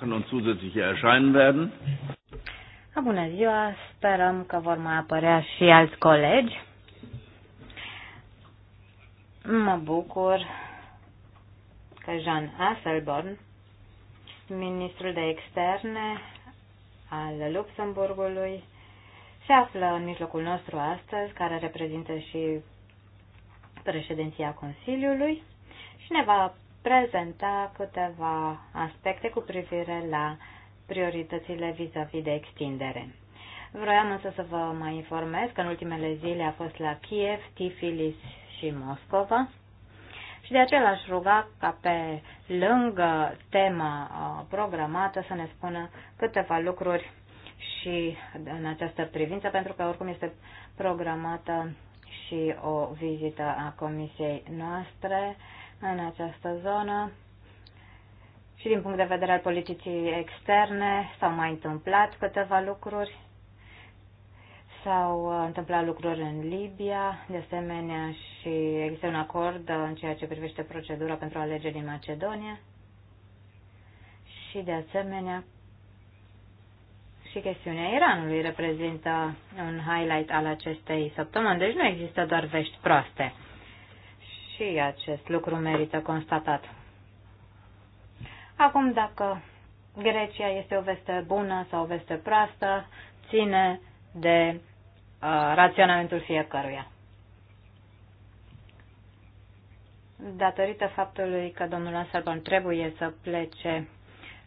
und zusätzliche erscheinen werden. Ah, bună ziua, sperăm că vor mai apărea și alți colegi. Mă bucur că Jean Asselborn, ministrul de externe al Luxemburgului, se află în mijlocul nostru astăzi, care reprezintă și președinția Consiliului și ne va prezenta câteva aspecte cu privire la prioritățile vis-a-vis -vis de extindere. Vroiam însă să vă mai informez că în ultimele zile a fost la Kiev, Tifilis și Moscova și de aceea aș ruga ca pe lângă tema uh, programată să ne spună câteva lucruri și în această privință, pentru că oricum este programată și o vizită a comisiei noastre în această zonă și din punct de vedere al politicii externe s-au mai întâmplat câteva lucruri. S-au uh, întâmplat lucruri în Libia, de asemenea și există un acord în ceea ce privește procedura pentru alegeri din Macedonia și de asemenea și chestiunea Iranului reprezintă un highlight al acestei săptămâni, deci nu există doar vești proaste. Și acest lucru merită constatat. Acum, dacă Grecia este o veste bună sau o veste proastă, ține de uh, raționamentul fiecăruia. Datorită faptului că domnul Anselborn trebuie să plece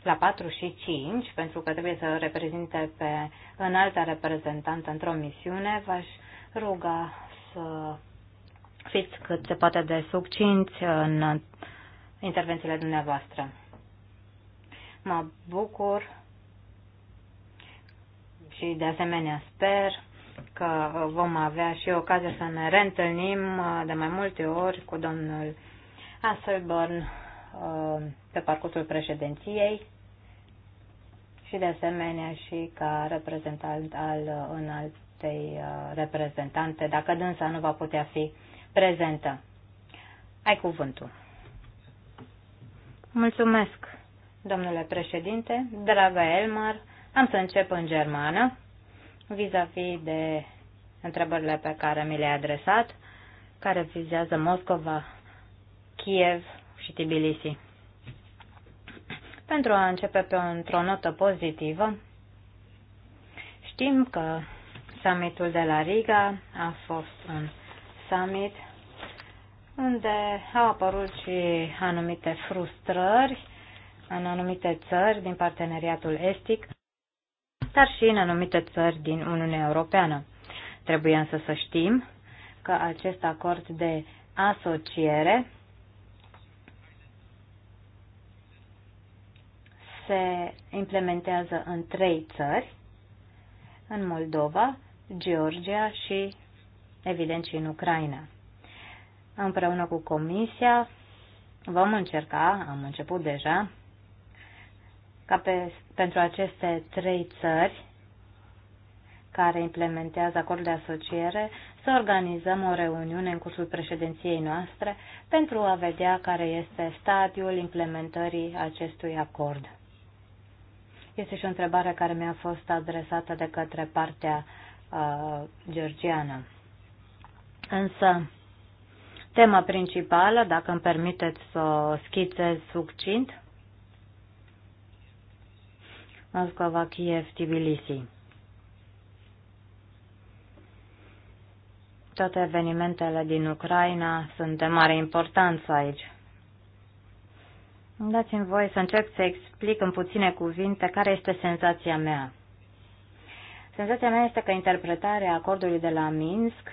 la 4 și 5, pentru că trebuie să reprezinte pe înalta reprezentantă într-o misiune, v-aș ruga să fiți cât se poate de succinți în intervențiile dumneavoastră. Mă bucur și de asemenea sper că vom avea și ocazia să ne reîntâlnim de mai multe ori cu domnul Hasselborn uh, pe parcursul președinției și de asemenea și ca reprezentant al înaltei uh, reprezentante, dacă dânsa nu va putea fi prezentă. Ai cuvântul. Mulțumesc, domnule președinte, dragă Elmar. Am să încep în germană, vis-a-vis -vis de întrebările pe care mi le-ai adresat, care vizează Moscova, Kiev și Tbilisi. Pentru a începe pe într-o notă pozitivă, știm că summitul de la Riga a fost un Summit, unde au apărut și anumite frustrări în anumite țări din parteneriatul estic, dar și în anumite țări din Uniunea Europeană. Trebuie însă să știm că acest acord de asociere se implementează în trei țări, în Moldova, Georgia și evident și în Ucraina. Împreună cu Comisia vom încerca, am început deja, ca pe, pentru aceste trei țări care implementează acordul de asociere să organizăm o reuniune în cursul președinției noastre pentru a vedea care este stadiul implementării acestui acord. Este și o întrebare care mi-a fost adresată de către partea uh, georgiană. Însă, tema principală, dacă îmi permiteți să o schițez succint, Moscova, Kiev, Tbilisi. Toate evenimentele din Ucraina sunt de mare importanță aici. Dați-mi voie să încerc să explic în puține cuvinte care este senzația mea. Senzația mea este că interpretarea acordului de la Minsk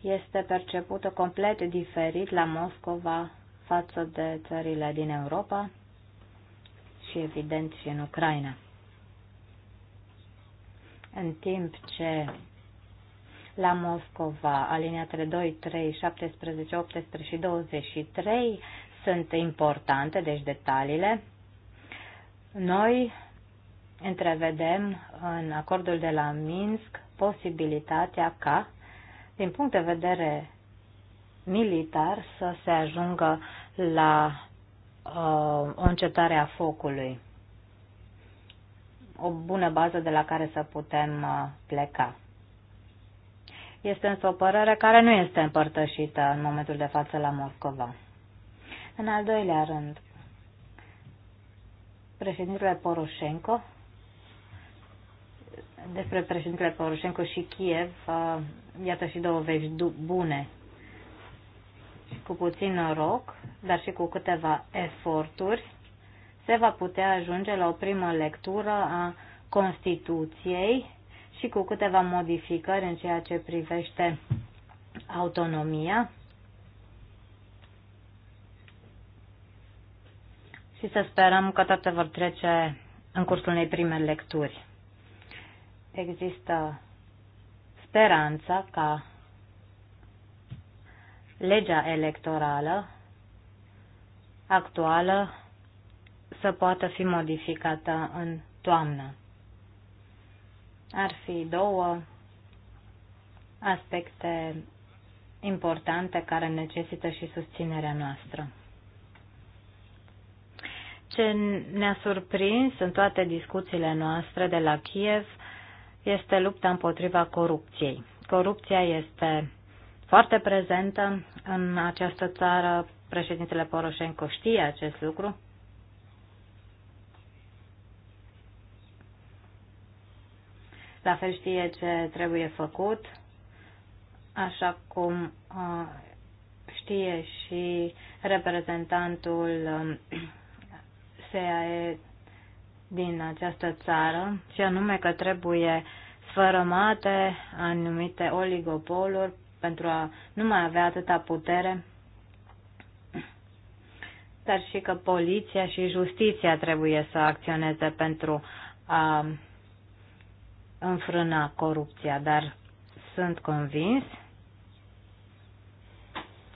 este percepută complet diferit la Moscova față de țările din Europa și evident și în Ucraina. În timp ce la Moscova aliniatele 2, 3, 17, 18 și 23 sunt importante, deci detaliile, noi întrevedem în acordul de la Minsk posibilitatea ca din punct de vedere militar să se ajungă la uh, o încetare a focului. O bună bază de la care să putem uh, pleca. Este însă o părere care nu este împărtășită în momentul de față la Moscova. În al doilea rând, președintele Poroșenco, despre președintele Poroșenco și Kiev, uh, iată și două vești bune. Și cu puțin noroc, dar și cu câteva eforturi, se va putea ajunge la o primă lectură a Constituției și cu câteva modificări în ceea ce privește autonomia. Și să sperăm că toate vor trece în cursul unei prime lecturi. Există speranța ca legea electorală actuală să poată fi modificată în toamnă. Ar fi două aspecte importante care necesită și susținerea noastră. Ce ne-a surprins în toate discuțiile noastre de la Kiev este lupta împotriva corupției. Corupția este foarte prezentă în această țară. Președintele Poroșenco știe acest lucru. La fel știe ce trebuie făcut, așa cum uh, știe și reprezentantul um, SAE din această țară, și anume că trebuie sfărămate anumite oligopoluri pentru a nu mai avea atâta putere, dar și că poliția și justiția trebuie să acționeze pentru a înfrâna corupția, dar sunt convins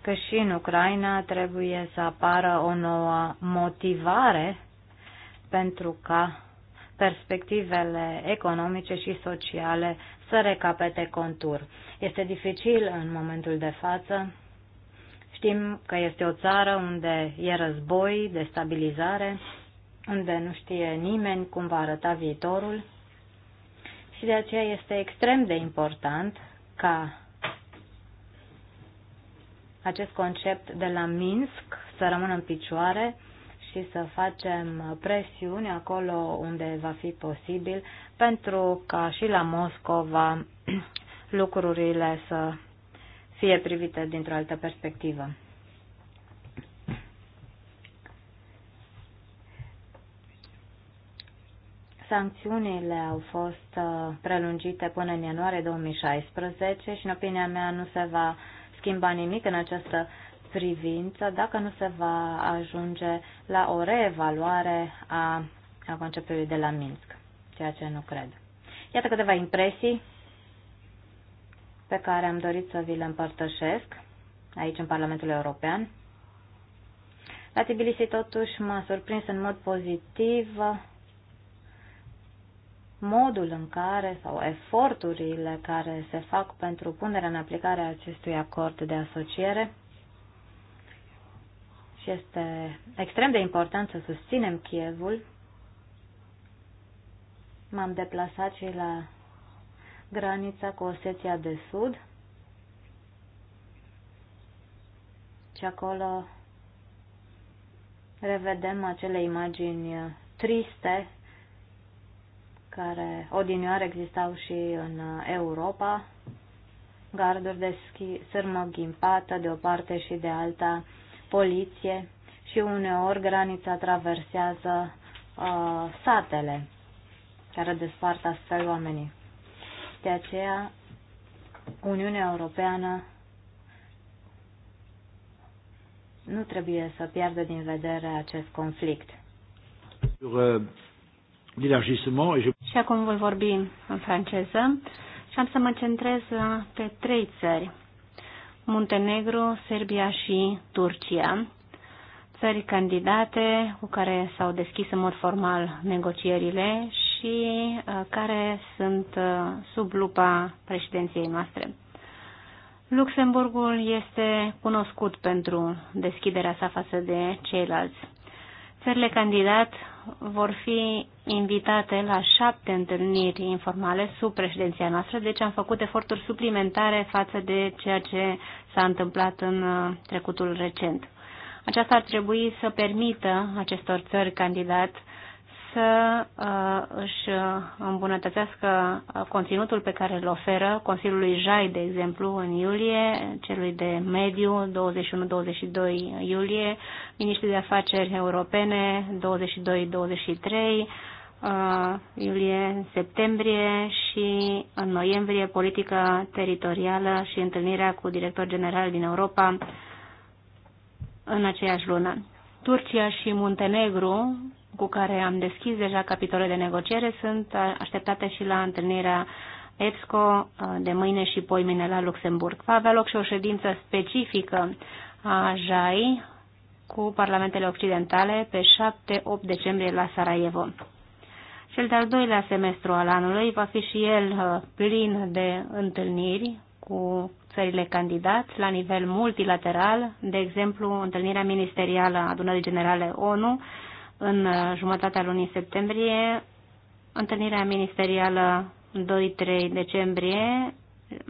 că și în Ucraina trebuie să apară o nouă motivare pentru ca perspectivele economice și sociale să recapete contur. Este dificil în momentul de față. Știm că este o țară unde e război, destabilizare, unde nu știe nimeni cum va arăta viitorul și de aceea este extrem de important ca acest concept de la Minsk să rămână în picioare și să facem presiuni acolo unde va fi posibil pentru ca și la Moscova lucrurile să fie privite dintr-o altă perspectivă. Sancțiunile au fost uh, prelungite până în ianuarie 2016 și, în opinia mea, nu se va schimba nimic în această privință dacă nu se va ajunge la o reevaluare a, a conceptului de la Minsk, ceea ce nu cred. Iată câteva impresii pe care am dorit să vi le împărtășesc aici în Parlamentul European. La Tbilisi totuși m-a surprins în mod pozitiv modul în care sau eforturile care se fac pentru punerea în aplicare a acestui acord de asociere. Și este extrem de important să susținem Kievul. M-am deplasat și la granița cu Osetia de Sud. Și acolo revedem acele imagini triste care odinioară existau și în Europa, garduri de schi, sârmă ghimpată de o parte și de alta poliție și uneori granița traversează uh, satele care despart astfel oamenii. De aceea, Uniunea Europeană nu trebuie să piardă din vedere acest conflict. Uh, și acum voi vorbi în franceză și am să mă centrez uh, pe trei țări. Muntenegru, Serbia și Turcia, țări candidate cu care s-au deschis în mod formal negocierile și uh, care sunt uh, sub lupa președinției noastre. Luxemburgul este cunoscut pentru deschiderea sa față de ceilalți. Țările candidat vor fi invitate la șapte întâlniri informale sub președinția noastră, deci am făcut eforturi suplimentare față de ceea ce s-a întâmplat în uh, trecutul recent. Aceasta ar trebui să permită acestor țări candidat să uh, își uh, îmbunătățească uh, conținutul pe care îl oferă Consiliului JAI, de exemplu, în iulie, celui de mediu, 21-22 iulie, Ministrii de Afaceri Europene, 22-23 iulie, septembrie și în noiembrie politica teritorială și întâlnirea cu director general din Europa în aceeași lună. Turcia și Muntenegru cu care am deschis deja capitole de negociere sunt așteptate și la întâlnirea EPSCO uh, de mâine și poimine la Luxemburg. Va avea loc și o ședință specifică a JAI cu parlamentele occidentale pe 7-8 decembrie la Sarajevo. Cel de-al doilea semestru al anului va fi și el uh, plin de întâlniri cu țările candidați la nivel multilateral, de exemplu întâlnirea ministerială a adunării generale ONU, în uh, jumătatea lunii septembrie, întâlnirea ministerială 2-3 decembrie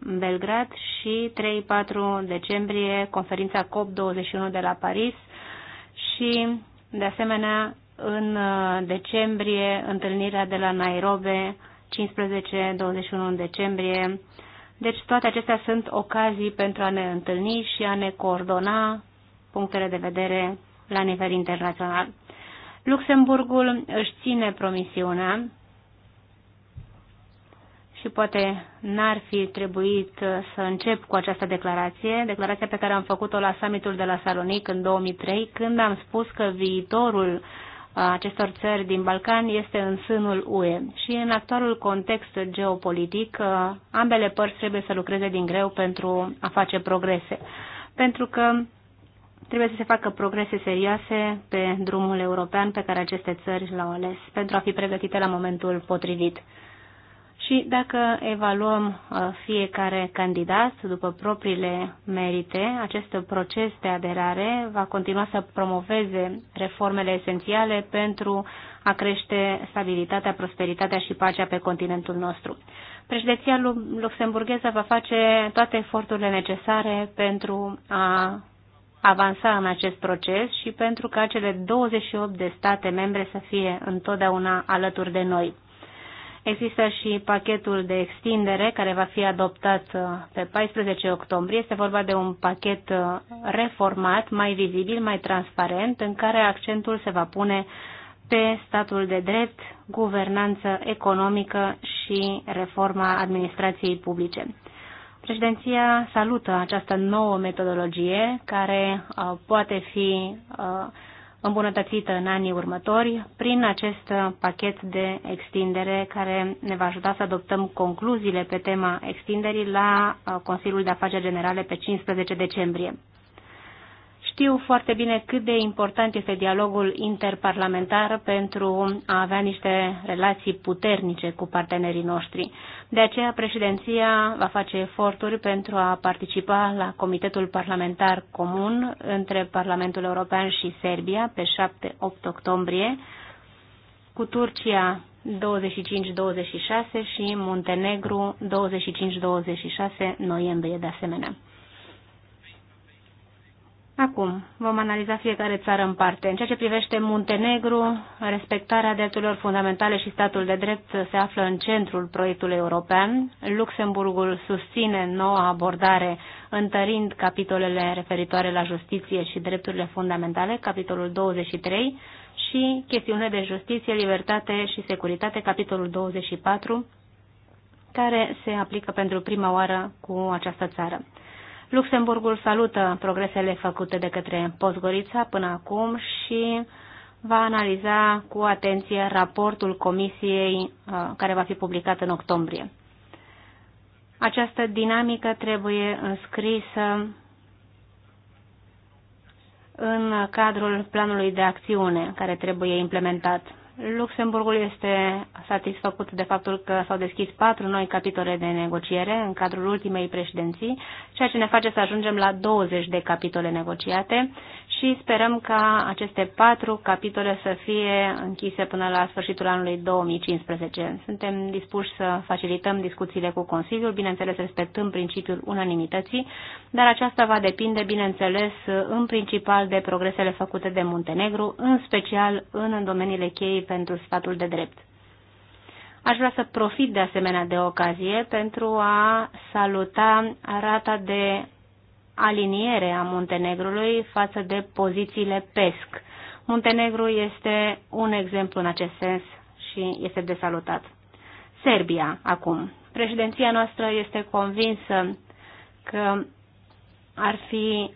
în Belgrad și 3-4 decembrie conferința COP21 de la Paris și, de asemenea, în uh, decembrie întâlnirea de la Nairobi 15-21 decembrie. Deci toate acestea sunt ocazii pentru a ne întâlni și a ne coordona punctele de vedere la nivel internațional. Luxemburgul își ține promisiunea și poate n-ar fi trebuit să încep cu această declarație, declarația pe care am făcut-o la summitul de la Salonic în 2003, când am spus că viitorul uh, acestor țări din Balcani este în sânul UE și în actualul context geopolitic uh, ambele părți trebuie să lucreze din greu pentru a face progrese, pentru că Trebuie să se facă progrese serioase pe drumul european pe care aceste țări l-au ales pentru a fi pregătite la momentul potrivit. Și dacă evaluăm uh, fiecare candidat după propriile merite, acest proces de aderare va continua să promoveze reformele esențiale pentru a crește stabilitatea, prosperitatea și pacea pe continentul nostru. Președinția luxemburgheză va face toate eforturile necesare pentru a avansa în acest proces și pentru ca cele 28 de state membre să fie întotdeauna alături de noi. Există și pachetul de extindere care va fi adoptat uh, pe 14 octombrie. Este vorba de un pachet uh, reformat, mai vizibil, mai transparent, în care accentul se va pune pe statul de drept, guvernanță economică și reforma administrației publice. Președinția salută această nouă metodologie care uh, poate fi uh, îmbunătățită în anii următori prin acest pachet de extindere care ne va ajuta să adoptăm concluziile pe tema extinderii la uh, Consiliul de Afaceri Generale pe 15 decembrie. Știu foarte bine cât de important este dialogul interparlamentar pentru a avea niște relații puternice cu partenerii noștri. De aceea, președinția va face eforturi pentru a participa la Comitetul Parlamentar Comun între Parlamentul European și Serbia pe 7-8 octombrie, cu Turcia 25-26 și Muntenegru 25-26 noiembrie de asemenea. Acum vom analiza fiecare țară în parte. În ceea ce privește Muntenegru, respectarea drepturilor fundamentale și statul de drept se află în centrul proiectului european. Luxemburgul susține noua abordare, întărind capitolele referitoare la justiție și drepturile fundamentale, capitolul 23, și chestiune de justiție, libertate și securitate, capitolul 24, care se aplică pentru prima oară cu această țară. Luxemburgul salută progresele făcute de către postgorița până acum și va analiza cu atenție raportul comisiei uh, care va fi publicat în octombrie. Această dinamică trebuie înscrisă în cadrul planului de acțiune care trebuie implementat. Luxemburgul este satisfăcut de faptul că s-au deschis patru noi capitole de negociere în cadrul ultimei președinții, ceea ce ne face să ajungem la 20 de capitole negociate și sperăm ca aceste patru capitole să fie închise până la sfârșitul anului 2015. Suntem dispuși să facilităm discuțiile cu Consiliul, bineînțeles respectând principiul unanimității, dar aceasta va depinde, bineînțeles, în principal de progresele făcute de Muntenegru, în special în domeniile cheie pentru statul de drept. Aș vrea să profit de asemenea de ocazie pentru a saluta rata de aliniere a Muntenegrului față de pozițiile PESC. Muntenegru este un exemplu în acest sens și este de salutat. Serbia, acum. Președinția noastră este convinsă că ar fi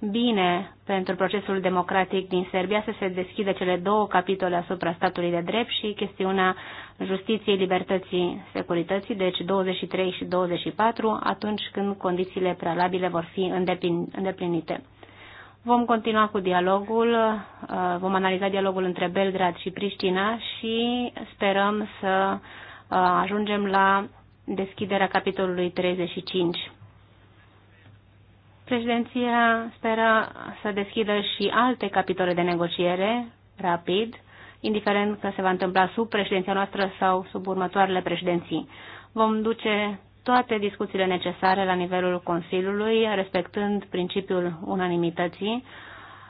bine pentru procesul democratic din Serbia să se deschidă cele două capitole asupra statului de drept și chestiunea justiției, libertății, securității, deci 23 și 24, atunci când condițiile prealabile vor fi îndeplinite. Vom continua cu dialogul, uh, vom analiza dialogul între Belgrad și Priștina și sperăm să uh, ajungem la deschiderea capitolului 35. Președinția speră să deschidă și alte capitole de negociere rapid, indiferent că se va întâmpla sub președinția noastră sau sub următoarele președinții. Vom duce toate discuțiile necesare la nivelul Consiliului, respectând principiul unanimității,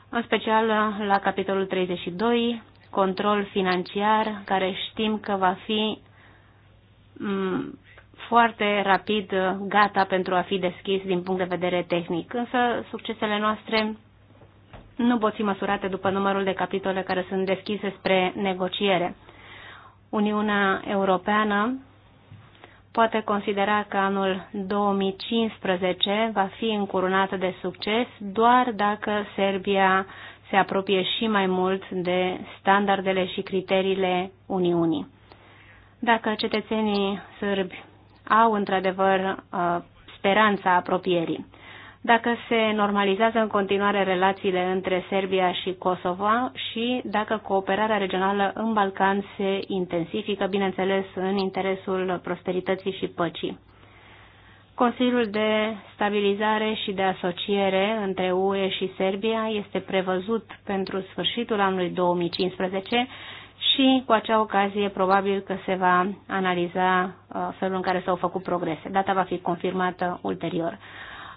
în special la capitolul 32, control financiar, care știm că va fi foarte rapid uh, gata pentru a fi deschis din punct de vedere tehnic. Însă succesele noastre nu pot fi măsurate după numărul de capitole care sunt deschise spre negociere. Uniunea Europeană poate considera că anul 2015 va fi încurunată de succes doar dacă Serbia se apropie și mai mult de standardele și criteriile Uniunii. Dacă cetățenii sârbi au într-adevăr uh, speranța apropierii. Dacă se normalizează în continuare relațiile între Serbia și Kosovo și dacă cooperarea regională în Balcan se intensifică, bineînțeles, în interesul prosperității și păcii. Consiliul de stabilizare și de asociere între UE și Serbia este prevăzut pentru sfârșitul anului 2015 și cu acea ocazie probabil că se va analiza uh, felul în care s-au făcut progrese. Data va fi confirmată ulterior.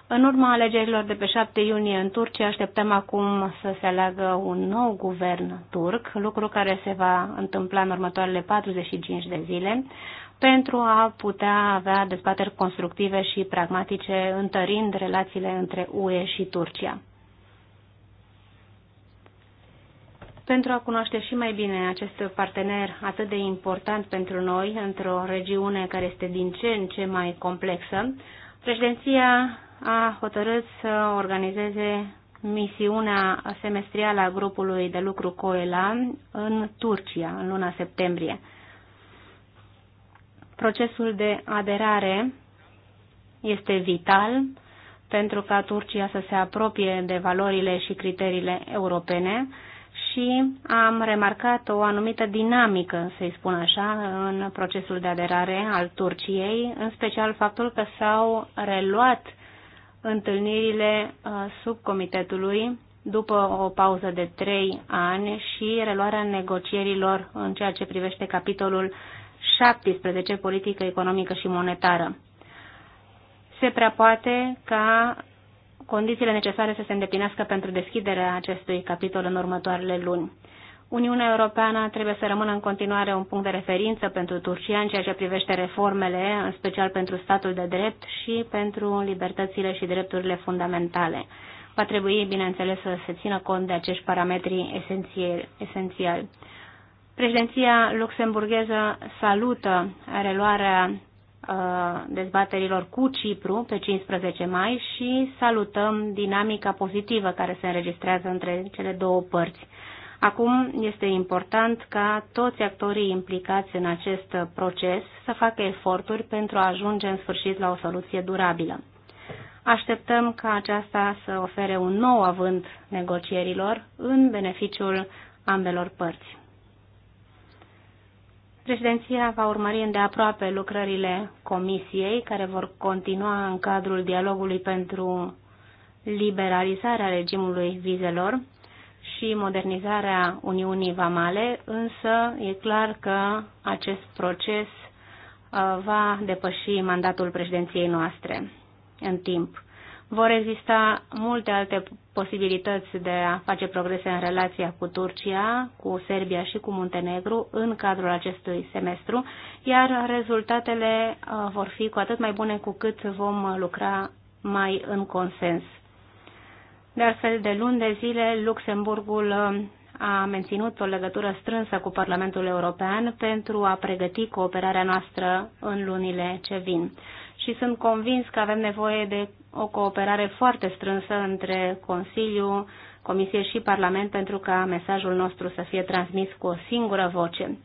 În urma alegerilor de pe 7 iunie în Turcia, așteptăm acum să se aleagă un nou guvern turc, lucru care se va întâmpla în următoarele 45 de zile, pentru a putea avea dezbateri constructive și pragmatice, întărind relațiile între UE și Turcia. pentru a cunoaște și mai bine acest partener atât de important pentru noi într-o regiune care este din ce în ce mai complexă, președinția a hotărât să organizeze misiunea semestrială a grupului de lucru COELA în Turcia în luna septembrie. Procesul de aderare este vital pentru ca Turcia să se apropie de valorile și criteriile europene, și am remarcat o anumită dinamică, să-i spun așa, în procesul de aderare al Turciei, în special faptul că s-au reluat întâlnirile uh, subcomitetului după o pauză de trei ani și reluarea negocierilor în ceea ce privește capitolul 17, politică economică și monetară. Se prea poate ca condițiile necesare să se îndeplinească pentru deschiderea acestui capitol în următoarele luni. Uniunea Europeană trebuie să rămână în continuare un punct de referință pentru Turcia în ceea ce privește reformele, în special pentru statul de drept și pentru libertățile și drepturile fundamentale. Va trebui, bineînțeles, să se țină cont de acești parametri esențiali. Președinția luxemburgheză salută reluarea Uh, dezbaterilor cu Cipru pe 15 mai și salutăm dinamica pozitivă care se înregistrează între cele două părți. Acum este important ca toți actorii implicați în acest proces să facă eforturi pentru a ajunge în sfârșit la o soluție durabilă. Așteptăm ca aceasta să ofere un nou avânt negocierilor în beneficiul ambelor părți. Președinția va urmări îndeaproape lucrările Comisiei, care vor continua în cadrul dialogului pentru liberalizarea regimului vizelor și modernizarea Uniunii Vamale, însă e clar că acest proces uh, va depăși mandatul președinției noastre în timp vor exista multe alte posibilități de a face progrese în relația cu Turcia, cu Serbia și cu Muntenegru în cadrul acestui semestru, iar rezultatele uh, vor fi cu atât mai bune cu cât vom lucra mai în consens. De altfel, de luni de zile, Luxemburgul uh, a menținut o legătură strânsă cu Parlamentul European pentru a pregăti cooperarea noastră în lunile ce vin. Și sunt convins că avem nevoie de o cooperare foarte strânsă între Consiliu, Comisie și Parlament pentru ca mesajul nostru să fie transmis cu o singură voce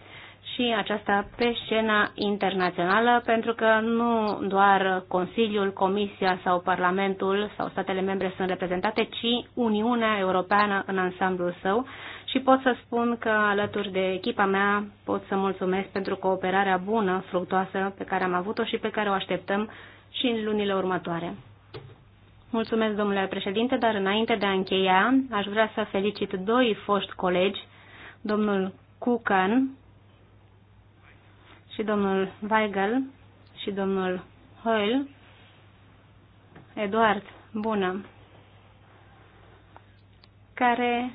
și aceasta pe scena internațională, pentru că nu doar Consiliul, Comisia sau Parlamentul sau statele membre sunt reprezentate, ci Uniunea Europeană în ansamblul său și pot să spun că alături de echipa mea pot să mulțumesc pentru cooperarea bună, fructoasă pe care am avut-o și pe care o așteptăm și în lunile următoare. Mulțumesc, domnule președinte, dar înainte de a încheia, aș vrea să felicit doi foști colegi, domnul Cucan și domnul Weigel și domnul Hoyle. Eduard, bună! Care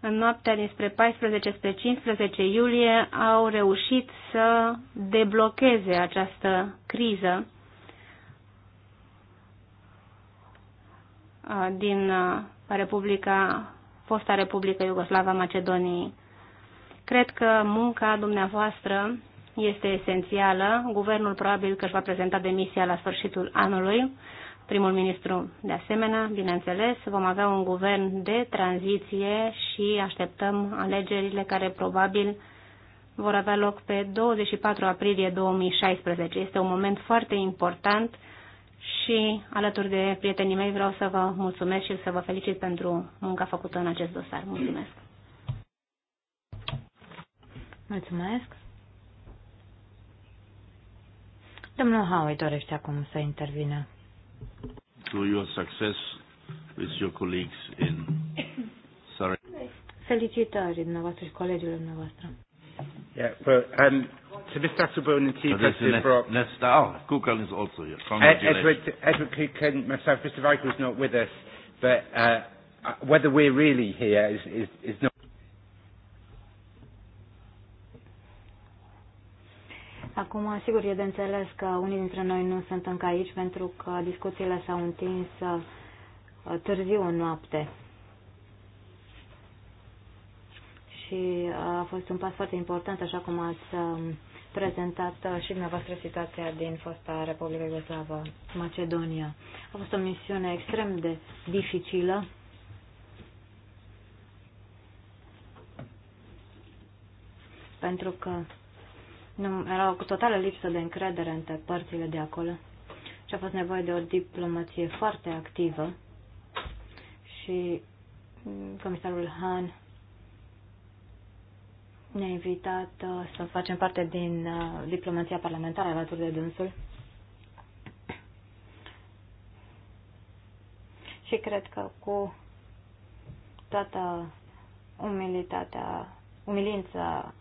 în noaptea dinspre 14 spre 15 iulie au reușit să deblocheze această criză din Republica, fosta Republică Iugoslava Macedoniei. Cred că munca dumneavoastră este esențială. Guvernul probabil că își va prezenta demisia la sfârșitul anului. Primul ministru, de asemenea, bineînțeles, vom avea un guvern de tranziție și așteptăm alegerile care probabil vor avea loc pe 24 aprilie 2016. Este un moment foarte important și alături de prietenii mei vreau să vă mulțumesc și să vă felicit pentru munca făcută în acest dosar. Mulțumesc! Mulțumesc! Domnul Howie dorește acum să intervină. To your success with your colleagues in Felicitări dumneavoastră și colegilor dumneavoastră. Yeah, well, um, Mr. Subonity, so President Brock. Let's start. Oh, is also here. Edward, Edward Kukal, myself, Mr. Vikel is not with us, but uh, uh, whether we're really here is, is, is not. Acum, sigur, e de înțeles că unii dintre noi nu sunt încă aici pentru că discuțiile s-au întins uh, târziu în noapte. Și uh, a fost un pas foarte important, așa cum ați um, prezentat uh, și dumneavoastră situația din fosta Republica Iugoslavă, Macedonia. A fost o misiune extrem de dificilă. Pentru că nu, era o totală lipsă de încredere între părțile de acolo și a fost nevoie de o diplomație foarte activă și mm, comisarul Han ne-a invitat uh, să facem parte din uh, diplomația parlamentară alături de dânsul. Și cred că cu toată umilitatea, umilința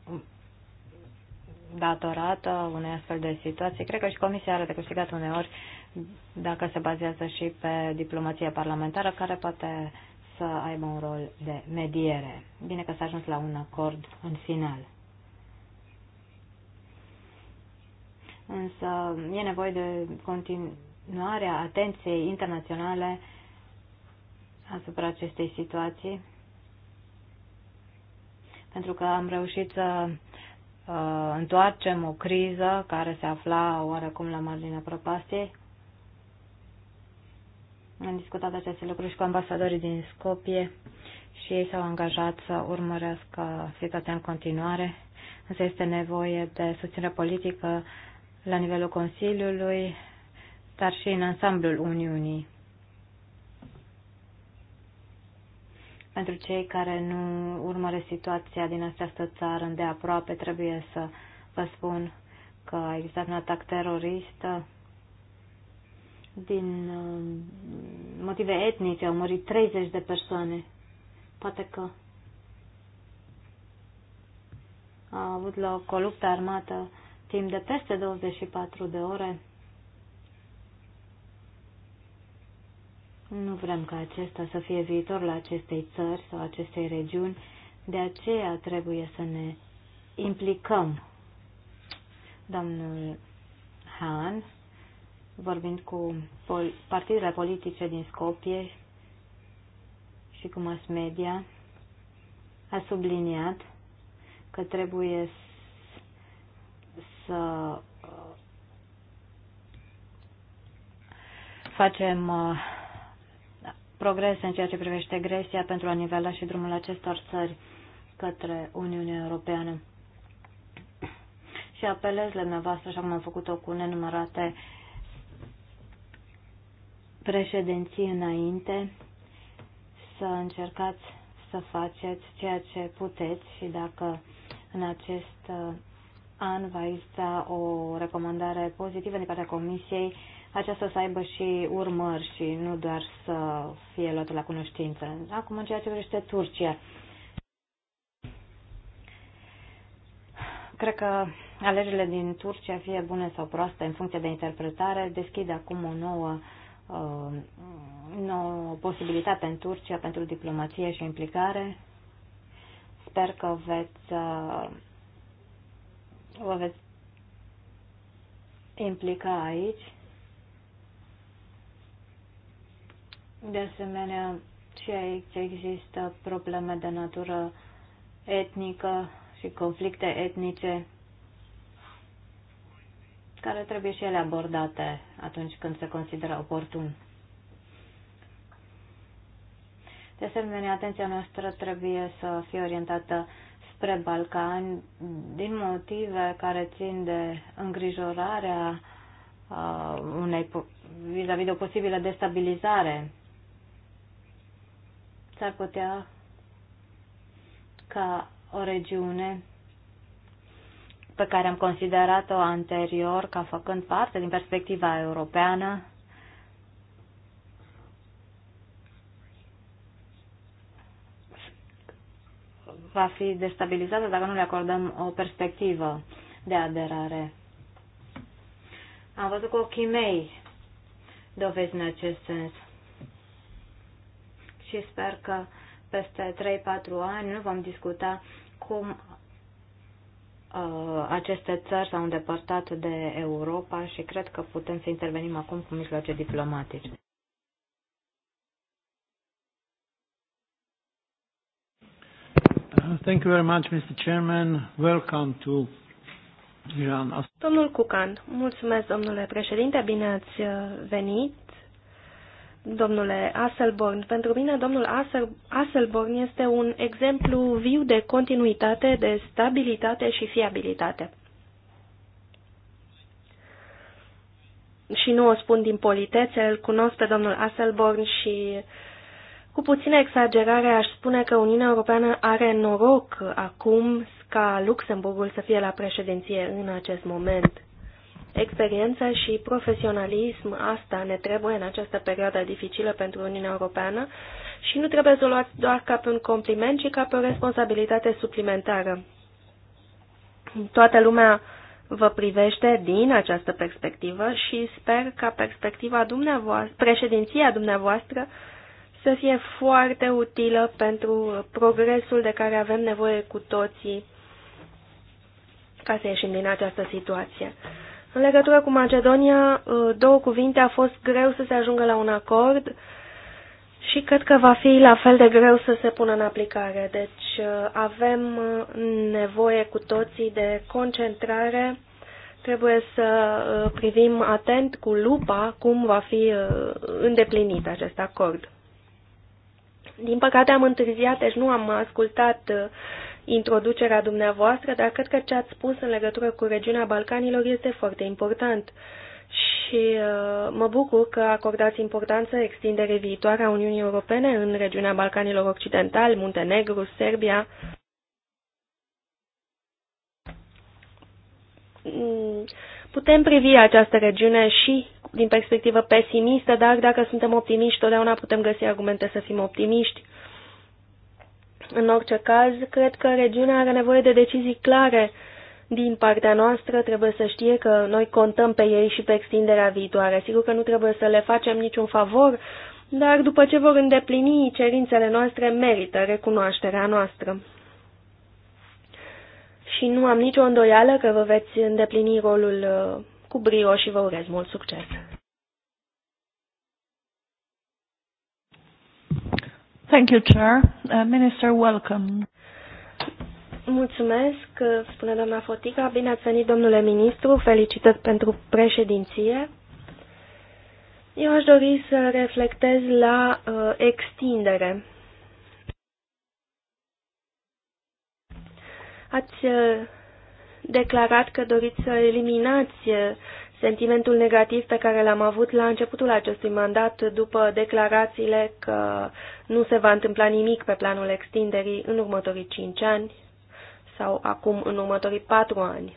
datorată unei astfel de situații, cred că și Comisia are de câștigat uneori dacă se bazează și pe diplomația parlamentară, care poate uh, să aibă un rol de mediere. Bine că s-a ajuns la un acord în final. Însă e nevoie de continuarea atenției internaționale asupra acestei situații, pentru că am reușit să uh, întoarcem o criză care se afla oarecum la marginea prăpastiei, am discutat aceste lucruri și cu ambasadorii din Scopie și ei s-au angajat să urmărească situația în continuare, însă este nevoie de susținere politică la nivelul Consiliului, dar și în ansamblul Uniunii. Pentru cei care nu urmăresc situația din această țară îndeaproape, trebuie să vă spun că a existat un atac terorist din uh, motive etnice au murit 30 de persoane. Poate că a avut loc o luptă armată timp de peste 24 de ore. Nu vrem ca acesta să fie viitorul acestei țări sau acestei regiuni, de aceea trebuie să ne implicăm. Domnul Han vorbind cu pol- partidele politice din Scopie și cu mass media, a subliniat că trebuie să uh, facem uh, progrese în ceea ce privește Grecia pentru a nivela și drumul acestor țări către Uniunea Europeană. Și apelez la dumneavoastră, așa cum am făcut-o cu nenumărate uh, președinții înainte să încercați să faceți ceea ce puteți și dacă în acest uh, an va exista o recomandare pozitivă din partea Comisiei, aceasta să aibă și urmări și nu doar să fie luată la cunoștință. Acum, în ceea ce privește Turcia, cred că alegerile din Turcia, fie bune sau proaste, în funcție de interpretare, deschid acum o nouă Uh, o posibilitate în Turcia pentru diplomație și implicare. Sper că veți, uh, vă veți implica aici. De asemenea, și aici există probleme de natură etnică și conflicte etnice care trebuie și ele abordate atunci când se consideră oportun. De asemenea, atenția noastră trebuie să fie orientată spre Balcani din motive care țin de îngrijorarea uh, unei vis-a-vis -vis de o posibilă destabilizare. S-ar putea ca o regiune pe care am considerat-o anterior ca făcând parte din perspectiva europeană va fi destabilizată dacă nu le acordăm o perspectivă de aderare. Am văzut cu ochii mei dovezi în acest sens. Și sper că peste 3-4 ani nu vom discuta cum Uh, aceste țări s-au îndepărtat de Europa și cred că putem să intervenim acum cu mijloace diplomatice. Uh, thank you very much, Mr. Chairman. Welcome to Iran. Domnul Cucan, mulțumesc, domnule președinte, bine ați uh, venit domnule Asselborn. Pentru mine, domnul Asselborn este un exemplu viu de continuitate, de stabilitate și fiabilitate. Și nu o spun din politețe, îl cunosc pe domnul Asselborn și cu puțină exagerare aș spune că Uniunea Europeană are noroc acum ca Luxemburgul să fie la președinție în acest moment Experiența și profesionalism, asta ne trebuie în această perioadă dificilă pentru Uniunea Europeană și nu trebuie să o luați doar ca pe un compliment, ci ca pe o responsabilitate suplimentară. Toată lumea vă privește din această perspectivă și sper ca perspectiva dumneavoastră, președinția dumneavoastră să fie foarte utilă pentru progresul de care avem nevoie cu toții ca să ieșim din această situație. În legătură cu Macedonia, ă, două cuvinte a fost greu să se ajungă la un acord și cred că va fi la fel de greu să se pună în aplicare. Deci ă, avem ă, nevoie cu toții de concentrare. Trebuie să privim atent cu lupa cum va fi îndeplinit acest acord. Din păcate am întârziat, deci nu am ascultat introducerea dumneavoastră, dar cred că ce ați spus în legătură cu regiunea Balcanilor este foarte important și uh, mă bucur că acordați importanță extinderii viitoare a Uniunii Europene în regiunea Balcanilor Occidentali, Muntenegru, Serbia. Mm, putem privi această regiune și din perspectivă pesimistă, dar dacă suntem optimiști, totdeauna putem găsi argumente să fim optimiști. În orice caz, cred că regiunea are nevoie de decizii clare din partea noastră, trebuie să știe că noi contăm pe ei și pe extinderea viitoare. Sigur că nu trebuie să le facem niciun favor, dar după ce vor îndeplini cerințele noastre, merită recunoașterea noastră. Și nu am nicio îndoială că vă veți îndeplini rolul uh, cu brio și vă urez mult succes! Thank you, Chair. Uh, Minister, welcome. Mulțumesc, uh, spune doamna Fotica. Bine ați venit, domnule ministru. Felicitări pentru președinție. Eu aș dori să reflectez la uh, extindere. Ați uh, declarat că doriți să eliminați uh, Sentimentul negativ pe care l-am avut la începutul acestui mandat, după declarațiile că nu se va întâmpla nimic pe planul extinderii în următorii cinci ani sau acum în următorii patru ani.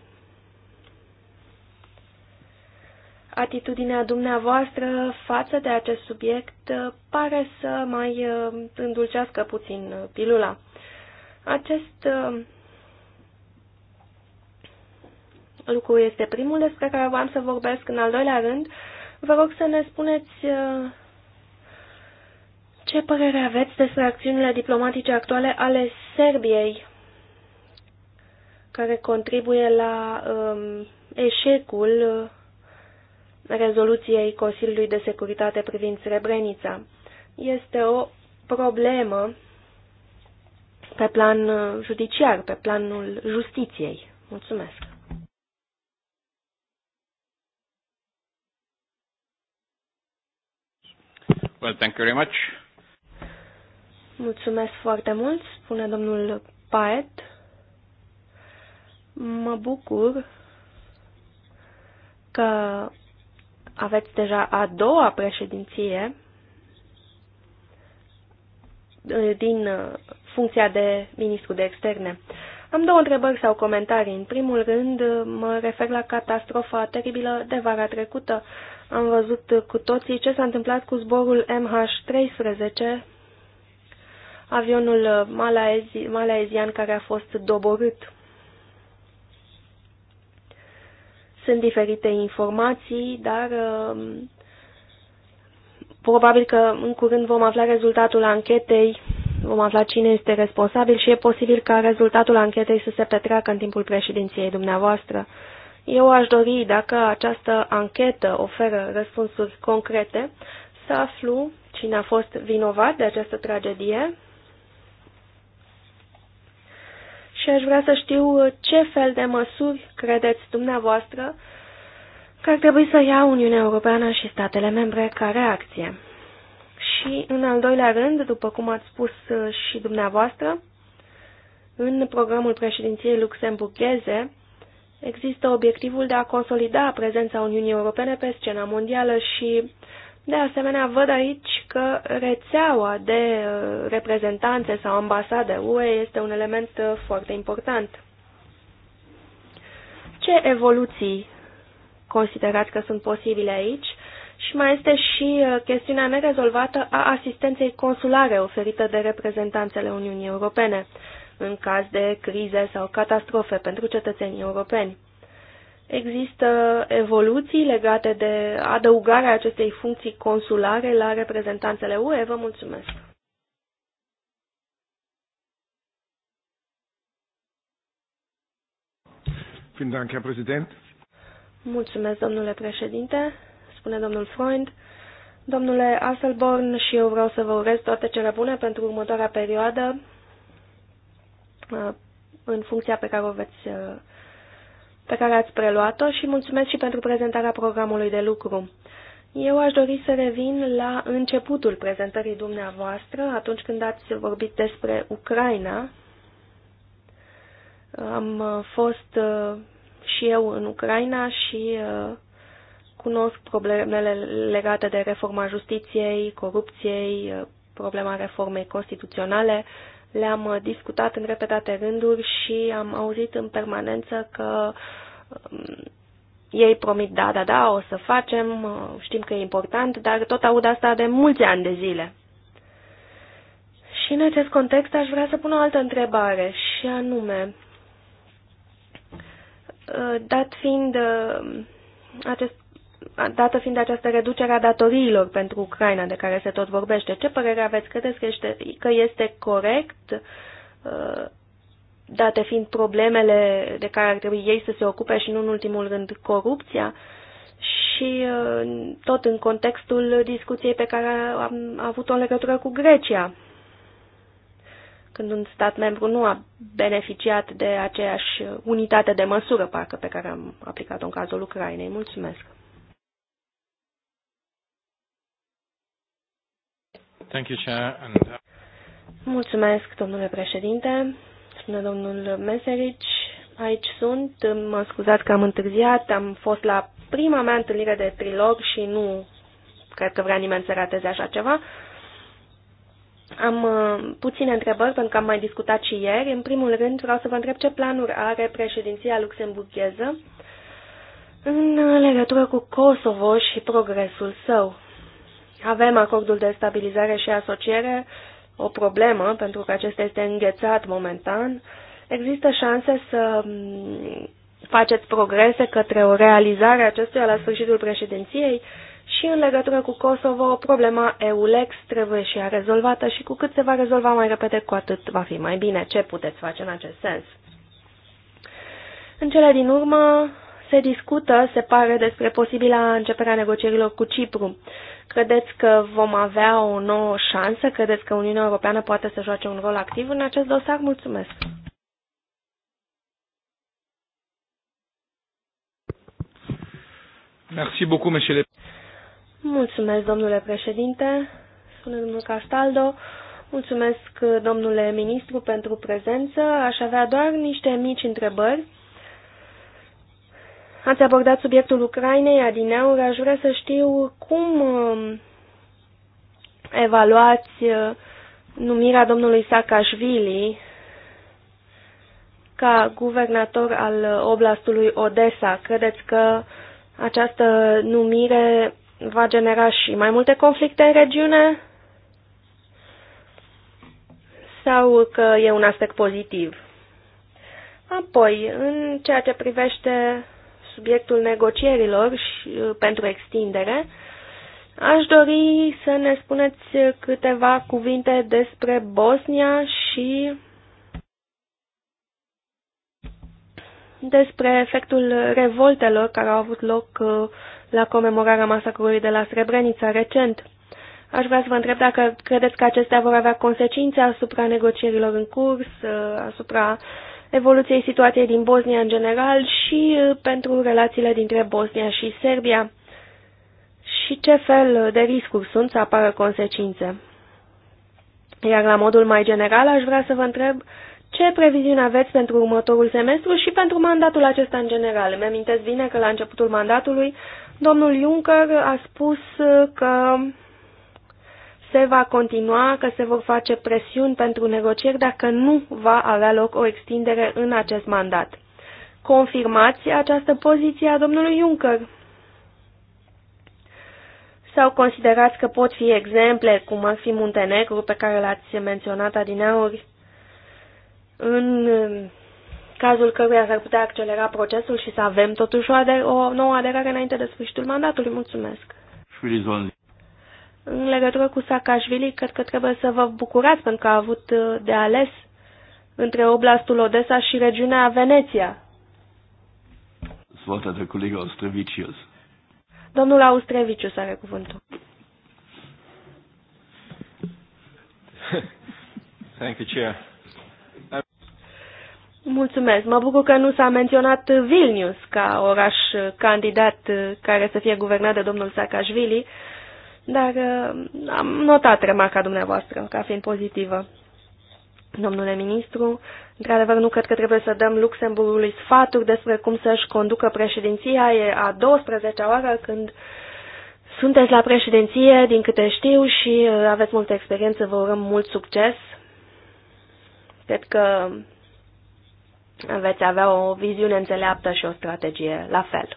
Atitudinea dumneavoastră față de acest subiect pare să mai îndulcească puțin pilula. Acest lucru este primul despre care vreau să vorbesc. În al doilea rând, vă rog să ne spuneți uh, ce părere aveți despre acțiunile diplomatice actuale ale Serbiei, care contribuie la um, eșecul uh, rezoluției Consiliului de Securitate privind Srebrenica. Este o problemă pe plan uh, judiciar, pe planul justiției. Mulțumesc. Well, thank you very much. Mulțumesc foarte mult, spune domnul Paet. Mă bucur că aveți deja a doua președinție din funcția de ministru de externe. Am două întrebări sau comentarii. În primul rând, mă refer la catastrofa teribilă de vara trecută am văzut cu toții ce s-a întâmplat cu zborul MH13, avionul malaezi, malaezian care a fost doborât. Sunt diferite informații, dar um, probabil că în curând vom afla rezultatul anchetei, vom afla cine este responsabil și e posibil ca rezultatul anchetei să se petreacă în timpul președinției dumneavoastră. Eu aș dori, dacă această anchetă oferă răspunsuri concrete, să aflu cine a fost vinovat de această tragedie și aș vrea să știu ce fel de măsuri credeți dumneavoastră că ar trebui să ia Uniunea Europeană și statele membre ca reacție. Și, în al doilea rând, după cum ați spus și dumneavoastră, în programul președinției luxemburgheze Există obiectivul de a consolida prezența Uniunii Europene pe scena mondială și, de asemenea, văd aici că rețeaua de uh, reprezentanțe sau ambasade UE este un element uh, foarte important. Ce evoluții considerați că sunt posibile aici? Și mai este și uh, chestiunea nerezolvată a asistenței consulare oferită de reprezentanțele Uniunii Europene în caz de crize sau catastrofe pentru cetățenii europeni. Există evoluții legate de adăugarea acestei funcții consulare la reprezentanțele UE. Vă mulțumesc! Mulțumesc, domnule președinte, spune domnul Freund. Domnule Asselborn, și eu vreau să vă urez toate cele bune pentru următoarea perioadă Uh, în funcția pe care o veți uh, pe care ați preluat-o și mulțumesc și pentru prezentarea programului de lucru. Eu aș dori să revin la începutul prezentării dumneavoastră, atunci când ați vorbit despre Ucraina. Am uh, fost și eu în Ucraina și cunosc problemele legate de reforma justiției, corupției, problema reformei constituționale le-am uh, discutat în repetate rânduri și am auzit în permanență că um, ei promit da, da, da, o să facem, uh, știm că e important, dar tot aud asta de mulți ani de zile. Și în acest context aș vrea să pun o altă întrebare și anume, uh, dat fiind acest dată fiind această reducere a datoriilor pentru Ucraina de care se tot vorbește. Ce părere aveți? Credeți că este, că este corect, uh, date fiind problemele de care ar trebui ei să se ocupe și nu în ultimul rând corupția? Și uh, tot în contextul discuției pe care am avut-o în legătură cu Grecia, când un stat membru nu a beneficiat de aceeași unitate de măsură, parcă pe care am aplicat-o în cazul Ucrainei. Mulțumesc! Thank you, Chair. And... Uh, Mulțumesc, domnule președinte. Spune domnul Meserici. Aici sunt. Mă scuzați că am întârziat. Am fost la prima mea întâlnire de trilog și nu cred că vrea nimeni să rateze așa ceva. Am uh, puține întrebări, pentru că am mai discutat și ieri. În primul rând, vreau să vă întreb ce planuri are președinția luxemburgheză în legătură cu Kosovo și progresul său. Avem acordul de stabilizare și asociere, o problemă, pentru că acesta este înghețat momentan. Există șanse să faceți progrese către o realizare a acestuia la sfârșitul președinției și în legătură cu Kosovo, problema EULEX trebuie și ea rezolvată și cu cât se va rezolva mai repede, cu atât va fi mai bine. Ce puteți face în acest sens? În cele din urmă, se discută, se pare, despre posibila începerea negocierilor cu Cipru. Credeți că vom avea o nouă șansă? Credeți că Uniunea Europeană poate să joace un rol activ în acest dosar? Mulțumesc! Merci beaucoup, monsieur. Mulțumesc, domnule președinte. Sună domnul Castaldo. Mulțumesc, domnule ministru, pentru prezență. Aș avea doar niște mici întrebări. Ați abordat subiectul Ucrainei, adineauri, aș vrea să știu cum um, evaluați uh, numirea domnului Sakașvili ca guvernator al oblastului Odessa. Credeți că această numire va genera și mai multe conflicte în regiune? Sau că e un aspect pozitiv? Apoi, în ceea ce privește subiectul negocierilor și, uh, pentru extindere, aș dori să ne spuneți câteva cuvinte despre Bosnia și despre efectul revoltelor care au avut loc uh, la comemorarea masacrului de la Srebrenica recent. Aș vrea să vă întreb dacă credeți că acestea vor avea consecințe asupra negocierilor în curs, uh, asupra evoluției situației din Bosnia în general și uh, pentru relațiile dintre Bosnia și Serbia și ce fel de riscuri sunt să apară consecințe. Iar la modul mai general aș vrea să vă întreb ce previziuni aveți pentru următorul semestru și pentru mandatul acesta în general? Îmi amintesc bine că la începutul mandatului domnul Juncker a spus uh, că se va continua, că se vor face presiuni pentru negocieri dacă nu va avea loc o extindere în acest mandat. Confirmați această poziție a domnului Juncker? Sau considerați că pot fi exemple, cum ar fi Muntenegru, pe care l-ați menționat adineauri, în cazul căruia s-ar putea accelera procesul și să avem totuși o, o nouă aderare înainte de sfârșitul mandatului? Mulțumesc! În legătură cu Saakashvili, cred că trebuie să vă bucurați pentru că a avut uh, de ales între oblastul Odessa și regiunea Veneția. Svolta de colegă Ostrevicius. Domnul Austrevicius are cuvântul. Thank you, Chair. Mulțumesc. Mă bucur că nu s-a menționat Vilnius ca oraș candidat uh, care să fie guvernat de domnul Saakashvili dar uh, am notat remarca dumneavoastră ca fiind pozitivă. Domnule ministru, într-adevăr nu cred că trebuie să dăm Luxemburgului sfaturi despre cum să-și conducă președinția. E a 12-a oară când sunteți la președinție, din câte știu, și uh, aveți multă experiență. Vă urăm mult succes. Cred că veți avea o viziune înțeleaptă și o strategie la fel.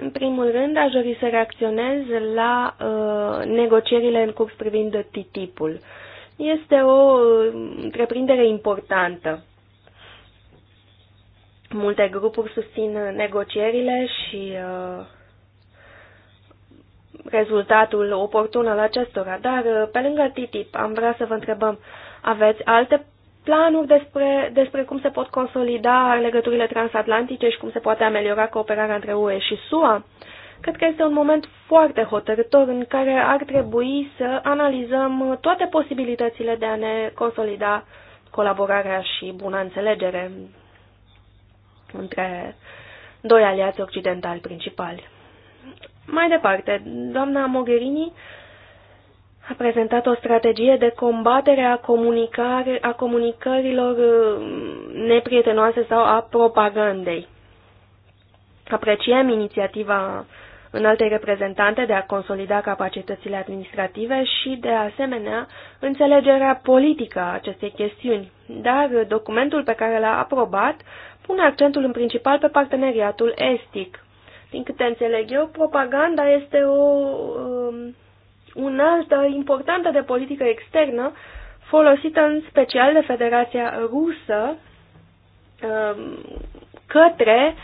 În primul rând, aș dori să reacționez la uh, negocierile în curs privind TTIP-ul. Este o uh, întreprindere importantă. Multe grupuri susțin uh, negocierile și uh, rezultatul oportun al acestora, dar uh, pe lângă TTIP am vrea să vă întrebăm, aveți alte planuri despre, despre cum se pot consolida legăturile transatlantice și cum se poate ameliora cooperarea între UE și SUA, cred că este un moment foarte hotărător în care ar trebui să analizăm toate posibilitățile de a ne consolida colaborarea și buna înțelegere între doi aliați occidentali principali. Mai departe, doamna Mogherini a prezentat o strategie de combatere a, a comunicărilor uh, neprietenoase sau a propagandei. Apreciem inițiativa în alte reprezentante de a consolida capacitățile administrative și, de asemenea, înțelegerea politică a acestei chestiuni, dar documentul pe care l-a aprobat pune accentul în principal pe parteneriatul estic. Din câte înțeleg eu, propaganda este o um, unaltă importantă de politică externă folosită în special de Federația Rusă um, către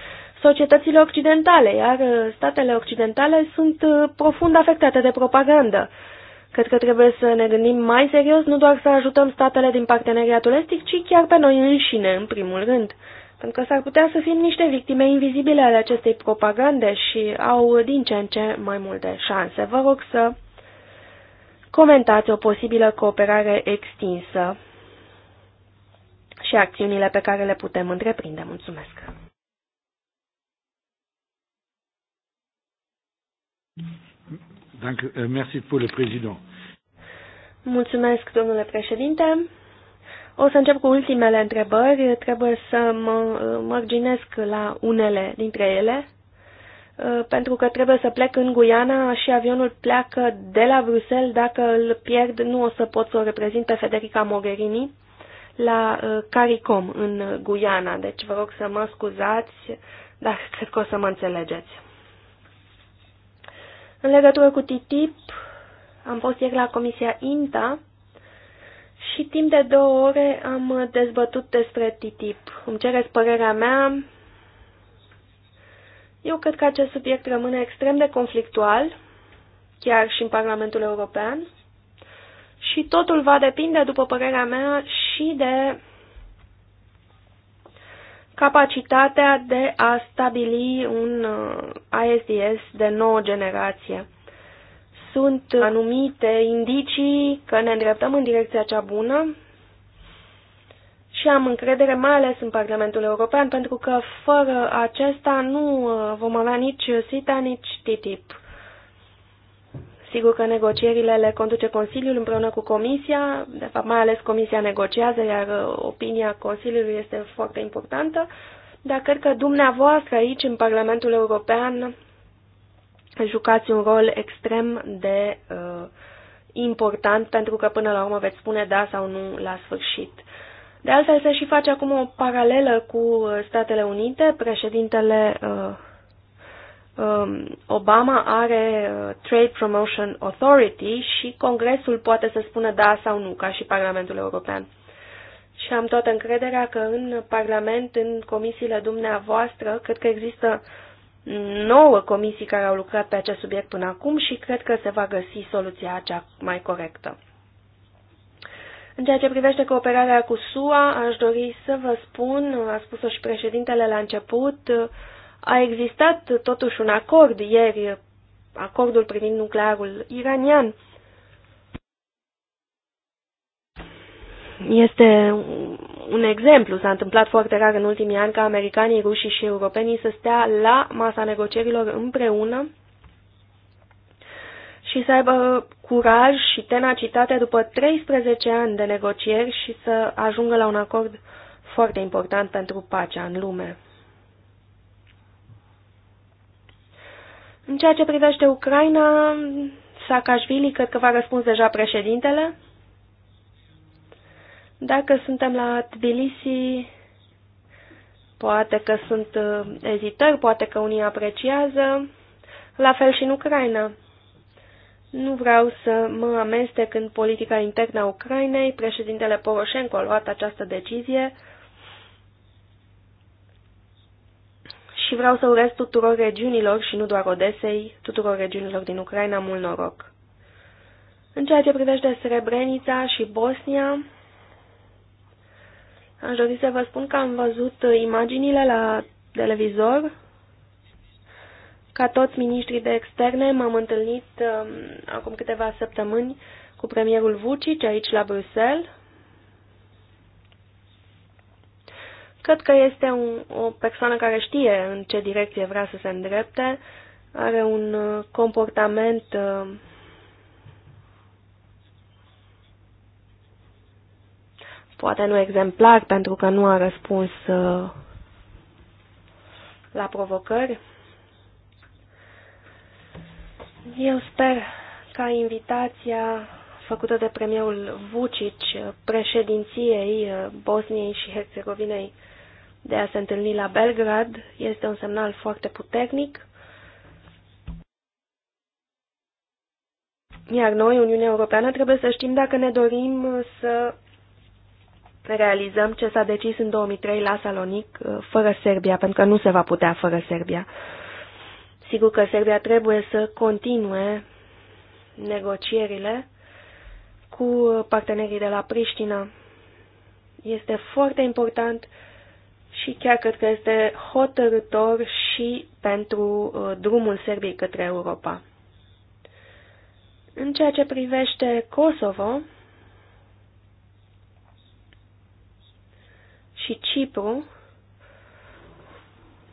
societățile occidentale, iar statele occidentale sunt uh, profund afectate de propagandă. Cred că trebuie să ne gândim mai serios, nu doar să ajutăm statele din parteneriatul estic, ci chiar pe noi înșine, în primul rând. Pentru că s-ar putea să fim niște victime invizibile ale acestei propagande și au din ce în ce mai multe șanse. Vă rog să comentați o posibilă cooperare extinsă și acțiunile pe care le putem întreprinde. Mulțumesc! Eh, Mulțumesc, domnule președinte. O să încep cu ultimele întrebări. Trebuie să mă mărginesc la unele dintre ele. Uh, pentru că trebuie să plec în Guiana și avionul pleacă de la Bruxelles. Dacă îl pierd, nu o să pot să o reprezint pe Federica Mogherini la uh, CARICOM în Guiana. Deci vă rog să mă scuzați, dar cred că o să mă înțelegeți. În legătură cu TTIP, am fost ieri la Comisia INTA și timp de două ore am dezbătut despre TTIP. Îmi cereți părerea mea, eu cred că acest subiect rămâne extrem de conflictual, chiar și în Parlamentul European, și totul va depinde, după părerea mea, și de capacitatea de a stabili un uh, ISDS de nouă generație. Sunt anumite indicii că ne îndreptăm în direcția cea bună, și am încredere mai ales în Parlamentul European, pentru că fără acesta nu uh, vom avea nici SITA, nici TTIP. Sigur că negocierile le conduce Consiliul împreună cu Comisia, de fapt mai ales Comisia negociază, iar uh, opinia Consiliului este foarte importantă, dar cred că dumneavoastră aici, în Parlamentul European, jucați un rol extrem de uh, important, pentru că până la urmă veți spune da sau nu la sfârșit. De altfel, se și face acum o paralelă cu uh, Statele Unite. Președintele uh, um, Obama are uh, Trade Promotion Authority și Congresul poate să spună da sau nu, ca și Parlamentul European. Și am toată încrederea că în Parlament, în comisiile dumneavoastră, cred că există nouă comisii care au lucrat pe acest subiect până acum și cred că se va găsi soluția cea mai corectă. În ceea ce privește cooperarea cu SUA, aș dori să vă spun, a spus-o și președintele la început, a existat totuși un acord ieri, acordul privind nuclearul iranian. Este un exemplu, s-a întâmplat foarte rar în ultimii ani ca americanii, rușii și europenii să stea la masa negocierilor împreună și să aibă curaj și tenacitate după 13 ani de negocieri și să ajungă la un acord foarte important pentru pacea în lume. În ceea ce privește Ucraina, Saakashvili cred că va răspuns deja președintele. Dacă suntem la Tbilisi, poate că sunt uh, ezitări, poate că unii apreciază, la fel și în Ucraina. Nu vreau să mă amestec în politica internă a Ucrainei. Președintele Poroșenko a luat această decizie și vreau să urez tuturor regiunilor și nu doar Odesei, tuturor regiunilor din Ucraina mult noroc. În ceea ce privește Srebrenica și Bosnia, aș dori să vă spun că am văzut imaginile la televizor ca toți miniștrii de externe, m-am întâlnit um, acum câteva săptămâni cu premierul Vucic aici la Bruxelles. Cred că este un, o persoană care știe în ce direcție vrea să se îndrepte, are un uh, comportament uh, poate nu exemplar pentru că nu a răspuns uh, la provocări. Eu sper ca invitația făcută de premierul Vucic președinției eh, Bosniei și Herțegovinei de a se întâlni la Belgrad este un semnal foarte puternic. Iar noi, Uniunea Europeană, trebuie să știm dacă ne dorim să realizăm ce s-a decis în 2003 la Salonic eh, fără Serbia, pentru că nu se va putea fără Serbia. Sigur că Serbia trebuie să continue negocierile cu partenerii de la Priștina. Este foarte important și chiar cred că este hotărător și pentru uh, drumul Serbiei către Europa. În ceea ce privește Kosovo și Cipru,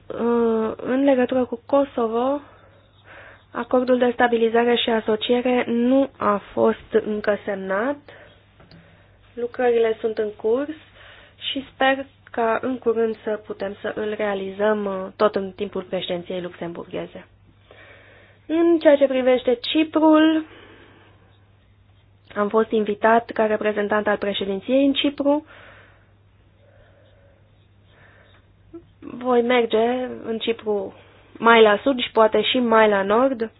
Uh, în legătură cu Kosovo, acordul de stabilizare și asociere nu a fost încă semnat. Lucrările sunt în curs și sper ca în curând să putem să îl realizăm uh, tot în timpul președinției luxemburgheze. În ceea ce privește Ciprul, am fost invitat ca reprezentant al președinției în Cipru voi merge în Cipru mai la sud și poate și mai la nord.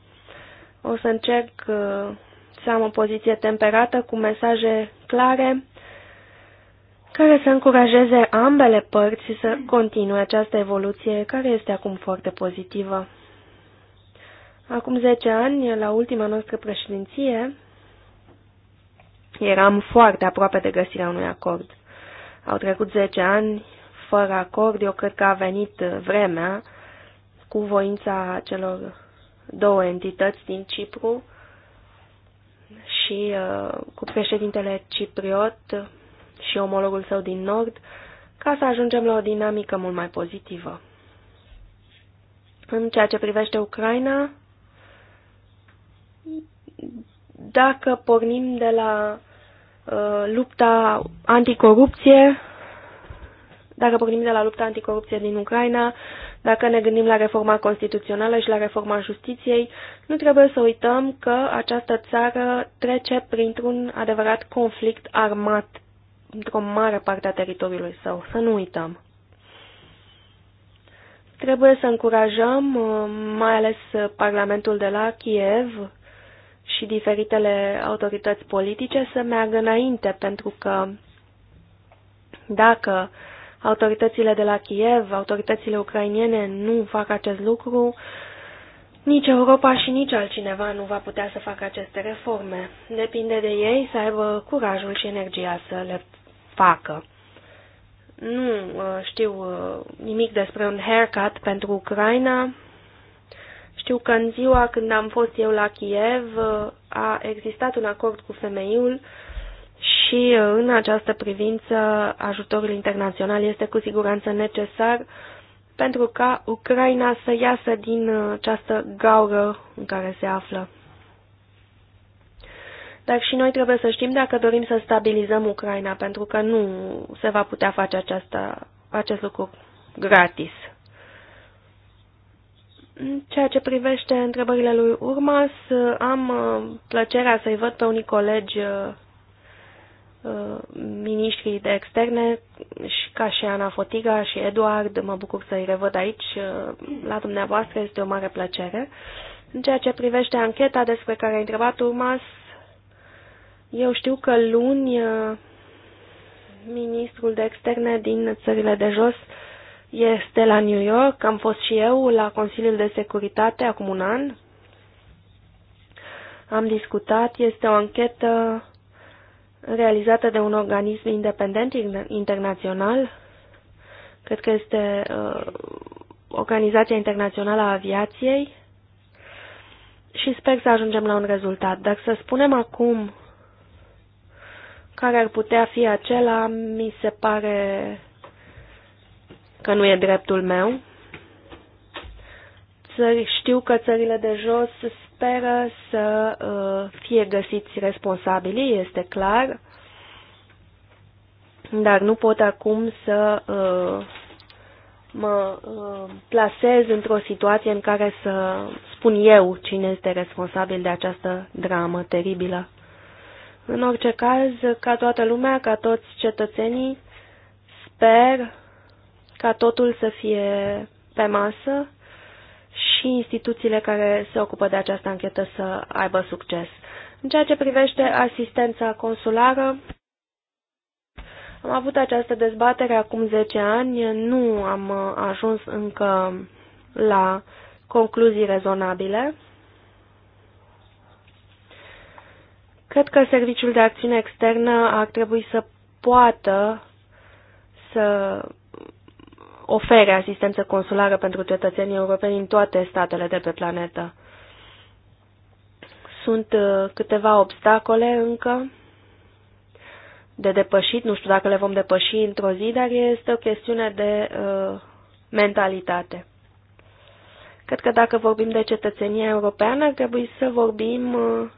O să încerc uh, să am o poziție temperată cu mesaje clare care să încurajeze ambele părți să continue această evoluție care este acum foarte pozitivă. Acum 10 ani, la ultima noastră președinție, eram foarte aproape de găsirea unui acord. Au trecut 10 ani fără acord, eu cred că a venit vremea cu voința celor două entități din Cipru și uh, cu președintele cipriot și omologul său din Nord, ca să ajungem la o dinamică mult mai pozitivă. În ceea ce privește Ucraina, dacă pornim de la uh, lupta anticorupție, dacă pornim de la lupta anticorupție din Ucraina, dacă ne gândim la reforma constituțională și la reforma justiției, nu trebuie să uităm că această țară trece printr-un adevărat conflict armat într-o mare parte a teritoriului său. Să nu uităm. Trebuie să încurajăm mai ales Parlamentul de la Kiev și diferitele autorități politice să meargă înainte, pentru că dacă uh, Autoritățile de la Kiev, autoritățile ucrainiene nu fac acest lucru. Nici Europa și nici altcineva nu va putea să facă aceste reforme. Depinde de ei să aibă curajul și energia să le facă. Nu uh, știu uh, nimic despre un haircut pentru Ucraina. Știu că în ziua când am fost eu la Kiev uh, a existat un acord cu femeiul și uh, în această privință ajutorul internațional este cu siguranță necesar pentru ca Ucraina să iasă din uh, această gaură în care se află. Dar și noi trebuie să știm dacă dorim să stabilizăm Ucraina, pentru că nu se va putea face această, acest lucru gratis. În ceea ce privește întrebările lui Urmas, uh, am plăcerea să-i văd pe unii colegi miniștrii de externe, și ca și Ana Fotiga și Eduard, mă bucur să-i revăd aici la dumneavoastră, este o mare plăcere. În ceea ce privește ancheta despre care ai întrebat Urmas, eu știu că luni uh, ministrul de externe din țările de jos este la New York, am fost și eu la Consiliul de Securitate acum un an. Am discutat, este o anchetă realizată de un organism independent internațional, cred că este uh, Organizația Internațională a Aviației, și sper să ajungem la un rezultat. Dar să spunem acum care ar putea fi acela, mi se pare că nu e dreptul meu. Țări, știu că țările de jos speră să uh, fie găsiți responsabilii, este clar, dar nu pot acum să uh, mă uh, plasez într-o situație în care să spun eu cine este responsabil de această dramă teribilă. În orice caz, ca toată lumea, ca toți cetățenii, sper ca totul să fie pe masă și instituțiile care se ocupă de această anchetă să aibă succes. În ceea ce privește asistența consulară, am avut această dezbatere acum 10 ani, nu am ajuns încă la concluzii rezonabile. Cred că Serviciul de Acțiune Externă ar trebui să poată să ofere asistență consulară pentru cetățenii europeni în toate statele de pe planetă. Sunt uh, câteva obstacole încă de depășit, nu știu dacă le vom depăși într-o zi, dar este o chestiune de uh, mentalitate. Cred că dacă vorbim de cetățenia europeană, trebuie să vorbim uh,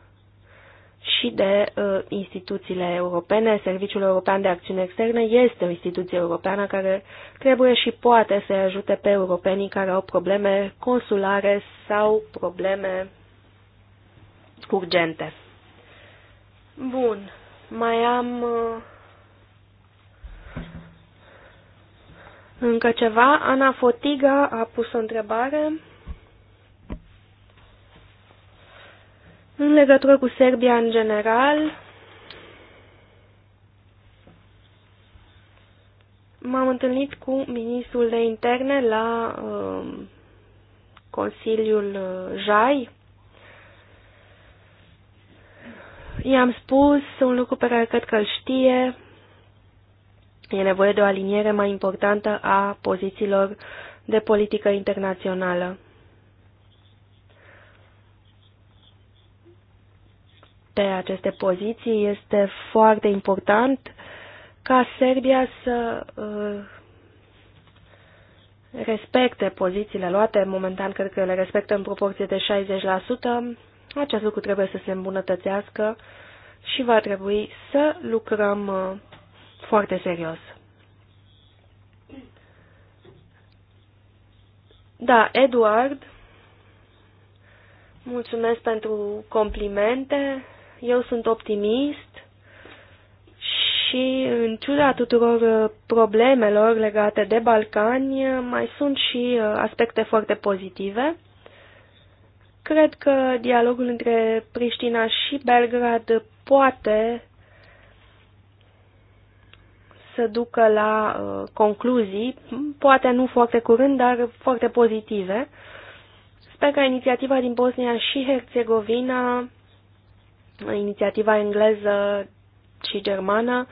și de uh, instituțiile europene. Serviciul European de Acțiune Externă este o instituție europeană care trebuie și poate să ajute pe europenii care au probleme consulare sau probleme urgente. Bun, mai am uh, încă ceva. Ana Fotiga a pus o întrebare. În legătură cu Serbia în general, m-am întâlnit cu ministrul de interne la um, uh, Consiliul JAI. I-am spus un lucru pe care cred că îl știe. E nevoie de o aliniere mai importantă a pozițiilor de politică internațională. pe aceste poziții. Este foarte important ca Serbia să uh, respecte pozițiile luate. Momentan cred că le respectă în proporție de 60%. Acest lucru trebuie să se îmbunătățească și va trebui să lucrăm uh, foarte serios. Da, Eduard, mulțumesc pentru complimente. Eu sunt optimist și, în ciuda tuturor uh, problemelor legate de Balcani, uh, mai sunt și uh, aspecte foarte pozitive. Cred că dialogul între Priștina și Belgrad poate să ducă la concluzii, poate nu foarte curând, dar foarte pozitive. Sper ca inițiativa din Bosnia și Herțegovina inițiativa engleză și germană,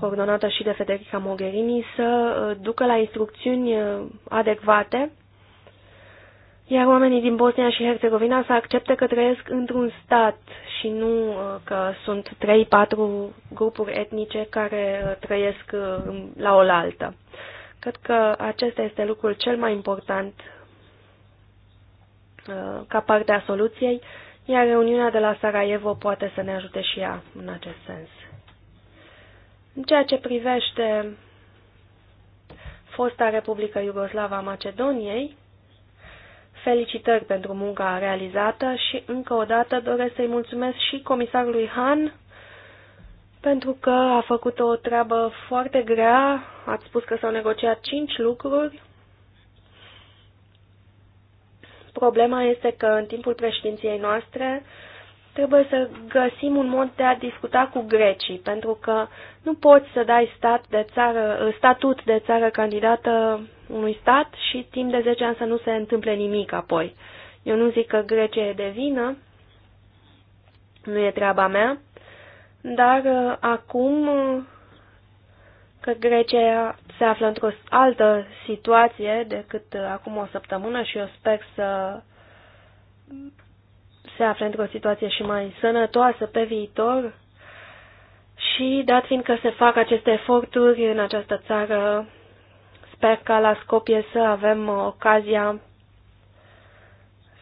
coordonată și de Federica Mogherini, să uh, ducă la instrucțiuni uh, adecvate, iar oamenii din Bosnia și Herțegovina să accepte că trăiesc într-un stat și nu uh, că sunt 3-4 grupuri etnice care trăiesc la oaltă. Cred că acesta este lucrul cel mai important ca parte a soluției iar reuniunea de la Sarajevo poate să ne ajute și ea în acest sens. În ceea ce privește fosta Republică Iugoslava a Macedoniei, felicitări pentru munca realizată și încă o dată doresc să-i mulțumesc și comisarului Han pentru că a făcut o treabă foarte grea, ați spus că s-au negociat cinci lucruri, Problema este că în timpul președinției noastre trebuie să găsim un mod de a discuta cu grecii, pentru că nu poți să dai stat de țară, statut de țară candidată unui stat și timp de 10 ani să nu se întâmple nimic apoi. Eu nu zic că Grecia e de vină, nu e treaba mea, dar uh, acum uh, că Grecia se află într-o altă situație decât acum o săptămână și eu sper să se află într-o situație și mai sănătoasă pe viitor. Și dat fiind că se fac aceste eforturi în această țară, sper ca la Scopie să avem ocazia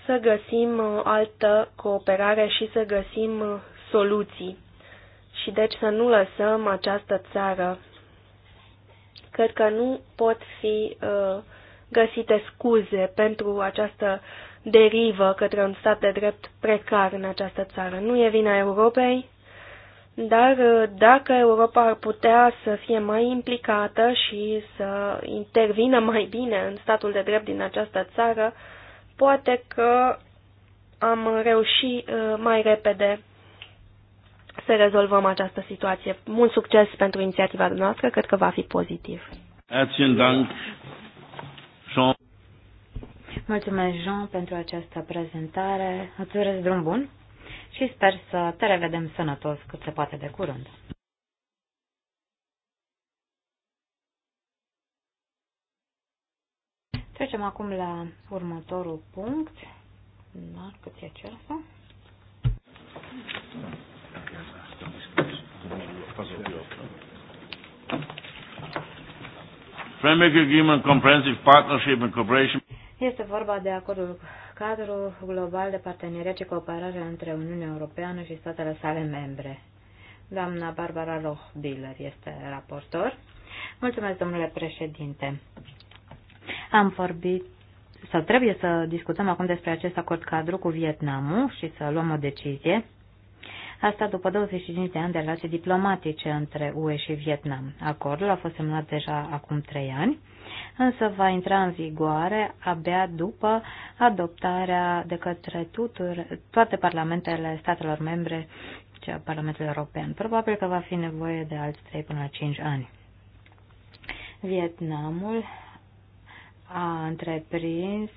să găsim altă cooperare și să găsim soluții. Și deci să nu lăsăm această țară Cred că nu pot fi uh, găsite scuze pentru această derivă către un stat de drept precar în această țară. Nu e vina Europei, dar uh, dacă Europa ar putea să fie mai implicată și să intervină mai bine în statul de drept din această țară, poate că am reușit uh, mai repede să rezolvăm această situație. Mult succes pentru inițiativa noastră, cred că va fi pozitiv. Mulțumesc, Jean, pentru această prezentare. Îți urez drum bun și sper să te revedem sănătos cât se poate de curând. Trecem acum la următorul punct. Dar cât e acela? Partnership and Cooperation. Este vorba de acordul cadru global de parteneriat și cooperare între Uniunea Europeană și statele sale membre. Doamna Barbara Lochbiller este raportor. Mulțumesc, domnule președinte. Am vorbit sau trebuie să discutăm acum despre acest acord cadru cu Vietnamul și să luăm o decizie. Asta după 25 de ani de relații diplomatice între UE și Vietnam. Acordul a fost semnat deja acum 3 ani, însă va intra în vigoare abia după adoptarea de către tutur, toate parlamentele statelor membre ce Parlamentul European. Probabil că va fi nevoie de alți 3 până la 5 ani. Vietnamul a întreprins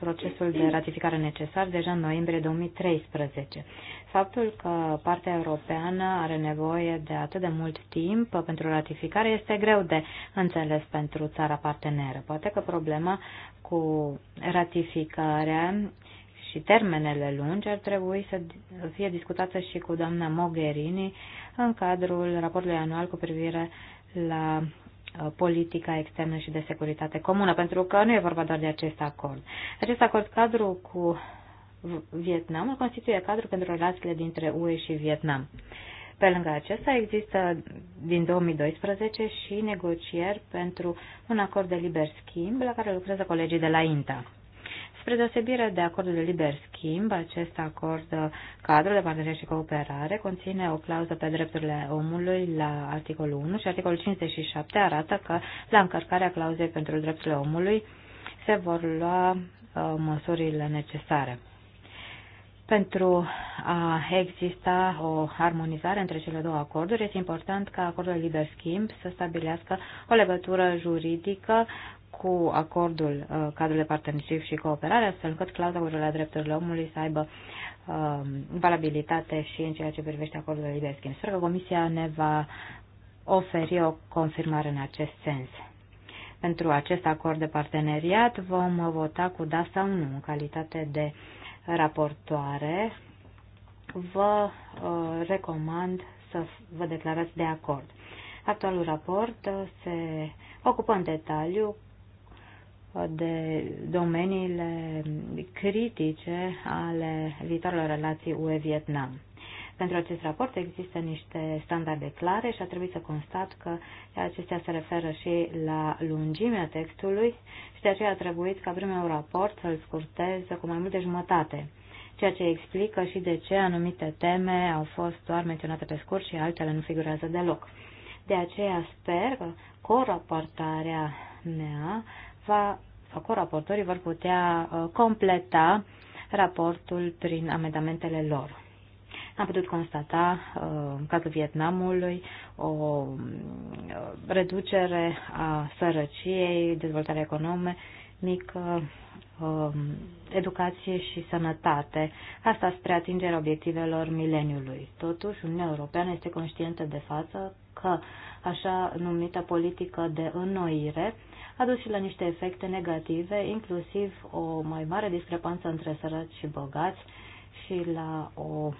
procesul de ratificare necesar deja în noiembrie 2013. Faptul că partea europeană are nevoie de atât de mult timp pentru ratificare este greu de înțeles pentru țara parteneră. Poate că problema cu ratificarea și termenele lungi ar trebui să fie discutată și cu doamna Mogherini în cadrul raportului anual cu privire la Uh, politica externă și de securitate comună, pentru că nu e vorba doar de acest acord. Acest acord cadru cu Vietnam, constituie cadru pentru relațiile dintre UE și Vietnam. Pe lângă acesta există din 2012 și negocieri pentru un acord de liber schimb la care lucrează colegii de la INTA. Spre deosebire de acordul de liber schimb, acest acord uh, cadru de parteneriat și cooperare conține o clauză pe drepturile omului la articolul 1 și articolul 57 arată că la încărcarea clauzei pentru drepturile omului se vor lua uh, măsurile necesare. Pentru a exista o armonizare între cele două acorduri, este important ca acordul liber schimb să stabilească o legătură juridică cu acordul uh, cadrul de parteneriat și cooperare, astfel încât clauzurile drepturilor omului să aibă uh, valabilitate și în ceea ce privește acordul de liber schimb. Sper că Comisia ne va oferi o confirmare în acest sens. Pentru acest acord de parteneriat vom vota cu da sau nu în calitate de raportoare. Vă uh, recomand să vă declarați de acord. Actualul raport uh, se ocupă în detaliu de domeniile critice ale viitoarelor relații UE-Vietnam. Pentru acest raport există niște standarde clare și a trebuit să constat că acestea se referă și la lungimea textului și de aceea a trebuit ca primul raport să-l scurtez cu mai multe jumătate, ceea ce explică și de ce anumite teme au fost doar menționate pe scurt și altele nu figurează deloc. De aceea sper că coraportarea mea va, sau raportorii, vor putea uh, completa raportul prin amendamentele lor. Am putut constata, uh, în cazul Vietnamului, o uh, reducere a sărăciei, dezvoltare economică, um, educație și sănătate, asta spre atingerea obiectivelor mileniului. Totuși, Uniunea Europeană este conștientă de față că așa numită politică de înnoire a dus și la niște efecte negative, inclusiv o mai mare discrepanță între sărați și bogați și la, o, um,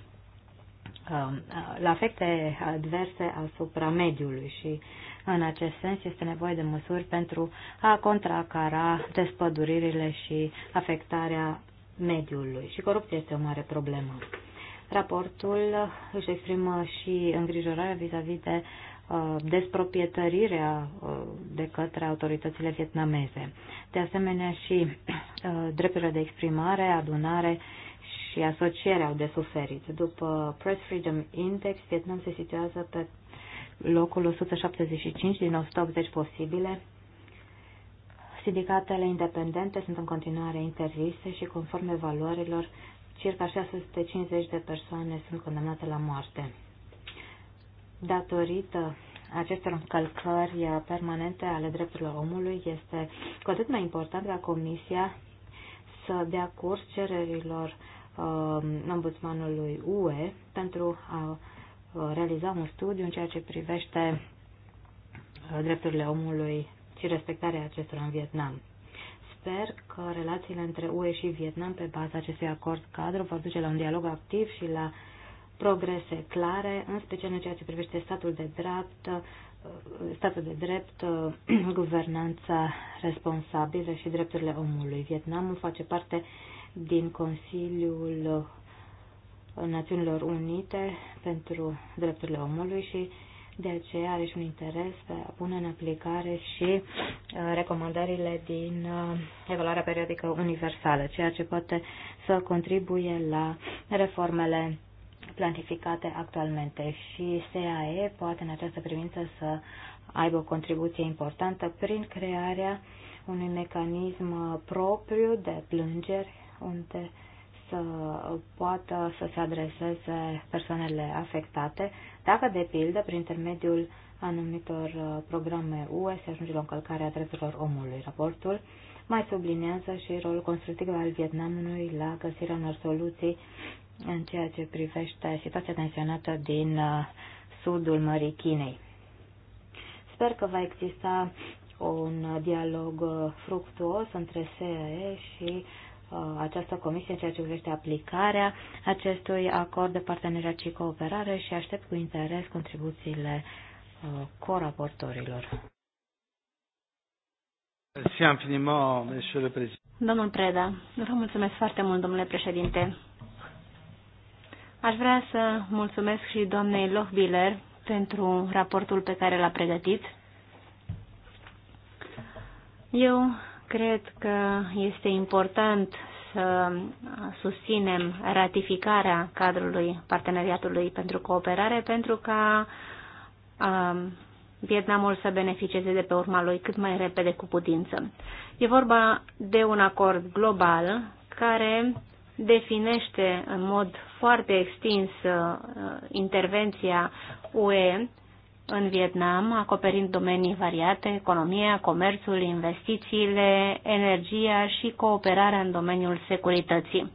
la efecte adverse asupra mediului și în acest sens este nevoie de măsuri pentru a contracara despăduririle și afectarea mediului și corupția este o mare problemă. Raportul își exprimă și îngrijorarea vis-a-vis -vis de Uh, desproprietărirea uh, de către autoritățile vietnameze. De asemenea și uh, drepturile de exprimare, adunare și asociere au de suferit. După Press Freedom Index, Vietnam se situează pe locul 175 din 180 posibile. Sindicatele independente sunt în continuare interzise și conform evaluărilor, circa 650 de persoane sunt condamnate la moarte datorită acestor încălcări permanente ale drepturilor omului, este cu atât mai important ca Comisia să dea curs cererilor uh, ombudsmanului UE pentru a uh, realiza un studiu în ceea ce privește uh, drepturile omului și respectarea acestora în Vietnam. Sper că relațiile între UE și Vietnam pe baza acestui acord cadru vor duce la un dialog activ și la progrese clare, în special în ceea ce privește statul de drept, uh, statul de drept, uh, guvernanța responsabilă și drepturile omului. Vietnamul face parte din Consiliul Națiunilor Unite pentru drepturile omului și de aceea are și un interes pe a pune în aplicare și uh, recomandările din evaluarea periodică universală, ceea ce poate să contribuie la reformele planificate actualmente și SAE poate în această privință să aibă o contribuție importantă prin crearea unui mecanism propriu de plângeri unde să poată să se adreseze persoanele afectate, dacă, de pildă, prin intermediul anumitor programe UE se ajunge la încălcarea drepturilor omului. Raportul mai sublinează și rolul constructiv al Vietnamului la găsirea unor soluții în ceea ce privește situația tensionată din uh, sudul Mării Chinei. Sper că va exista un dialog uh, fructuos între SEE și uh, această comisie în ceea ce privește aplicarea acestui acord de parteneriat și cooperare și aștept cu interes contribuțiile coraportorilor. Domnul Preda, vă mulțumesc foarte mult, domnule președinte. Aș vrea să mulțumesc și doamnei Lohbiller pentru raportul pe care l-a pregătit. Eu cred că este important să susținem ratificarea cadrului parteneriatului pentru cooperare pentru ca um, Vietnamul să beneficieze de pe urma lui cât mai repede cu putință. E vorba de un acord global care definește în mod foarte extins uh, intervenția UE în Vietnam, acoperind domenii variate, economia, comerțul, investițiile, energia și cooperarea în domeniul securității.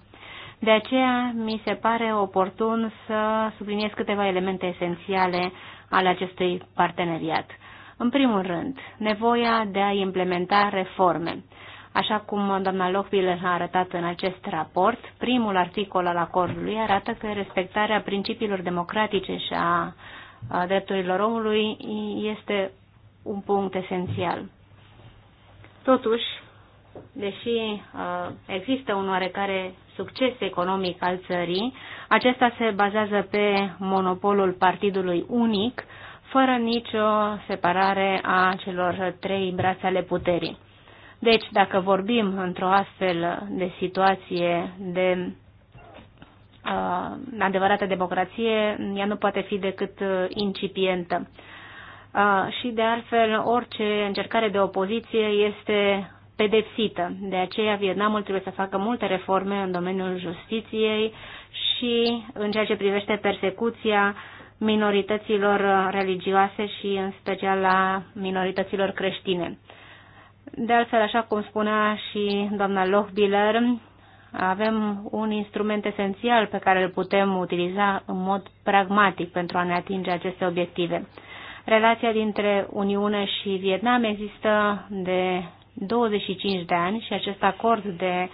De aceea, mi se pare oportun să subliniez câteva elemente esențiale ale acestui parteneriat. În primul rând, nevoia de a implementa reforme. Așa cum doamna Lochbiller a arătat în acest raport, primul articol al acordului arată că respectarea principiilor democratice și a drepturilor omului este un punct esențial. Totuși, deși există un oarecare succes economic al țării, acesta se bazează pe monopolul partidului unic, fără nicio separare a celor trei brațe ale puterii. Deci, dacă vorbim într-o astfel de situație de uh, adevărată democrație, ea nu poate fi decât uh, incipientă. Uh, și, de altfel, orice încercare de opoziție este pedepsită. De aceea, Vietnamul trebuie să facă multe reforme în domeniul justiției și în ceea ce privește persecuția minorităților religioase și în special a minorităților creștine. De altfel, așa cum spunea și doamna Lochbiller, avem un instrument esențial pe care îl putem utiliza în mod pragmatic pentru a ne atinge aceste obiective. Relația dintre Uniune și Vietnam există de 25 de ani și acest acord de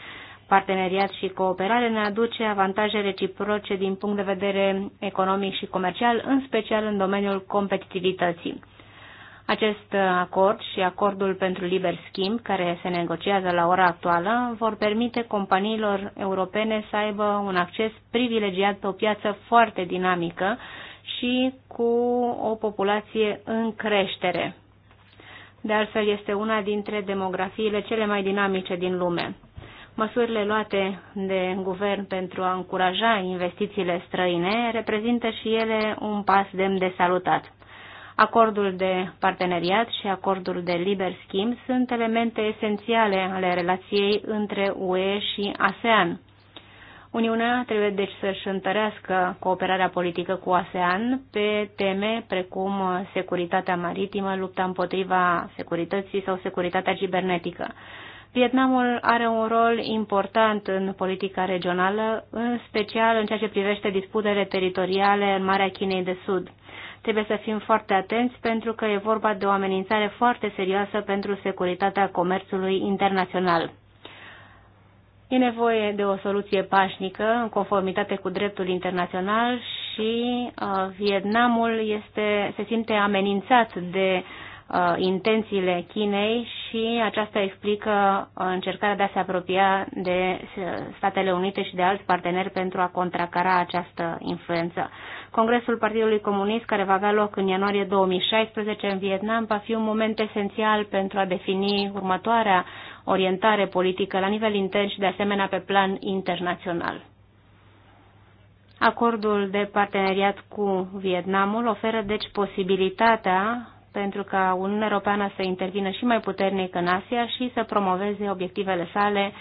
parteneriat și cooperare ne aduce avantaje reciproce din punct de vedere economic și comercial, în special în domeniul competitivității. Acest acord și acordul pentru liber schimb, care se negociază la ora actuală, vor permite companiilor europene să aibă un acces privilegiat pe o piață foarte dinamică și cu o populație în creștere. De altfel, este una dintre demografiile cele mai dinamice din lume. Măsurile luate de guvern pentru a încuraja investițiile străine reprezintă și ele un pas demn de salutat. Acordul de parteneriat și acordul de liber schimb sunt elemente esențiale ale relației între UE și ASEAN. Uniunea trebuie deci să-și întărească cooperarea politică cu ASEAN pe teme precum securitatea maritimă, lupta împotriva securității sau securitatea cibernetică. Vietnamul are un rol important în politica regională, în special în ceea ce privește disputele teritoriale în Marea Chinei de Sud. Trebuie să fim foarte atenți pentru că e vorba de o amenințare foarte serioasă pentru securitatea comerțului internațional. E nevoie de o soluție pașnică în conformitate cu dreptul internațional și uh, Vietnamul este, se simte amenințat de uh, Uh, intențiile Chinei și aceasta explică uh, încercarea de a se apropia de uh, Statele Unite și de alți parteneri pentru a contracara această influență. Congresul Partidului Comunist, care va avea loc în ianuarie 2016 în Vietnam, va fi un moment esențial pentru a defini următoarea orientare politică la nivel intern și de asemenea pe plan internațional. Acordul de parteneriat cu Vietnamul oferă deci posibilitatea pentru ca Uniunea Europeană să intervină și mai puternic în Asia și să promoveze obiectivele sale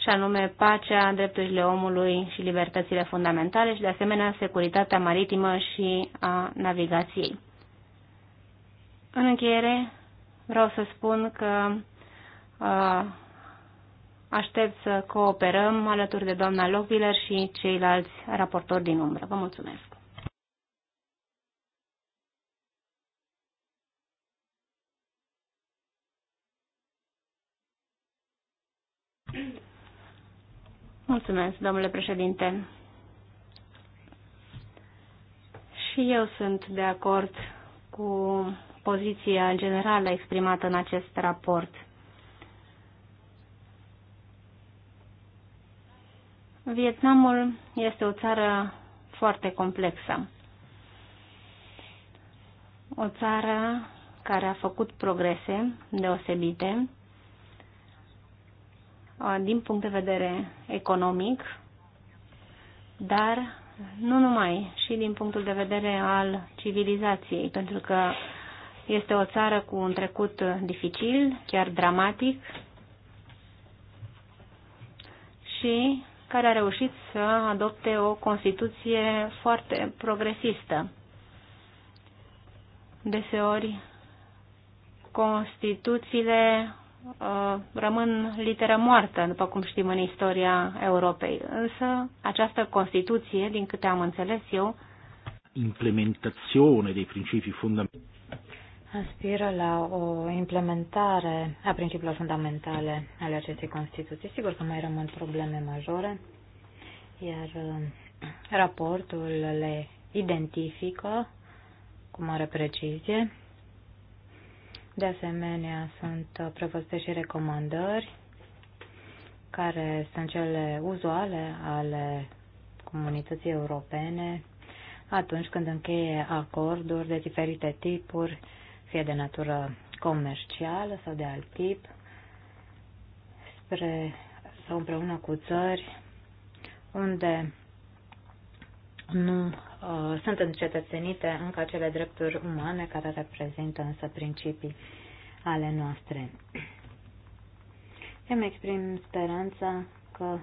și anume pacea, drepturile omului și libertățile fundamentale și de asemenea securitatea maritimă și a navigației. În încheiere, vreau să spun că a, uh, aștept să cooperăm alături de doamna Lockbiller și ceilalți raportori din umbră. Vă mulțumesc! Mulțumesc, domnule președinte. Și eu sunt de acord cu poziția generală exprimată în acest raport. Vietnamul este o țară foarte complexă. O țară care a făcut progrese deosebite din punct de vedere economic, dar nu numai, și din punctul de vedere al civilizației, pentru că este o țară cu un trecut dificil, chiar dramatic, și care a reușit să adopte o Constituție foarte progresistă. Deseori, Constituțiile Uh, rămân literă moartă, după cum știm în istoria Europei. Însă această Constituție, din câte am înțeles eu, implementazione dei principii fondamentali. Aspiră la o implementare a principiilor fundamentale ale acestei Constituții. Sigur că mai rămân probleme majore, iar uh, raportul le identifică cu mare precizie. De asemenea, sunt uh, prevăzute și recomandări care sunt cele uzuale ale comunității europene atunci când încheie acorduri de diferite tipuri, fie de natură comercială sau de alt tip, spre sau împreună cu țări unde nu Uh, sunt încetățenite încă acele drepturi umane care reprezintă însă principii ale noastre. Îmi exprim speranța că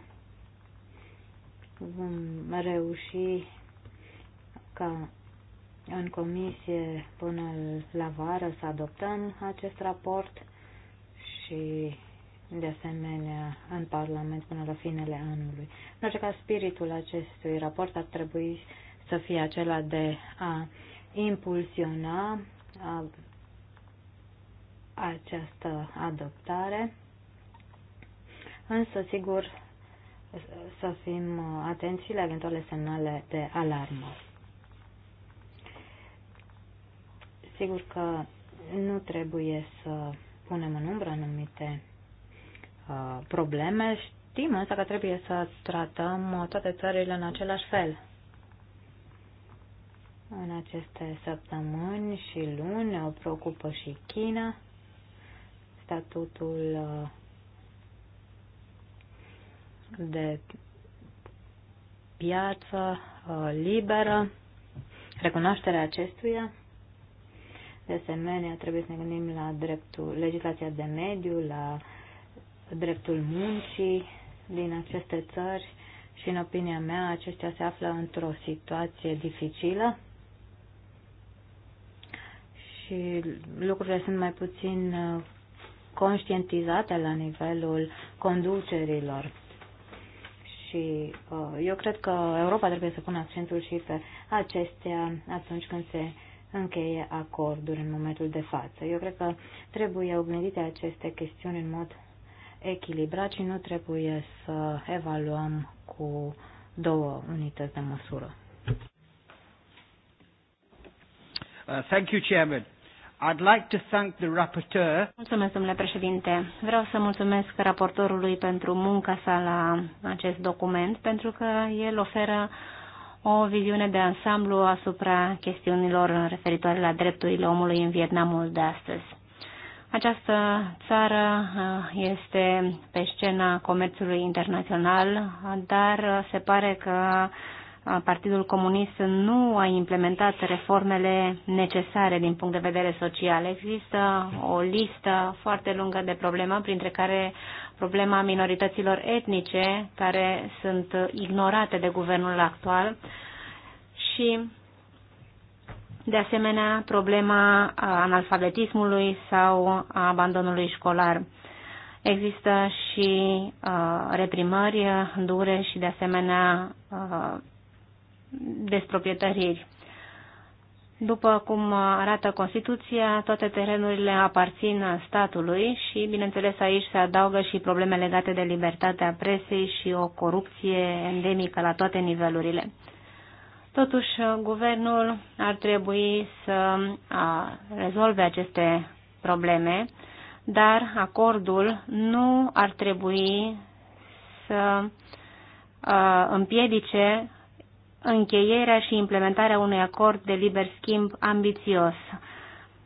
vom reuși ca în comisie până la vară să adoptăm acest raport și de asemenea în Parlament până la finele anului. În orice caz, spiritul acestui raport ar trebui să fie acela de a impulsiona a, această adoptare, însă, sigur, să fim atenți la eventuale semnale de alarmă. Sigur că nu trebuie să punem în umbră anumite uh, probleme, știm însă că trebuie să tratăm toate țările în același fel. În aceste săptămâni și luni o preocupă și China, statutul uh, de piață uh, liberă, recunoașterea acestuia. De asemenea, trebuie să ne gândim la dreptul, legislația de mediu, la dreptul muncii din aceste țări și, în opinia mea, acestea se află într-o situație dificilă și lucrurile sunt mai puțin uh, conștientizate la nivelul conducerilor. Și uh, eu cred că Europa trebuie să pună accentul și pe acestea atunci când se încheie acorduri în momentul de față. Eu cred că trebuie oglindite aceste chestiuni în mod echilibrat și nu trebuie să evaluăm cu două unități de măsură. Uh, thank you, Chairman. I'd like to thank the rapporteur. Mulțumesc, domnule președinte. Vreau să mulțumesc raportorului pentru munca sa la acest document, pentru că el oferă o viziune de ansamblu asupra chestiunilor referitoare la drepturile omului în Vietnamul de astăzi. Această țară uh, este pe scena comerțului internațional, dar se pare că Partidul Comunist nu a implementat reformele necesare din punct de vedere social. Există o listă foarte lungă de probleme, printre care problema minorităților etnice, care sunt ignorate de guvernul actual și de asemenea problema analfabetismului sau a abandonului școlar. Există și uh, reprimări dure și de asemenea uh, desproprietăriri. După cum arată Constituția, toate terenurile aparțin statului și, bineînțeles, aici se adaugă și probleme legate de libertatea presei și o corupție endemică la toate nivelurile. Totuși, guvernul ar trebui să rezolve aceste probleme, dar acordul nu ar trebui să împiedice încheierea și implementarea unui acord de liber schimb ambițios.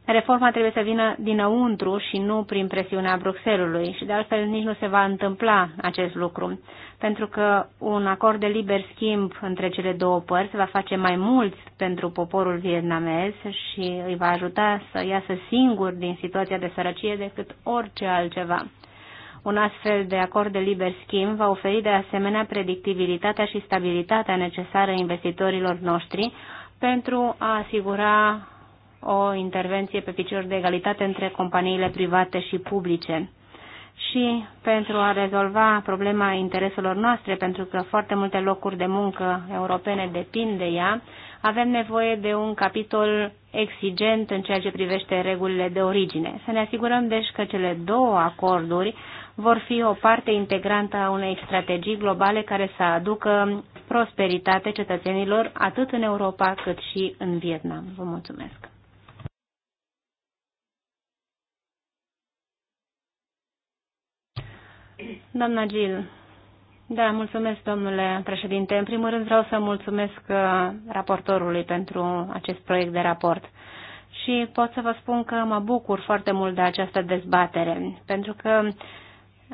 Reforma trebuie să vină dinăuntru și nu prin presiunea Bruxelului și de altfel nici nu se va întâmpla acest lucru, pentru că un acord de liber schimb între cele două părți va face mai mult pentru poporul vietnamez și îi va ajuta să iasă singur din situația de sărăcie decât orice altceva. Un astfel de acord de liber schimb va oferi de asemenea predictibilitatea și stabilitatea necesară investitorilor noștri pentru a asigura o intervenție pe picior de egalitate între companiile private și publice și pentru a rezolva problema intereselor noastre, pentru că foarte multe locuri de muncă europene depind de ea, avem nevoie de un capitol exigent în ceea ce privește regulile de origine. Să ne asigurăm deci că cele două acorduri vor fi o parte integrantă a unei strategii globale care să aducă prosperitate cetățenilor atât în Europa cât și în Vietnam. Vă mulțumesc! Doamna Gil, da, mulțumesc, domnule președinte. În primul rând vreau să mulțumesc uh, raportorului pentru acest proiect de raport. Și pot să vă spun că mă bucur foarte mult de această dezbatere, pentru că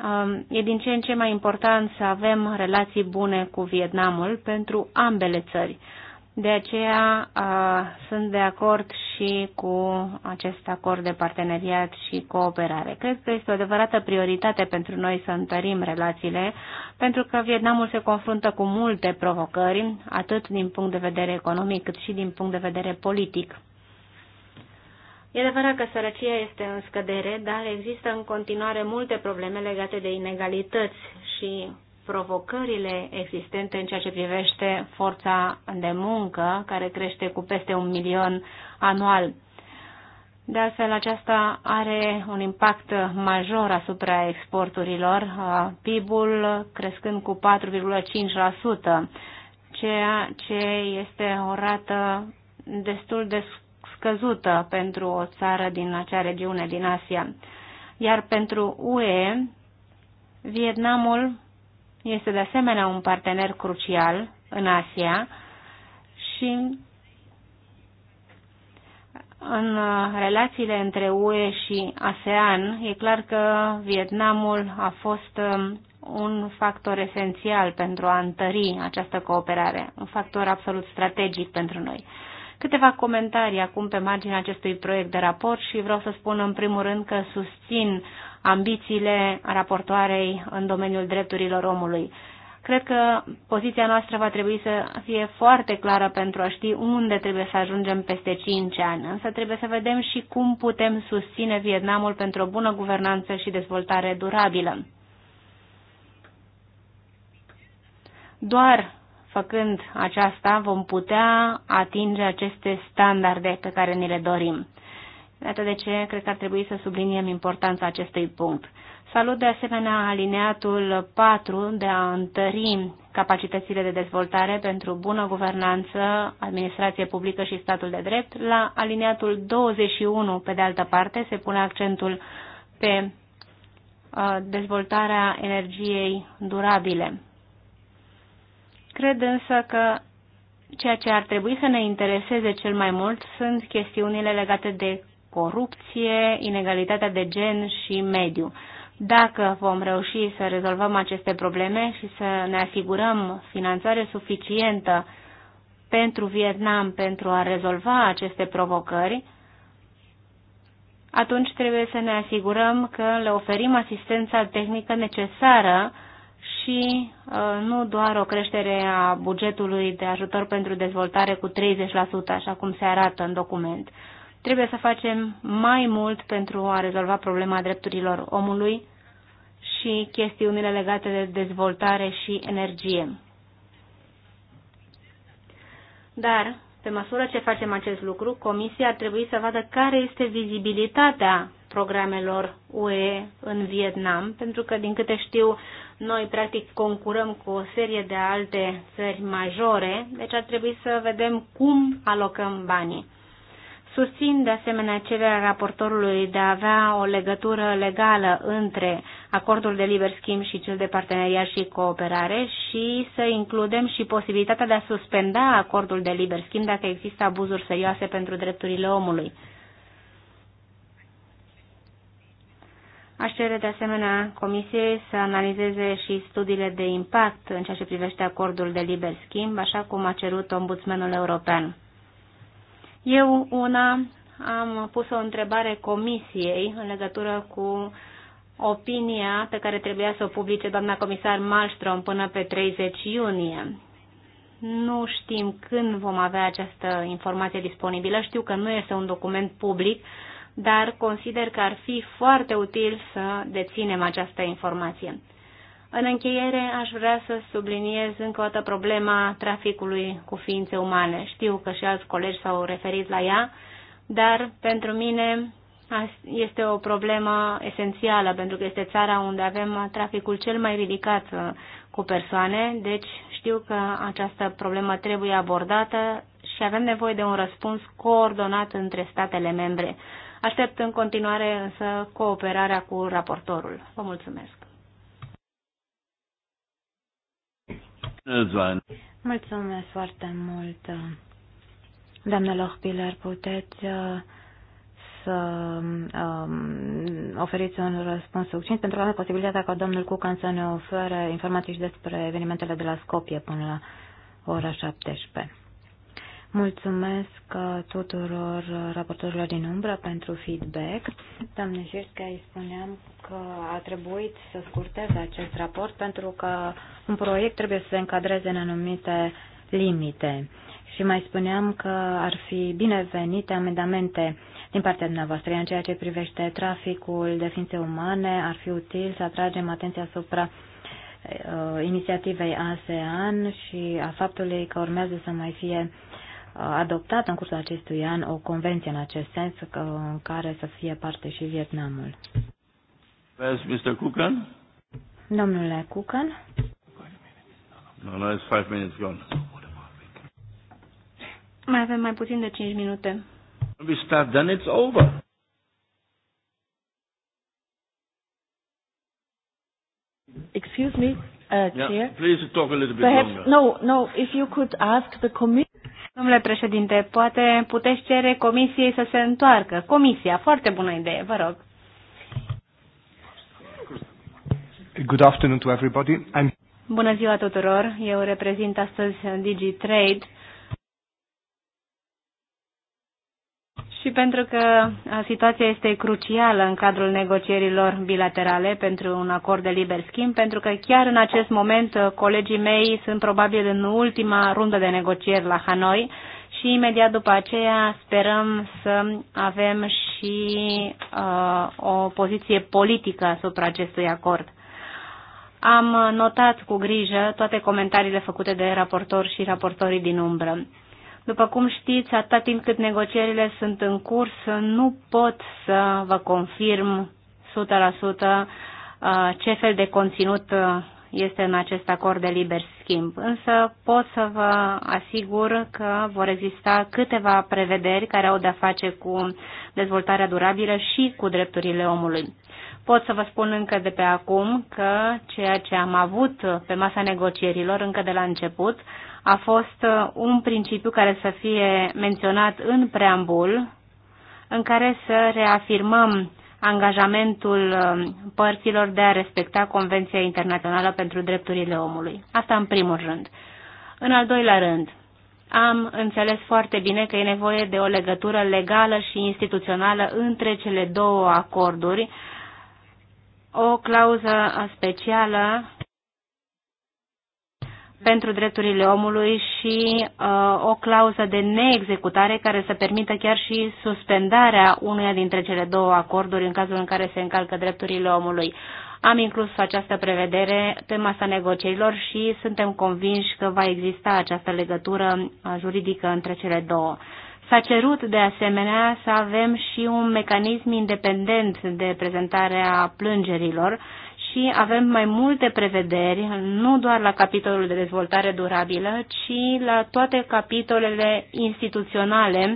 Um, e din ce în ce mai important să avem relații bune cu Vietnamul pentru ambele țări. De aceea uh, sunt de acord și cu acest acord de parteneriat și cooperare. Cred că este o adevărată prioritate pentru noi să întărim relațiile, pentru că Vietnamul se confruntă cu multe provocări, atât din punct de vedere economic cât și din punct de vedere politic. E adevărat că sărăcia este în scădere, dar există în continuare multe probleme legate de inegalități și provocările existente în ceea ce privește forța de muncă, care crește cu peste un milion anual. De altfel, aceasta are un impact major asupra exporturilor, PIB-ul crescând cu 4,5%, ceea ce este o rată destul de scăzută pentru o țară din acea regiune din Asia. Iar pentru UE, Vietnamul este de asemenea un partener crucial în Asia și în relațiile între UE și ASEAN, e clar că Vietnamul a fost um, un factor esențial pentru a întări această cooperare, un factor absolut strategic pentru noi. Câteva comentarii acum pe marginea acestui proiect de raport și vreau să spun în primul rând că susțin ambițiile raportoarei în domeniul drepturilor omului. Cred că poziția noastră va trebui să fie foarte clară pentru a ști unde trebuie să ajungem peste 5 ani, însă trebuie să vedem și cum putem susține Vietnamul pentru o bună guvernanță și dezvoltare durabilă. Doar Făcând aceasta, vom putea atinge aceste standarde pe care ni le dorim. Iată de ce cred că ar trebui să subliniem importanța acestui punct. Salut de asemenea alineatul 4 de a întări capacitățile de dezvoltare pentru bună guvernanță, administrație publică și statul de drept. La alineatul 21, pe de altă parte, se pune accentul pe uh, dezvoltarea energiei durabile. Cred însă că ceea ce ar trebui să ne intereseze cel mai mult sunt chestiunile legate de corupție, inegalitatea de gen și mediu. Dacă vom reuși să rezolvăm aceste probleme și să ne asigurăm finanțare suficientă pentru Vietnam pentru a rezolva aceste provocări, atunci trebuie să ne asigurăm că le oferim asistența tehnică necesară și uh, nu doar o creștere a bugetului de ajutor pentru dezvoltare cu 30%, așa cum se arată în document. Trebuie să facem mai mult pentru a rezolva problema drepturilor omului și chestiunile legate de dezvoltare și energie. Dar, pe măsură ce facem acest lucru, Comisia ar trebui să vadă care este vizibilitatea programelor UE în Vietnam, pentru că, din câte știu, noi practic concurăm cu o serie de alte țări majore, deci ar trebui să vedem cum alocăm banii. Susțin de asemenea cererea raportorului de a avea o legătură legală între acordul de liber schimb și cel de parteneriat și cooperare și să includem și posibilitatea de a suspenda acordul de liber schimb dacă există abuzuri serioase pentru drepturile omului. Aș cere de asemenea Comisiei să analizeze și studiile de impact în ceea ce privește acordul de liber schimb, așa cum a cerut Ombudsmanul European. Eu, una, am pus o întrebare Comisiei în legătură cu opinia pe care trebuia să o publice doamna comisar Malmström până pe 30 iunie. Nu știm când vom avea această informație disponibilă. Știu că nu este un document public, dar consider că ar fi foarte util să deținem această informație. În încheiere, aș vrea să subliniez încă o dată problema traficului cu ființe umane. Știu că și alți colegi s-au referit la ea, dar pentru mine este o problemă esențială, pentru că este țara unde avem traficul cel mai ridicat uh, cu persoane, deci știu că această problemă trebuie abordată și avem nevoie de un răspuns coordonat între statele membre. Aștept în continuare însă cooperarea cu raportorul. Vă mulțumesc. Mulțumesc foarte mult. Doamna Lohpiller, puteți uh, să um, oferiți un răspuns succint pentru a avea posibilitatea ca domnul Cucan să ne ofere informații și despre evenimentele de la Scopie până la ora 17. Mulțumesc uh, tuturor uh, raportorilor din umbră pentru feedback. Doamne Jirska, îi spuneam că a trebuit să scurteze acest raport pentru că un proiect trebuie să se încadreze în anumite limite. Și mai spuneam că ar fi binevenite amendamente din partea dumneavoastră. În ceea ce privește traficul de ființe umane, ar fi util să atragem atenția asupra uh, inițiativei ASEAN și a faptului că urmează să mai fie adoptat în cursul acestui an o convenție în acest sens în care să fie parte și Vietnamul. Where's Mr. Kukan? Domnule Kukan? No, no, it's five minutes gone. Mai avem mai puțin de 5 minute. We start, then it's over. Excuse me, uh, yeah, Chair. Please talk a little bit Perhaps, longer. No, no, if you could ask the committee. Domnule președinte, poate puteți cere comisiei să se întoarcă. Comisia, foarte bună idee, vă rog. Good afternoon to everybody. I'm... Bună ziua tuturor, eu reprezint astăzi DigiTrade și pentru că situația este crucială în cadrul negocierilor bilaterale pentru un acord de liber schimb, pentru că chiar în acest moment colegii mei sunt probabil în ultima rundă de negocieri la Hanoi și imediat după aceea sperăm să avem și uh, o poziție politică asupra acestui acord. Am notat cu grijă toate comentariile făcute de raportori și raportorii din umbră. După cum știți, atâta timp cât negocierile sunt în curs, nu pot să vă confirm 100% uh, ce fel de conținut uh, este în acest acord de liber schimb. Însă pot să vă asigur că vor exista câteva prevederi care au de-a face cu dezvoltarea durabilă și cu drepturile omului. Pot să vă spun încă de pe acum că ceea ce am avut pe masa negocierilor încă de la început a fost uh, un principiu care să fie menționat în preambul, în care să reafirmăm angajamentul uh, părților de a respecta Convenția Internațională pentru Drepturile Omului. Asta în primul rând. În al doilea rând, am înțeles foarte bine că e nevoie de o legătură legală și instituțională între cele două acorduri, o clauză specială pentru drepturile omului și uh, o clauză de neexecutare care să permită chiar și suspendarea unuia dintre cele două acorduri în cazul în care se încalcă drepturile omului. Am inclus această prevedere pe masa negocierilor și suntem convinși că va exista această legătură uh, juridică între cele două. S-a cerut de asemenea să avem și un mecanism independent de prezentare a plângerilor și avem mai multe prevederi, nu doar la capitolul de dezvoltare durabilă, ci la toate capitolele instituționale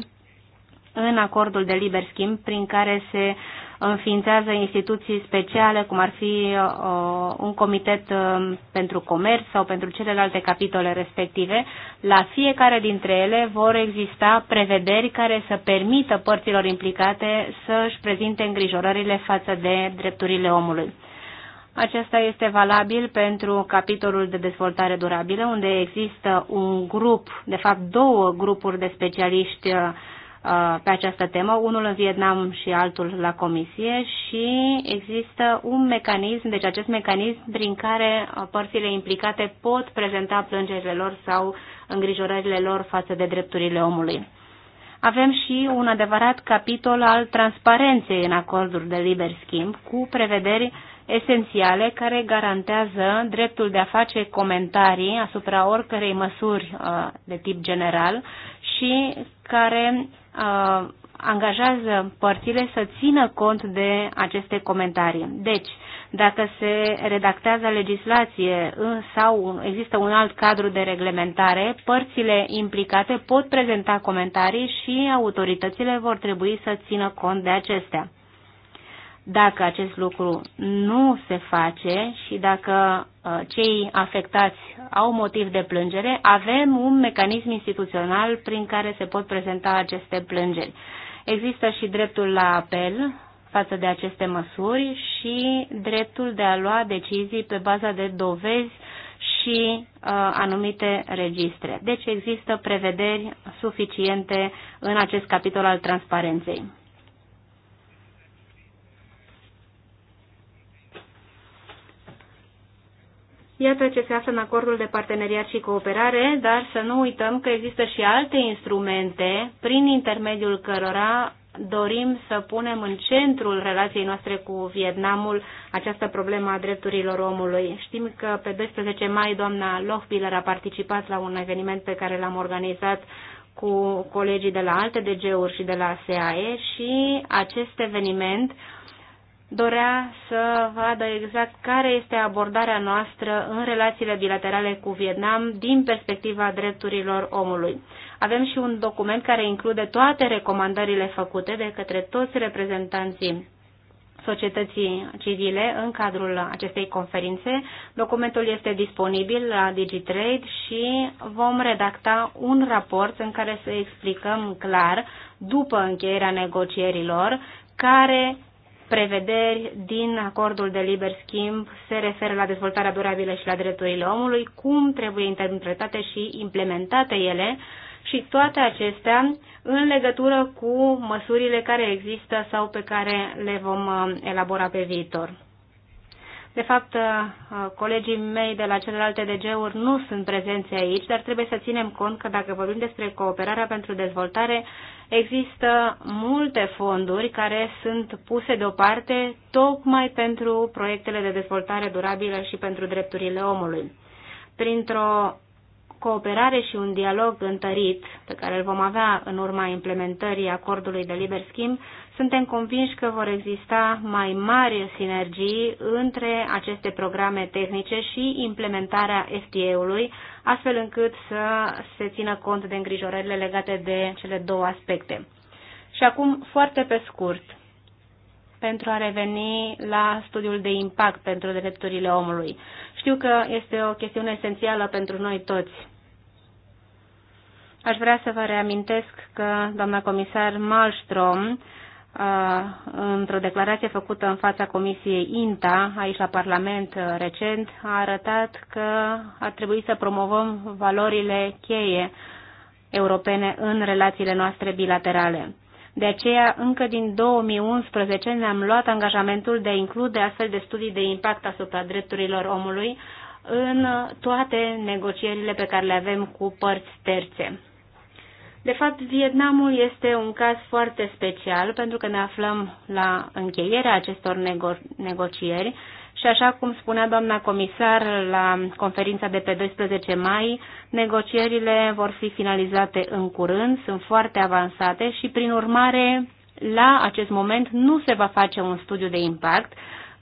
în acordul de liber schimb prin care se înființează instituții speciale, cum ar fi uh, un comitet uh, pentru comerț sau pentru celelalte capitole respective. La fiecare dintre ele vor exista prevederi care să permită părților implicate să și prezinte îngrijorările față de drepturile omului. Acesta este valabil pentru capitolul de dezvoltare durabilă, unde există un grup, de fapt două grupuri de specialiști uh, pe această temă, unul în Vietnam și altul la Comisie și există un mecanism, deci acest mecanism prin care uh, părțile implicate pot prezenta plângerile lor sau îngrijorările lor față de drepturile omului. Avem și un adevărat capitol al transparenței în acorduri de liber schimb cu prevederi uh, esențiale care garantează dreptul de a face comentarii asupra oricărei măsuri uh, de tip general și care uh, angajează părțile să țină cont de aceste comentarii. Deci, dacă se redactează legislație sau există un alt cadru de reglementare, părțile implicate pot prezenta comentarii și autoritățile vor trebui să țină cont de acestea. Dacă acest lucru nu se face și dacă uh, cei afectați au motiv de plângere, avem un mecanism instituțional prin care se pot prezenta aceste plângeri. Există și dreptul la apel față de aceste măsuri și dreptul de a lua decizii pe baza de dovezi și uh, anumite registre. Deci există prevederi suficiente în acest capitol al transparenței. Iată ce se află în acordul de parteneriat și cooperare, dar să nu uităm că există și alte instrumente prin intermediul cărora dorim să punem în centrul relației noastre cu Vietnamul această problemă a drepturilor omului. Știm că pe 12 mai doamna Lofbiller a participat la un eveniment pe care l-am organizat cu colegii de la alte DG-uri și de la SAE și acest eveniment dorea să vadă exact care este abordarea noastră în relațiile bilaterale cu Vietnam din perspectiva drepturilor omului. Avem și un document care include toate recomandările făcute de către toți reprezentanții societății civile în cadrul acestei conferințe. Documentul este disponibil la DigiTrade și vom redacta un raport în care să explicăm clar, după încheierea negocierilor, care prevederi din acordul de liber schimb se referă la dezvoltarea durabilă și la drepturile omului, cum trebuie interpretate și implementate ele și toate acestea în legătură cu măsurile care există sau pe care le vom uh, elabora pe viitor. De fapt, uh, colegii mei de la celelalte DG-uri nu sunt prezenți aici, dar trebuie să ținem cont că dacă vorbim despre cooperarea pentru dezvoltare, există multe fonduri care sunt puse deoparte tocmai pentru proiectele de dezvoltare durabilă și pentru drepturile omului. Printr-o cooperare și un dialog întărit pe care îl vom avea în urma implementării acordului de liber schimb, suntem convinși că vor exista mai mari sinergii între aceste programe tehnice și implementarea FTA-ului, astfel încât să se țină cont de îngrijorările legate de cele două aspecte. Și acum, foarte pe scurt, pentru a reveni la studiul de impact pentru drepturile omului. Știu că este o chestiune esențială pentru noi toți. Aș vrea să vă reamintesc că doamna comisar Malmström într-o declarație făcută în fața Comisiei INTA, aici la Parlament uh, recent, a arătat că ar trebui să promovăm valorile cheie europene în relațiile noastre bilaterale. De aceea, încă din 2011 ne-am luat angajamentul de a include astfel de studii de impact asupra drepturilor omului în toate negocierile pe care le avem cu părți terțe. De fapt, Vietnamul este un caz foarte special pentru că ne aflăm la încheierea acestor nego- negocieri și așa cum spunea doamna comisar la conferința de pe 12 mai, negocierile vor fi finalizate în curând, sunt foarte avansate și prin urmare la acest moment nu se va face un studiu de impact,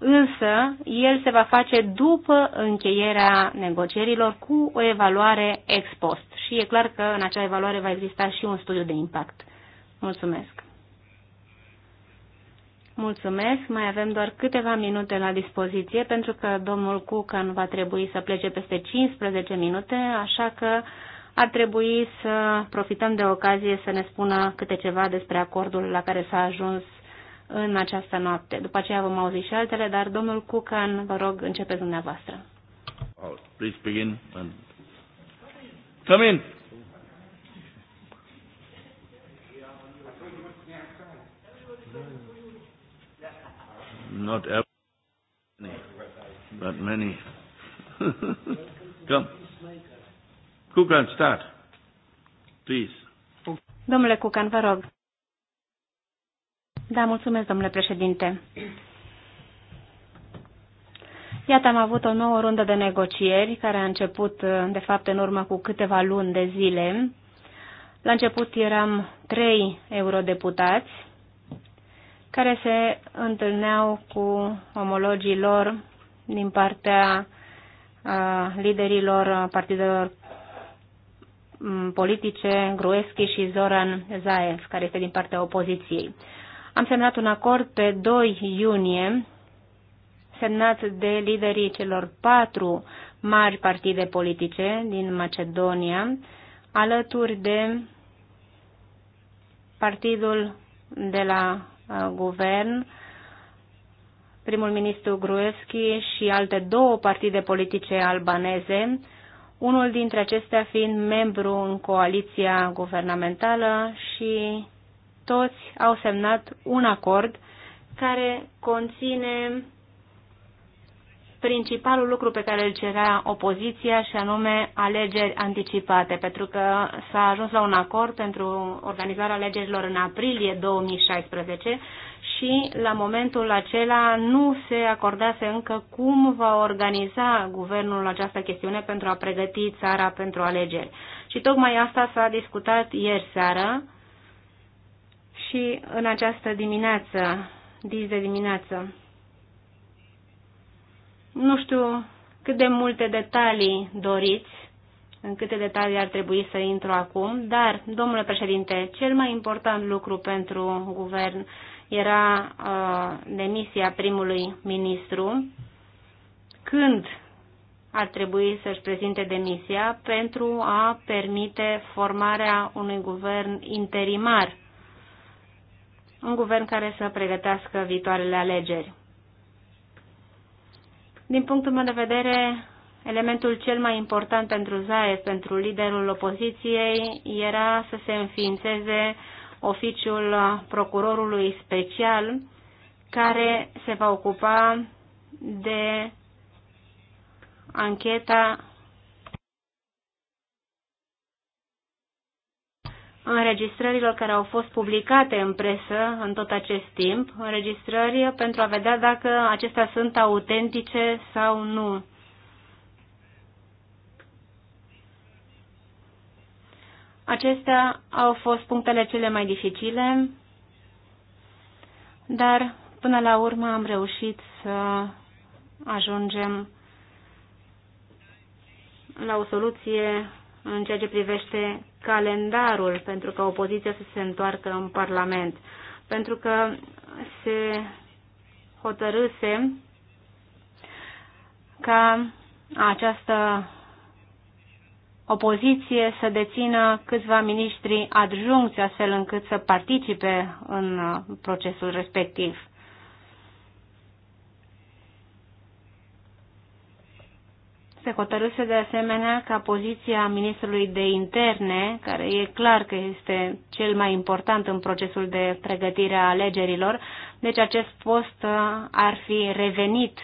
însă el se va face după încheierea negocierilor cu o evaluare ex post și e clar că în acea evaluare va exista și un studiu de impact. Mulțumesc! Mulțumesc, mai avem doar câteva minute la dispoziție pentru că domnul Cucan va trebui să plece peste 15 minute, așa că ar trebui să profităm de ocazie să ne spună câte ceva despre acordul la care s-a ajuns în această noapte. După aceea vom auzi și altele, dar domnul Cucan, vă rog, începeți dumneavoastră. please begin and... Come in. Not every, but many. Come. Cucan, start. Please. Domnule Cucan, vă rog. Da, mulțumesc, domnule președinte. Iată, am avut o nouă rundă de negocieri care a început, de fapt, în urmă cu câteva luni de zile. La început eram trei eurodeputați care se întâlneau cu omologii lor din partea liderilor partidelor politice, Grueschi și Zoran Zaev, care este din partea opoziției. Am semnat un acord pe 2 iunie, semnat de liderii celor patru mari partide politice din Macedonia, alături de partidul de la uh, guvern, primul ministru Gruevski și alte două partide politice albaneze, unul dintre acestea fiind membru în coaliția guvernamentală și toți au semnat un acord care conține principalul lucru pe care îl cerea opoziția și anume alegeri anticipate, pentru că s-a ajuns la un acord pentru organizarea alegerilor în aprilie 2016 și la momentul acela nu se acordase încă cum va organiza guvernul această chestiune pentru a pregăti țara pentru alegeri. Și tocmai asta s-a discutat ieri seară și în această dimineață, dis de dimineață. Nu știu cât de multe detalii doriți, în câte detalii ar trebui să intru acum, dar, domnule președinte, cel mai important lucru pentru guvern era uh, demisia primului ministru, când ar trebui să-și prezinte demisia pentru a permite formarea unui guvern interimar un guvern care să pregătească viitoarele alegeri. Din punctul meu de vedere, elementul cel mai important pentru Zaev, pentru liderul opoziției, era să se înființeze oficiul procurorului special care se va ocupa de ancheta înregistrărilor care au fost publicate în presă în tot acest timp, înregistrări pentru a vedea dacă acestea sunt autentice sau nu. Acestea au fost punctele cele mai dificile, dar până la urmă am reușit să ajungem la o soluție în ceea ce privește calendarul pentru ca opoziția să se întoarcă în Parlament, pentru că se hotărâse ca această opoziție să dețină câțiva miniștri adjuncți, astfel încât să participe în procesul respectiv. Se hotărâse de asemenea ca poziția ministrului de interne, care e clar că este cel mai important în procesul de pregătire a alegerilor, deci acest post uh, ar fi revenit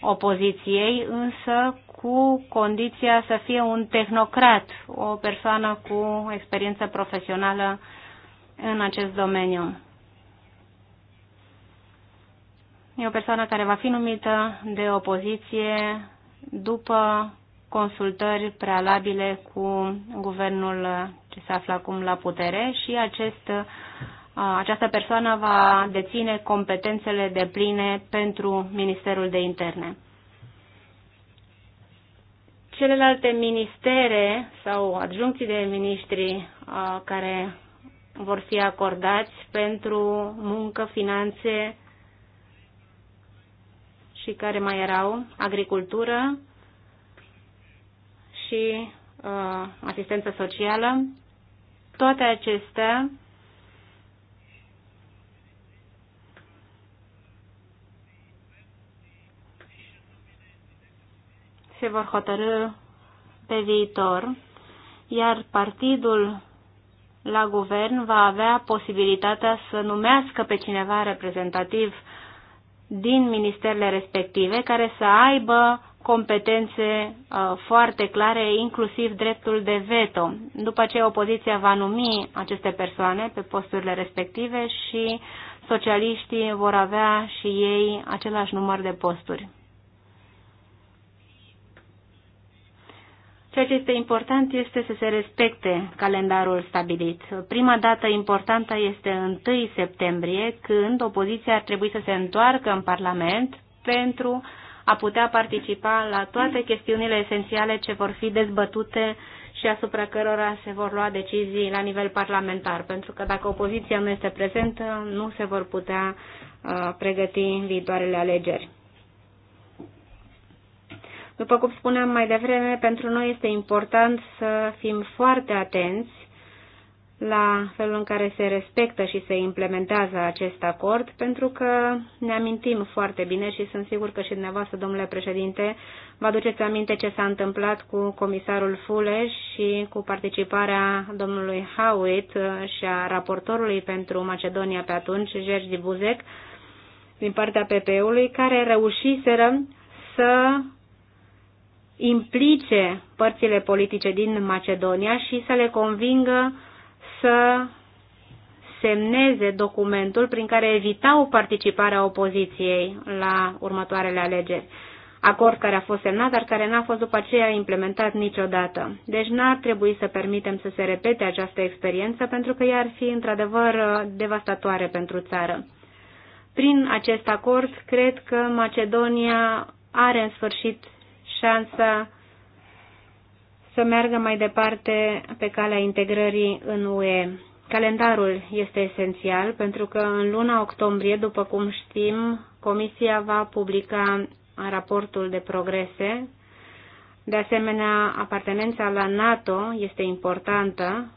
opoziției, însă cu condiția să fie un tehnocrat, o persoană cu experiență profesională în acest domeniu. E o persoană care va fi numită de opoziție după consultări prealabile cu guvernul ce se află acum la putere și acest, uh, această persoană va deține competențele de pline pentru Ministerul de Interne. Celelalte ministere sau adjuncții de miniștri uh, care vor fi acordați pentru muncă, finanțe, și care mai erau agricultură și uh, asistență socială. Toate acestea se vor hotărâ pe viitor, iar partidul la guvern va avea posibilitatea să numească pe cineva reprezentativ din ministerele respective care să aibă competențe uh, foarte clare, inclusiv dreptul de veto. După ce opoziția va numi aceste persoane pe posturile respective și socialiștii vor avea și ei același număr de posturi. Ceea ce este important este să se respecte calendarul stabilit. Prima dată importantă este 1 septembrie, când opoziția ar trebui să se întoarcă în Parlament pentru a putea participa la toate chestiunile esențiale ce vor fi dezbătute și asupra cărora se vor lua decizii la nivel parlamentar, pentru că dacă opoziția nu este prezentă, nu se vor putea uh, pregăti viitoarele alegeri. După cum spuneam mai devreme, pentru noi este important să fim foarte atenți la felul în care se respectă și se implementează acest acord, pentru că ne amintim foarte bine și sunt sigur că și dumneavoastră, domnule președinte, vă aduceți aminte ce s-a întâmplat cu comisarul Fule și cu participarea domnului Howitt și a raportorului pentru Macedonia pe atunci, Gergi Buzek, din partea PP-ului, care reușiseră să implice părțile politice din Macedonia și să le convingă să semneze documentul prin care evitau participarea opoziției la următoarele alegeri. Acord care a fost semnat, dar care n-a fost după aceea implementat niciodată. Deci n-ar trebui să permitem să se repete această experiență, pentru că ea ar fi într-adevăr uh, devastatoare pentru țară. Prin acest acord, cred că Macedonia are în sfârșit șansa să meargă mai departe pe calea integrării în UE. Calendarul este esențial pentru că în luna octombrie, după cum știm, Comisia va publica raportul de progrese. De asemenea, apartenența la NATO este importantă.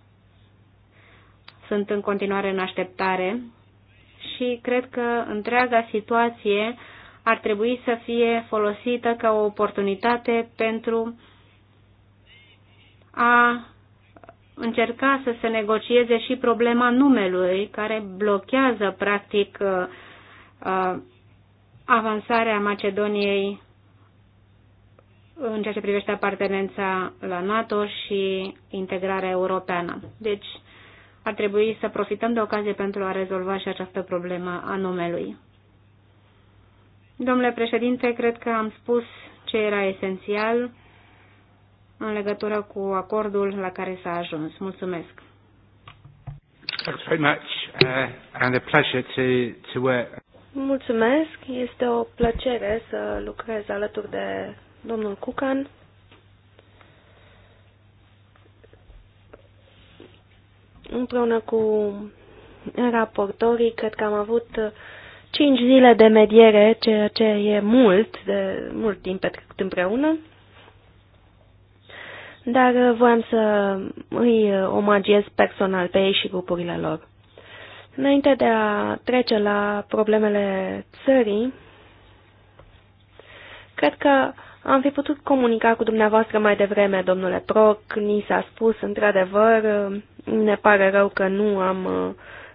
Sunt în continuare în așteptare și cred că întreaga situație ar trebui să fie folosită ca o oportunitate pentru a încerca să se negocieze și problema numelui, care blochează, practic, uh, uh, avansarea Macedoniei în ceea ce privește apartenența la NATO și integrarea europeană. Deci, ar trebui să profităm de ocazie pentru a rezolva și această problemă a numelui. Domnule președinte, cred că am spus ce era esențial în legătură cu acordul la care s-a ajuns. Mulțumesc. Uh, Mulțumesc. Este o plăcere să lucrez alături de domnul Cucan. Împreună cu raportorii, cred că am avut uh, Cinci zile de mediere, ceea ce e mult, de mult timp petrecut împreună, dar uh, voiam să îi uh, omagiez personal pe ei și grupurile lor. Înainte de a trece la problemele țării, cred că am fi putut comunica cu dumneavoastră mai devreme, domnule Proc, ni s-a spus într-adevăr, uh, ne pare rău că nu am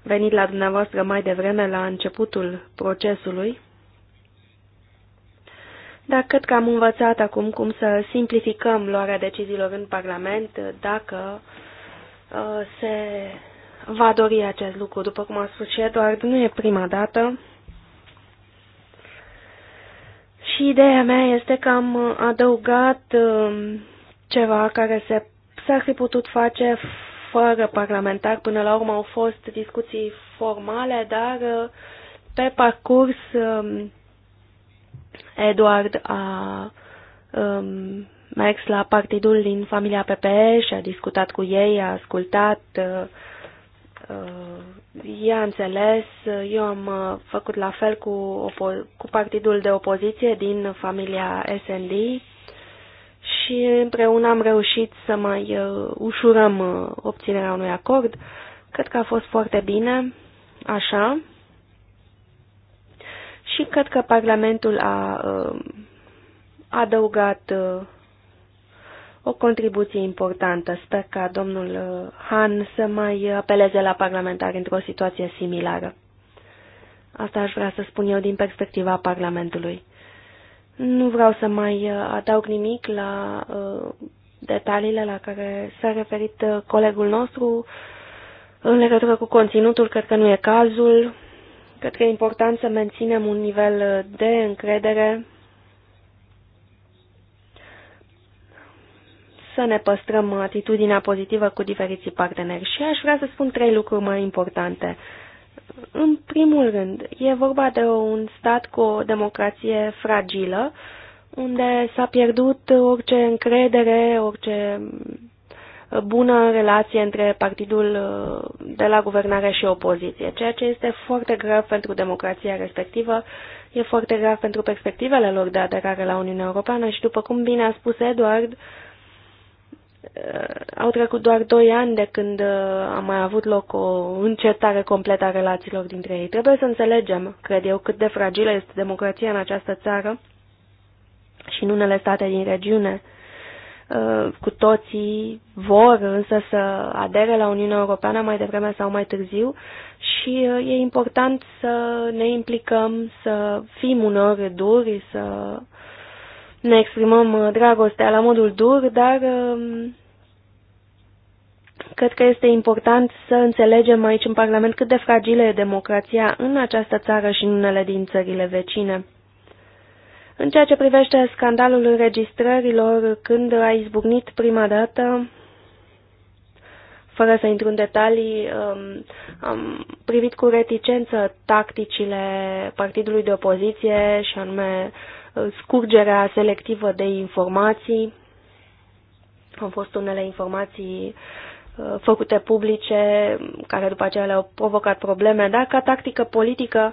venit la dumneavoastră mai devreme la începutul procesului, dar cred că am învățat acum cum să simplificăm luarea deciziilor în Parlament dacă uh, se va dori acest lucru. După cum a spus și Eduard, nu e prima dată. Și ideea mea este că am adăugat uh, ceva care se s-ar fi putut face fără parlamentar. Până la urmă au fost discuții formale, dar uh, pe parcurs um, Eduard a um, mers la partidul din familia PPE și a discutat cu ei, a ascultat, uh, uh, i-a înțeles. Eu am făcut la fel cu, cu partidul de opoziție din familia SND și împreună am reușit să mai uh, ușurăm uh, obținerea unui acord. Cred că a fost foarte bine, așa. Și cred că Parlamentul a uh, adăugat o contribuție importantă. Sper ca domnul Han să mai apeleze la parlamentari într-o situație similară. Asta aș vrea să spun eu din perspectiva Parlamentului. Nu vreau să mai uh, adaug nimic la uh, detaliile la care s-a referit uh, colegul nostru. În legătură cu conținutul, cred că nu e cazul. Cred că e important să menținem un nivel de încredere, să ne păstrăm atitudinea pozitivă cu diferiții parteneri. Și aș vrea să spun trei lucruri mai importante. Uh, în primul rând, e vorba de un stat cu o democrație fragilă, unde s-a pierdut orice încredere, orice bună relație între partidul uh, de la guvernare și opoziție, ceea ce este foarte grav pentru democrația respectivă, e foarte grav pentru perspectivele lor de aderare la Uniunea Europeană și, după cum bine a spus Eduard, Eh, au trecut doar doi ani de când eh, a mai avut loc o încetare completă a relațiilor dintre ei. Trebuie să înțelegem, cred eu, cât de fragilă este democrația în această țară și în unele state din regiune. Eh, cu toții vor însă să adere la Uniunea Europeană mai devreme sau mai târziu și e important să ne implicăm, să fim unor duri, să ne exprimăm uh, dragostea la modul dur, dar um, cred că este important să înțelegem aici în Parlament cât de fragilă e democrația în această țară și în unele din țările vecine. În ceea ce privește scandalul înregistrărilor, când a izbucnit prima dată, fără să intru în detalii, um, am privit cu reticență tacticile partidului de opoziție și anume scurgerea selectivă de informații. Au fost unele informații uh, făcute publice, care după aceea le-au provocat probleme, dar ca tactică politică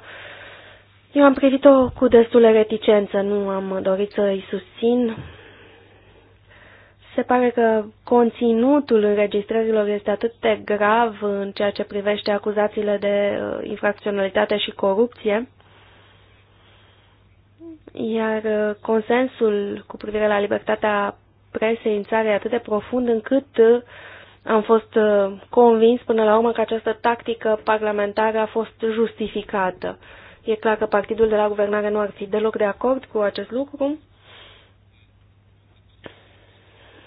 eu am privit-o cu destulă reticență, nu am dorit să îi susțin. Se pare că conținutul înregistrărilor este atât de grav în ceea ce privește acuzațiile de uh, infracționalitate și corupție, iar uh, consensul cu privire la libertatea presei în țară e atât de profund încât uh, am fost uh, convins până la urmă că această tactică parlamentară a fost justificată. E clar că partidul de la guvernare nu ar fi deloc de acord cu acest lucru,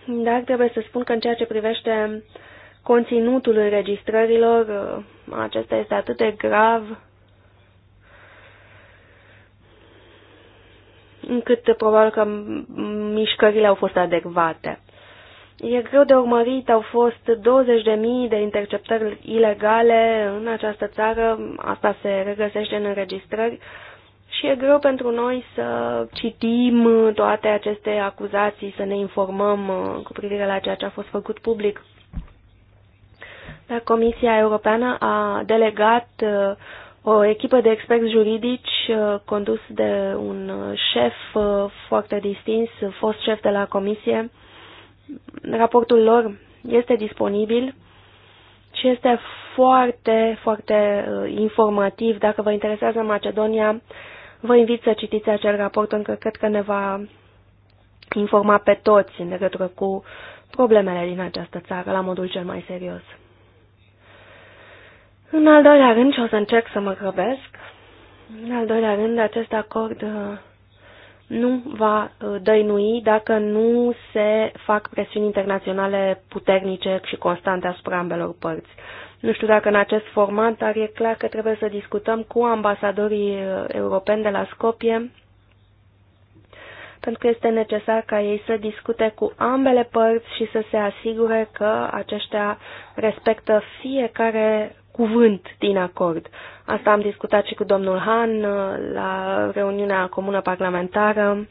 dar trebuie să spun că în ceea ce privește conținutul înregistrărilor, acesta este atât de grav încât probabil că mișcările au fost adecvate. E greu de urmărit, au fost 20.000 de interceptări ilegale în această țară, asta se regăsește în înregistrări și e greu pentru noi să citim toate aceste acuzații, să ne informăm uh, cu privire la ceea ce a fost făcut public. Dar Comisia Europeană a delegat uh, o echipă de experți juridici uh, condus de un uh, șef uh, foarte distins, fost șef de la comisie. Raportul lor este disponibil și este foarte, foarte informativ. Dacă vă interesează Macedonia, vă invit să citiți acel raport, pentru că cred că ne va informa pe toți în legătură cu problemele din această țară, la modul cel mai serios. În al doilea rând, și o să încerc să mă grăbesc, în al doilea rând, acest acord uh, nu va uh, dăinui dacă nu se fac presiuni internaționale puternice și constante asupra ambelor părți. Nu știu dacă în acest format, dar e clar că trebuie să discutăm cu ambasadorii uh, europeni de la Scopie, pentru că este necesar ca ei să discute cu ambele părți și să se asigure că aceștia respectă fiecare cuvânt din acord. Asta am discutat și cu domnul Han uh, la reuniunea comună parlamentară.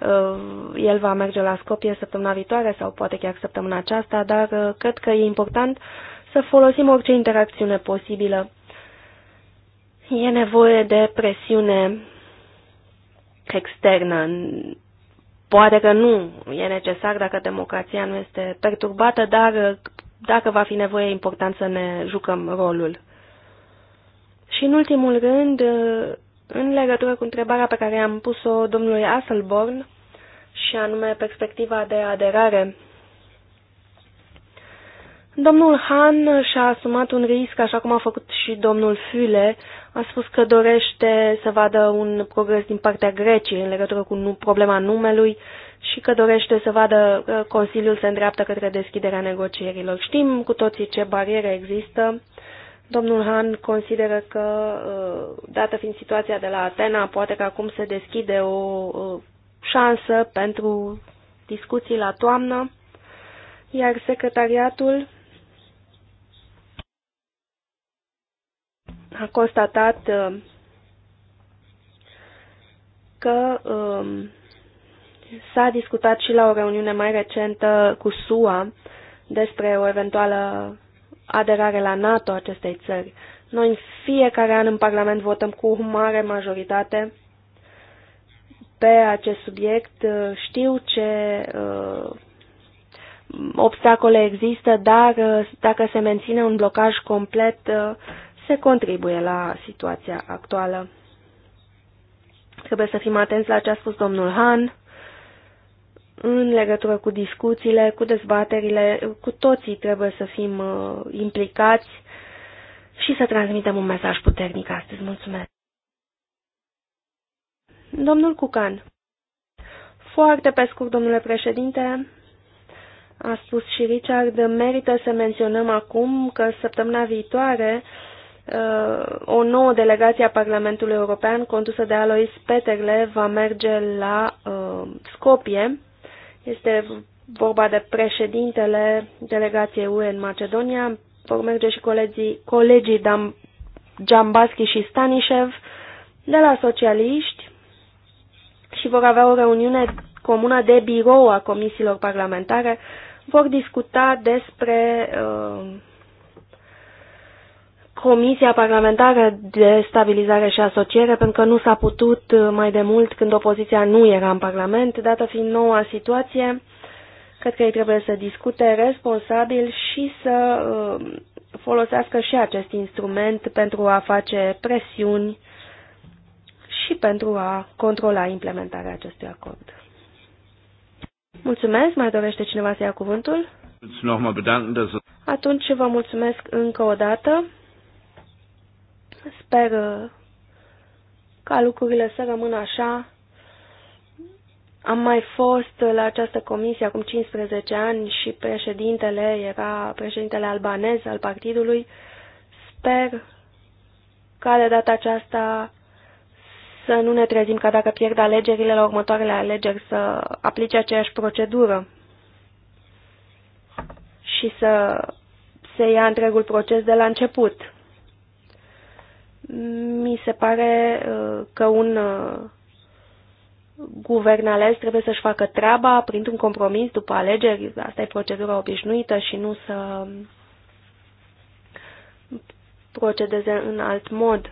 Uh, el va merge la Scopie săptămâna viitoare sau poate chiar săptămâna aceasta, dar uh, cred că e important să folosim orice interacțiune posibilă. E nevoie de presiune externă. Poate că nu e necesar dacă democrația nu este perturbată, dar dacă va fi nevoie, e important să ne jucăm rolul. Și în ultimul rând, în legătură cu întrebarea pe care am pus-o domnului Asselborn, și anume perspectiva de aderare, domnul Han și-a asumat un risc, așa cum a făcut și domnul Füle, a spus că dorește să vadă un progres din partea Greciei în legătură cu problema numelui și că dorește să vadă Consiliul se îndreaptă către deschiderea negocierilor. Știm cu toții ce bariere există. Domnul Han consideră că, uh, dată fiind situația de la Atena, poate că acum se deschide o uh, șansă pentru discuții la toamnă, iar secretariatul a constatat uh, că um, S-a discutat și la o reuniune mai recentă cu SUA despre o eventuală aderare la NATO acestei țări. Noi în fiecare an în Parlament votăm cu mare majoritate pe acest subiect. Știu ce uh, obstacole există, dar uh, dacă se menține un blocaj complet, uh, se contribuie la situația actuală. Trebuie să fim atenți la ce a spus domnul Han în legătură cu discuțiile, cu dezbaterile, cu toții trebuie să fim uh, implicați și să transmitem un mesaj puternic astăzi. Mulțumesc! Domnul Cucan. Foarte pe scurt, domnule președinte, a spus și Richard, merită să menționăm acum că săptămâna viitoare uh, o nouă delegație a Parlamentului European condusă de Alois Peterle va merge la uh, Scopie este vorba de președintele delegației UE în Macedonia. Vor merge și colegii, colegii Dam, Giambaschi și Stanishev de la socialiști și vor avea o reuniune comună de birou a comisiilor parlamentare. Vor discuta despre uh, Comisia Parlamentară de Stabilizare și Asociere, pentru că nu s-a putut mai de mult când opoziția nu era în Parlament, dată fiind noua situație, cred că ei trebuie să discute responsabil și să uh, folosească și acest instrument pentru a face presiuni și pentru a controla implementarea acestui acord. Mulțumesc, mai dorește cineva să ia cuvântul? Atunci vă mulțumesc încă o dată. Sper uh, ca lucrurile să rămână așa. Am mai fost uh, la această comisie acum 15 ani și președintele era președintele albanez al partidului. Sper ca de data aceasta să nu ne trezim ca dacă pierd alegerile la următoarele alegeri să aplice aceeași procedură și să se ia întregul proces de la început. Mi se pare uh, că un uh, guvern ales trebuie să-și facă treaba printr-un compromis după alegeri. Asta e procedura obișnuită și nu să procedeze în alt mod.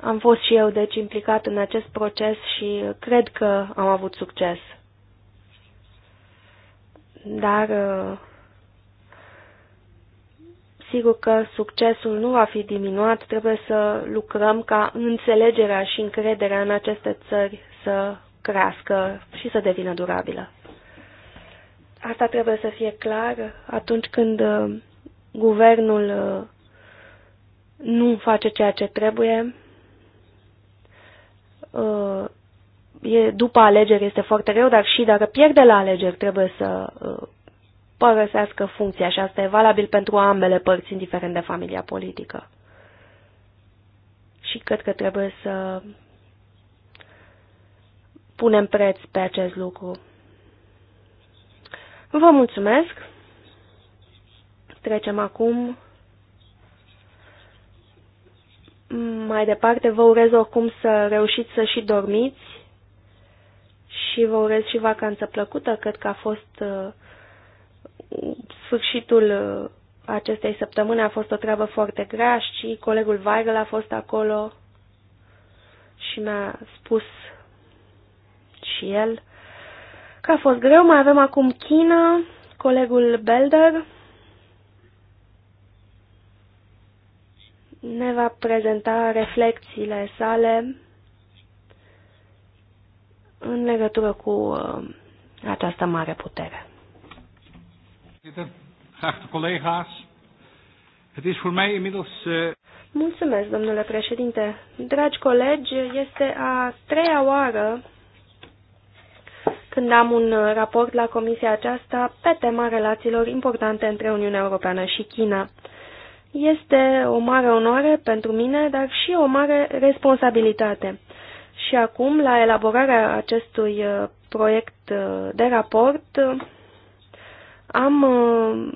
Am fost și eu, deci, implicat în acest proces și cred că am avut succes. Dar uh, Sigur că succesul nu va fi diminuat, trebuie să lucrăm ca înțelegerea și încrederea în aceste țări să crească și să devină durabilă. Asta trebuie să fie clar atunci când uh, guvernul uh, nu face ceea ce trebuie. Uh, e, după alegeri este foarte greu, dar și dacă pierde la alegeri trebuie să părăsească funcția și asta e valabil pentru ambele părți, indiferent de familia politică. Și cred că trebuie să punem preț pe acest lucru. Vă mulțumesc! Trecem acum mai departe. Vă urez oricum să reușiți să și dormiți și vă urez și vacanță plăcută. Cred că a fost uh, sfârșitul uh, acestei săptămâni a fost o treabă foarte grea și colegul Weigel a fost acolo și mi-a spus și el că a fost greu. Mai avem acum China, colegul Belder ne va prezenta reflexiile sale în legătură cu uh, această mare putere. Geachte collega's, het is voor mij inmiddels... Uh... Mulțumesc, domnule președinte. Dragi colegi, este a treia oară când am un raport la comisia aceasta pe tema relațiilor importante între Uniunea Europeană și China. Este o mare onoare pentru mine, dar și o mare responsabilitate. Și acum, la elaborarea acestui eh, proiect eh, de raport, am uh,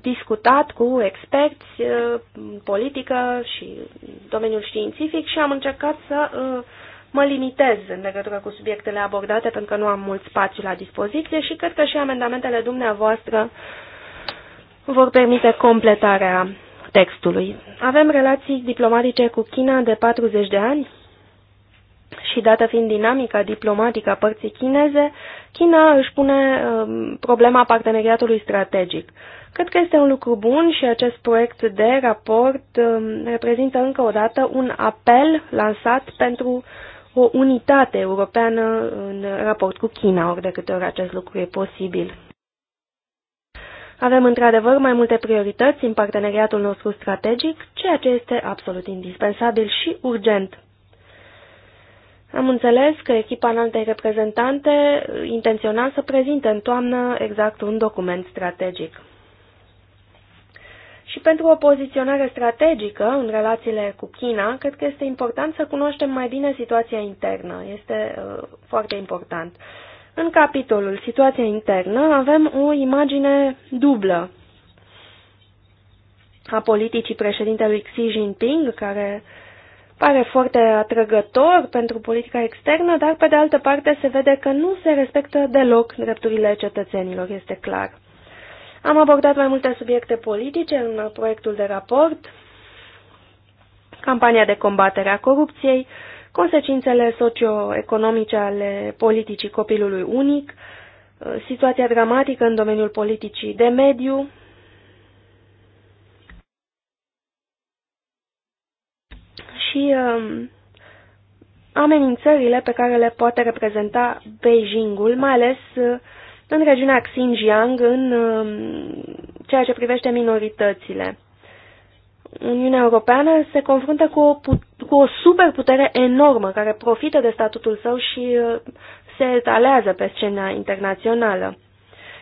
discutat cu experți uh, în politică și domeniul științific și am încercat să uh, mă limitez în legătură cu subiectele abordate pentru că nu am mult spațiu la dispoziție și cred că și amendamentele dumneavoastră vor permite completarea textului. Avem relații diplomatice cu China de 40 de ani, și dată fiind dinamica diplomatică a părții chineze, China își pune um, problema parteneriatului strategic. Cred că este un lucru bun și acest proiect de raport um, reprezintă încă o dată un apel lansat pentru o unitate europeană în raport cu China, ori de câte ori acest lucru e posibil. Avem într-adevăr mai multe priorități în parteneriatul nostru strategic, ceea ce este absolut indispensabil și urgent. Am înțeles că echipa înaltei reprezentante intenționa să prezinte în toamnă exact un document strategic. Și pentru o poziționare strategică în relațiile cu China, cred că este important să cunoaștem mai bine situația internă. Este uh, foarte important. În capitolul situația internă avem o imagine dublă a politicii președintelui Xi Jinping, care uh, pare foarte atrăgător pentru politica externă, dar pe de altă parte se vede că nu se respectă deloc drepturile cetățenilor, este clar. Am abordat mai multe subiecte politice în proiectul de raport, campania de combatere a corupției, consecințele socioeconomice ale politicii copilului unic, situația dramatică în domeniul politicii de mediu, și um, amenințările pe care le poate reprezenta Beijingul, mai ales uh, în regiunea Xinjiang, în um, ceea ce privește minoritățile. Uniunea Europeană se confruntă cu o, cu o superputere enormă care profită de statutul său și uh, se etalează pe scena internațională.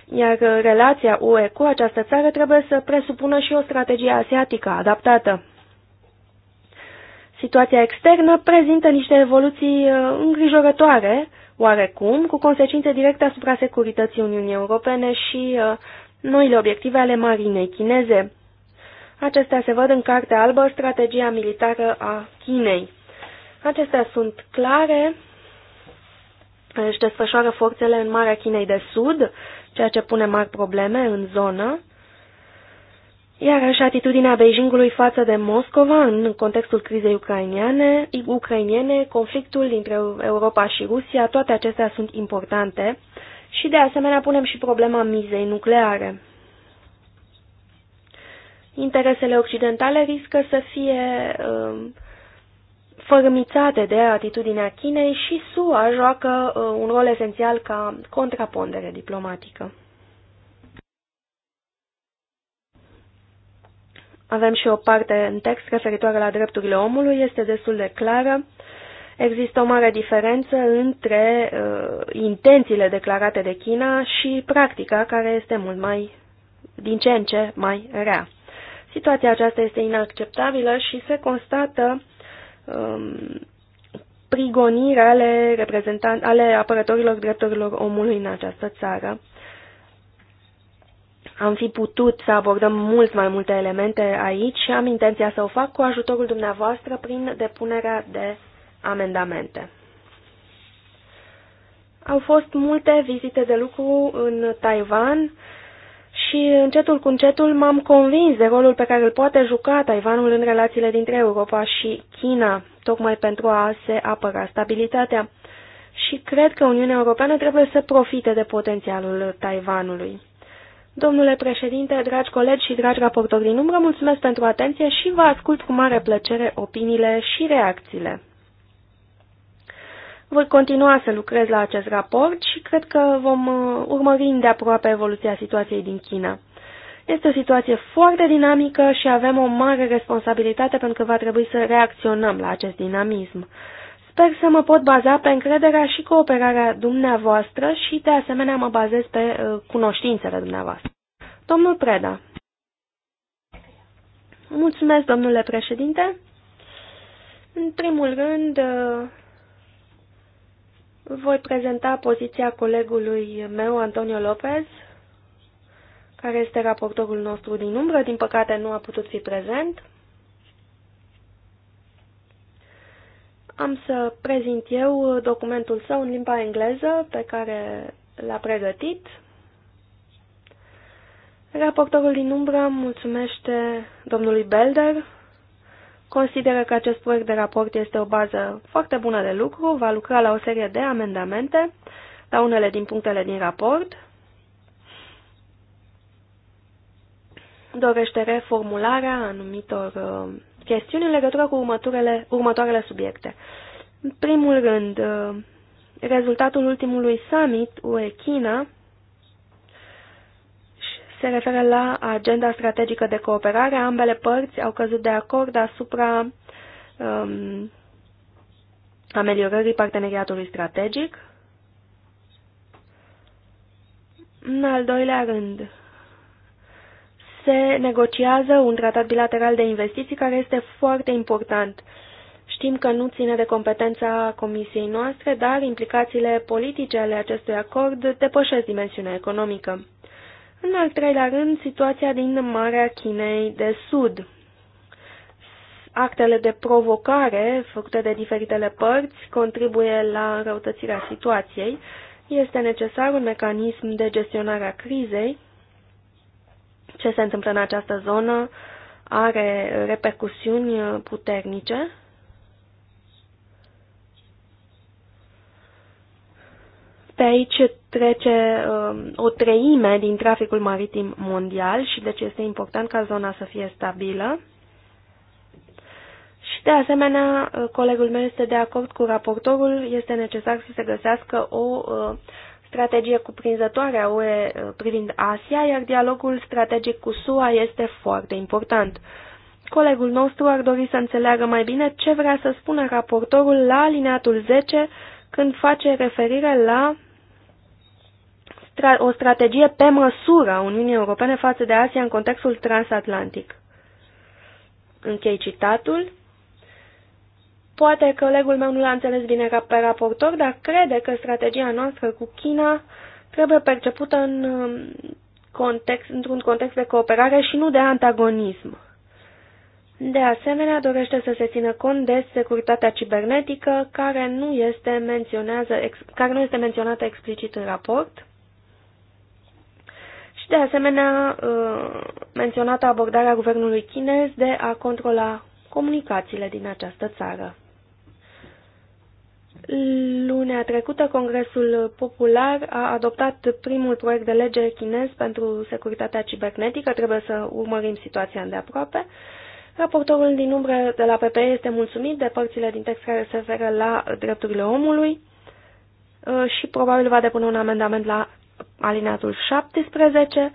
Iar uh, relația UE cu această țară trebuie să presupună și o strategie asiatică adaptată. Situația externă prezintă niște evoluții uh, îngrijorătoare, oarecum, cu consecințe directe asupra securității Uniunii Europene și uh, noile obiective ale marinei chineze. Acestea se văd în Cartea Albă, Strategia Militară a Chinei. Acestea sunt clare, își desfășoară forțele în Marea Chinei de Sud, ceea ce pune mari probleme în zonă, Iarăși, atitudinea Beijingului față de Moscova în contextul crizei ucrainiane, ucrainiene, conflictul dintre Europa și Rusia, toate acestea sunt importante și de asemenea punem și problema mizei nucleare. Interesele occidentale riscă să fie uh, fărâmițate de atitudinea Chinei și SUA joacă uh, un rol esențial ca contrapondere diplomatică. Avem și o parte în text referitoare la drepturile omului, este destul de clară. Există o mare diferență între uh, intențiile declarate de China și practica, care este mult mai, din ce în ce mai rea. Situația aceasta este inacceptabilă și se constată um, prigonirea ale, ale apărătorilor drepturilor omului în această țară am fi putut să abordăm mult mai multe elemente aici și am intenția să o fac cu ajutorul dumneavoastră prin depunerea de amendamente. Au fost multe vizite de lucru în Taiwan și încetul cu încetul m-am convins de rolul pe care îl poate juca Taiwanul în relațiile dintre Europa și China, tocmai pentru a se apăra stabilitatea. Și cred că Uniunea Europeană trebuie să profite de potențialul Taiwanului. Domnule președinte, dragi colegi și dragi raportori din umbră, mulțumesc pentru atenție și vă ascult cu mare plăcere opiniile și reacțiile. Voi continua să lucrez la acest raport și cred că vom uh, urmări îndeaproape evoluția situației din China. Este o situație foarte dinamică și avem o mare responsabilitate pentru că va trebui să reacționăm la acest dinamism. Sper să mă pot baza pe încrederea și cooperarea dumneavoastră și, de asemenea, mă bazez pe uh, cunoștințele dumneavoastră. Domnul Preda. Mulțumesc, domnule președinte. În primul rând, uh, voi prezenta poziția colegului meu, Antonio Lopez, care este raportorul nostru din umbră. Din păcate, nu a putut fi prezent. Am să prezint eu documentul său în limba engleză pe care l-a pregătit. Raportorul din umbră mulțumește domnului Belder. Consideră că acest proiect de raport este o bază foarte bună de lucru, va lucra la o serie de amendamente, la unele din punctele din raport. Dorește reformularea anumitor uh, chestiuni în legătură cu următoarele, următoarele subiecte. În primul rând, uh, rezultatul ultimului summit UE-China se referă la agenda strategică de cooperare. Ambele părți au căzut de acord asupra um, ameliorării parteneriatului strategic. În al doilea rând, se negociază un tratat bilateral de investiții care este foarte important. Știm că nu ține de competența comisiei noastre, dar implicațiile politice ale acestui acord depășesc dimensiunea economică. În al treilea rând, situația din Marea Chinei de Sud. Actele de provocare făcute de diferitele părți contribuie la înrăutățirea situației. Este necesar un mecanism de gestionare a crizei ce se întâmplă în această zonă are repercusiuni puternice. Pe aici trece uh, o treime din traficul maritim mondial și deci este important ca zona să fie stabilă. Și de asemenea, uh, colegul meu este de acord cu raportorul, este necesar să se găsească o uh, strategie cuprinzătoare a UE uh, privind Asia, iar dialogul strategic cu SUA este foarte important. Colegul nostru ar dori să înțeleagă mai bine ce vrea să spună raportorul la alineatul 10 când face referire la o strategie pe măsură a Uniunii Europene față de Asia în contextul transatlantic. Închei citatul. Poate colegul meu nu l-a înțeles bine ca pe raportor, dar crede că strategia noastră cu China trebuie percepută în um, context, într-un context de cooperare și nu de antagonism. De asemenea, dorește să se țină cont de securitatea cibernetică, care nu este, care nu este menționată explicit în raport, și de asemenea uh, menționată abordarea guvernului chinez de a controla comunicațiile din această țară. Lunea trecută, Congresul Popular a adoptat primul proiect de lege chinez pentru securitatea cibernetică. Trebuie să urmărim situația îndeaproape. Raportorul din umbră de la PPE este mulțumit de părțile din text care se referă la drepturile omului uh, și probabil va depune un amendament la alineatul 17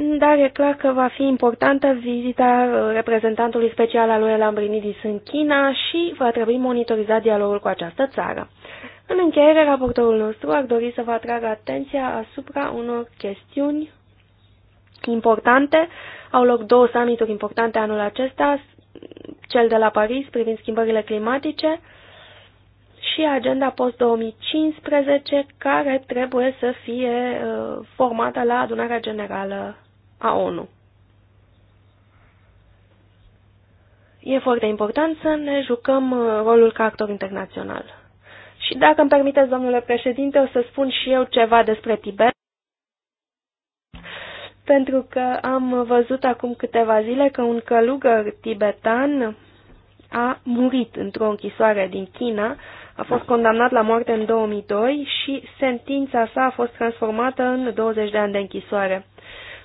dar e clar că va fi importantă vizita uh, reprezentantului special al lui Lambrinidis în China și va trebui monitorizat dialogul cu această țară. În încheiere, raportorul nostru ar dori să vă atragă atenția asupra unor chestiuni importante. Au loc două summituri importante anul acesta, cel de la Paris privind schimbările climatice și agenda post-2015 care trebuie să fie uh, formată la adunarea generală a ONU. E foarte important să ne jucăm uh, rolul ca actor internațional. Și dacă îmi permiteți, domnule președinte, o să spun și eu ceva despre Tibet, pentru că am văzut acum câteva zile că un călugăr tibetan a murit într-o închisoare din China, a fost condamnat la moarte în 2002 și sentința sa a fost transformată în 20 de ani de închisoare.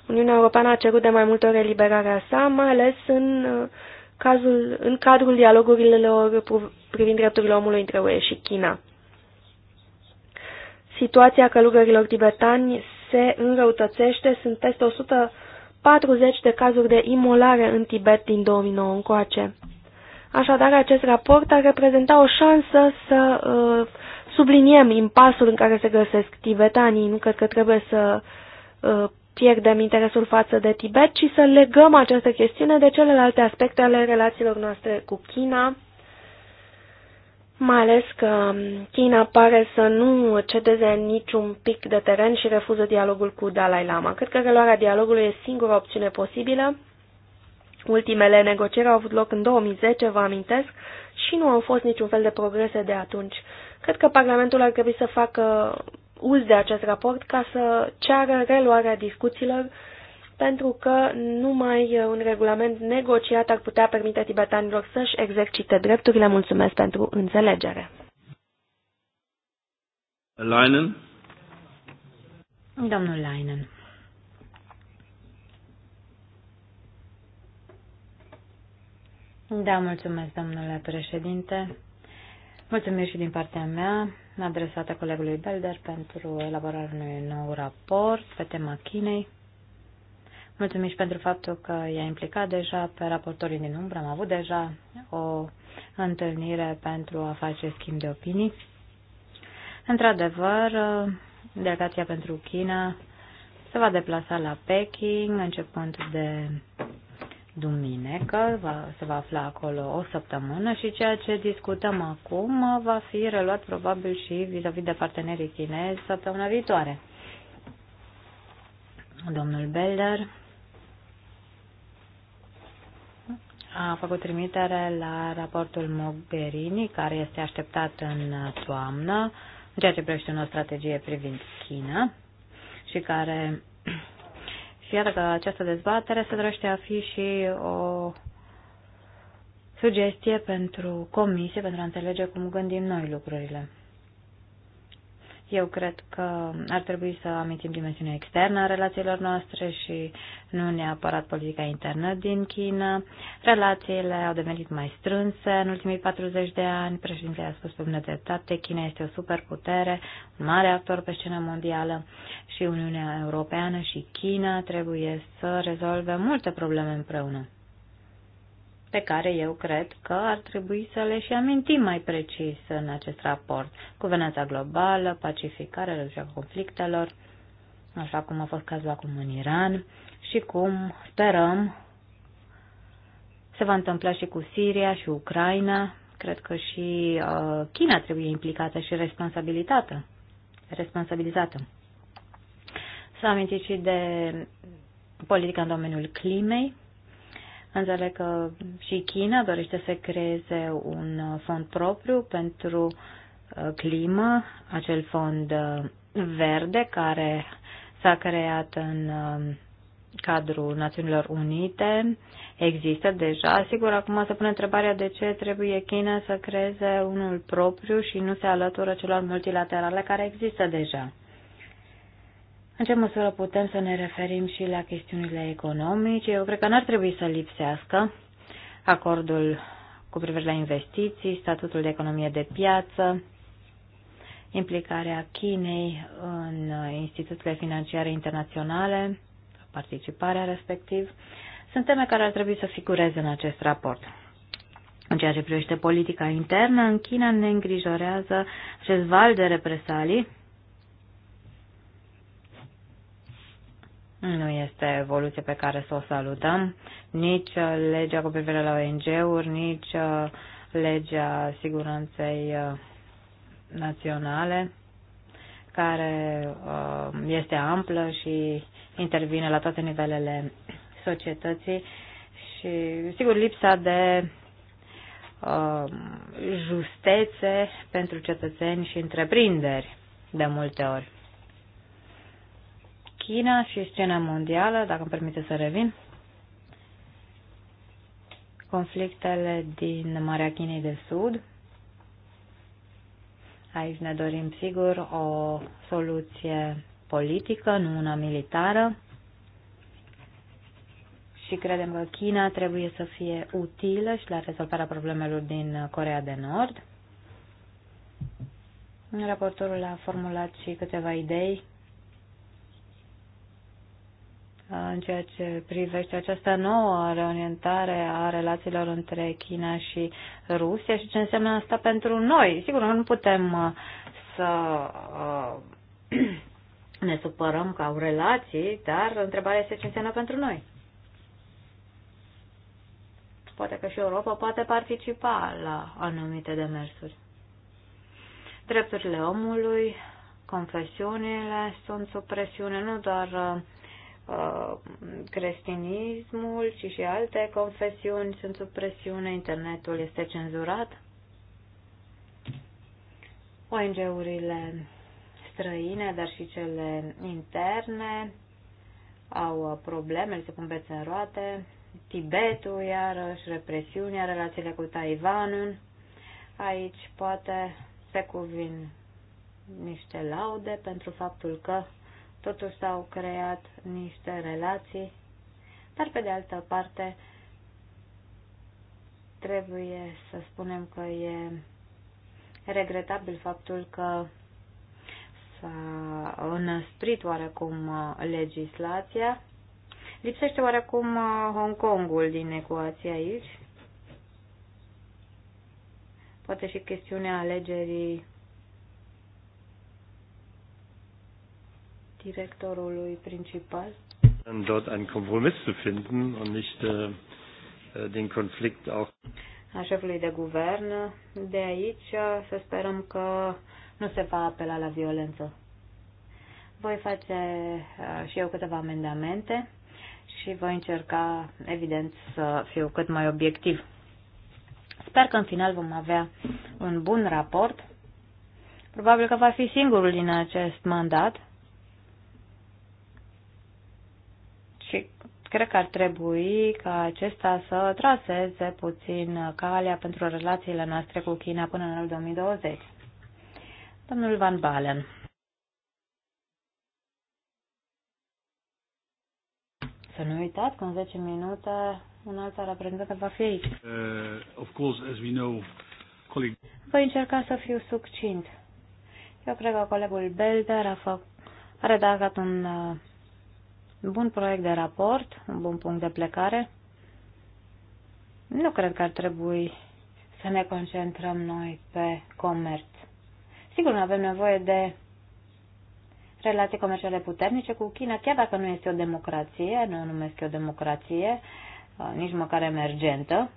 Uniunea Europeană a cerut de mai multe ori eliberarea sa, mai ales în, uh, cazul, în cadrul dialogurilor privind drepturile omului între UE și China. Situația călugărilor tibetani se înrăutățește, sunt peste 140 de cazuri de imolare în Tibet din 2009 încoace. Așadar, acest raport ar reprezenta o șansă să uh, subliniem impasul în care se găsesc tibetanii. Nu cred că trebuie să uh, pierdem interesul față de Tibet, ci să legăm această chestiune de celelalte aspecte ale relațiilor noastre cu China, mai ales că um, China pare să nu cedeze niciun pic de teren și refuză dialogul cu Dalai Lama. Cred că reluarea dialogului e singura opțiune posibilă. Ultimele negocieri au avut loc în 2010, vă amintesc, și nu au fost niciun fel de progrese de atunci. Cred că Parlamentul ar trebui să facă uz de acest raport ca să ceară reluarea discuțiilor pentru că numai un regulament negociat ar putea permite tibetanilor să-și exercite drepturile. Mulțumesc pentru înțelegere. Leinen. Domnul Leinen. Da, mulțumesc, domnule președinte. Mulțumesc și din partea mea adresată colegului Belder pentru elaborarea unui nou raport pe tema Chinei. Mulțumim și pentru faptul că i-a implicat deja pe raportorii din umbră. Am avut deja o întâlnire pentru a face schimb de opinii. Într-adevăr, delegația pentru China se va deplasa la Peking începând de duminică, va, se va afla acolo o săptămână și ceea ce discutăm acum va fi reluat probabil și vis-a-vis -vis de partenerii chinezi săptămâna viitoare. Domnul Belder a făcut trimitere la raportul Mogherini, care este așteptat în toamnă, în ceea ce privește o strategie privind China și care și iată că această dezbatere se dorește a fi și o sugestie pentru comisie, pentru a înțelege cum gândim noi lucrurile. Eu cred că ar trebui să amintim dimensiunea externă a relațiilor noastre și nu neapărat politica internă din China. Relațiile au devenit mai strânse în ultimii 40 de ani. Președintele a spus pe bună dreptate, China este o superputere, un mare actor pe scenă mondială și Uniunea Europeană și China trebuie să rezolve multe probleme împreună pe care eu cred că ar trebui să le și amintim mai precis în acest raport. Guvernanța globală, pacificarea, reducerea conflictelor, așa cum a fost cazul acum în Iran și cum sperăm se va întâmpla și cu Siria și Ucraina. Cred că și uh, China trebuie implicată și responsabilitată. responsabilizată. S-a amintit și de politica în domeniul climei, Înțeleg că și China dorește să creeze un fond propriu pentru uh, climă, acel fond uh, verde care s-a creat în uh, cadrul Națiunilor Unite. Există deja. Sigur, acum se pune întrebarea de ce trebuie China să creeze unul propriu și nu se alătură celor multilaterale care există deja. În ce măsură putem să ne referim și la chestiunile economice? Eu cred că n-ar trebui să lipsească acordul cu privire la investiții, statutul de economie de piață, implicarea Chinei în instituțiile financiare internaționale, participarea respectiv, sunt teme care ar trebui să figureze în acest raport. În ceea ce privește politica internă, în China ne îngrijorează acest val de represalii Nu este evoluție pe care să o salutăm, nici uh, legea cu privire la ONG-uri, nici uh, legea siguranței uh, naționale, care este amplă și intervine la toate nivelele societății și, sigur, lipsa de justețe pentru cetățeni și întreprinderi de multe ori. China și scena mondială, dacă îmi permite să revin. Conflictele din Marea Chinei de Sud. Aici ne dorim, sigur, o soluție politică, nu una militară. Și credem că China trebuie să fie utilă și la rezolvarea problemelor din Corea de Nord. Raportorul a formulat și câteva idei în ceea ce privește această nouă reorientare a relațiilor între China și Rusia și ce înseamnă asta pentru noi. Sigur, nu putem uh, să uh, ne supărăm că au relații, dar întrebarea este ce înseamnă pentru noi. Poate că și Europa poate participa la anumite demersuri. Drepturile omului, confesiunile sunt sub presiune, nu doar uh, Uh, creștinismul, ci și alte confesiuni sunt sub presiune, internetul este cenzurat. ONG-urile străine, dar și cele interne au uh, probleme, se pun bețe în roate. Tibetul, iarăși, represiunea, relațiile cu Taiwanul. Aici poate se cuvin niște laude pentru faptul că totuși s-au creat niște relații, dar pe de altă parte trebuie să spunem că e regretabil faptul că s-a înăsprit oarecum uh, legislația. Lipsește oarecum uh, Hong Kongul din ecuație aici. Poate și chestiunea alegerii directorului principal. Dann dort einen Kompromiss zu finden und nicht äh, äh, den Konflikt auch a șefului de guvern. De aici să sperăm că nu se va apela la violență. Voi face uh, și eu câteva amendamente și voi încerca, evident, să fiu cât mai obiectiv. Sper că în final vom avea un bun raport. Probabil că va fi singurul din acest mandat Cred că ar trebui ca acesta să traseze puțin calea pentru relațiile noastre cu China până în anul 2020. Domnul Van Balen. Să nu uitați că în 10 minute un alt reprezentant va fi aici. Uh, of course, as we know, colleague... Voi încerca să fiu succint. Eu cred că colegul Belder a, fă... a redactat un uh, bun proiect de raport, un bun punct de plecare. Nu cred că ar trebui să ne concentrăm noi pe comerț. Sigur, nu avem nevoie de relații comerciale puternice cu China, chiar dacă nu este o democrație, nu o numesc eu democrație, uh, nici măcar emergentă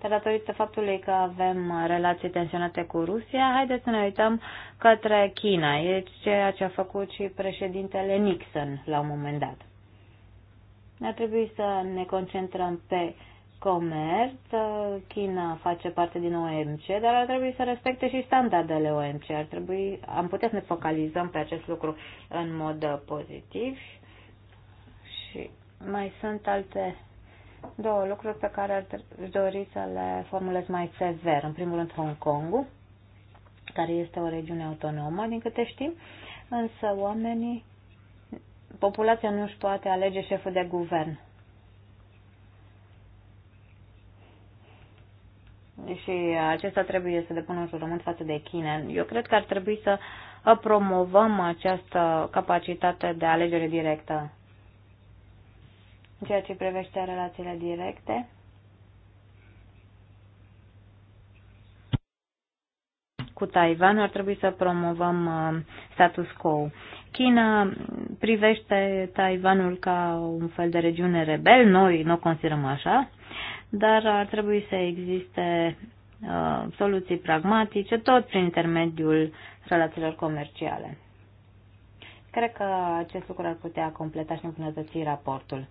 dar datorită faptului că avem relații tensionate cu Rusia, haideți să ne uităm către China. E ceea ce a făcut și președintele Nixon la un moment dat. Ne trebui să ne concentrăm pe comerț. China face parte din OMC, dar ar trebui să respecte și standardele OMC. Ar trebui, am putea să ne focalizăm pe acest lucru în mod pozitiv. Și mai sunt alte două lucruri pe care aș dori să le formulez mai sever. În primul rând Hong Kong, care este o regiune autonomă, din câte știm, însă oamenii, populația nu își poate alege șeful de guvern. Și acesta trebuie să depună un jurământ față de China. Eu cred că ar trebui să promovăm această capacitate de alegere directă în ceea ce privește relațiile directe, cu Taiwan ar trebui să promovăm uh, status quo. China privește Taiwanul ca un fel de regiune rebel, noi nu o considerăm așa, dar ar trebui să existe uh, soluții pragmatice, tot prin intermediul relațiilor comerciale. Cred că acest lucru ar putea completa și îmbunătăți raportul.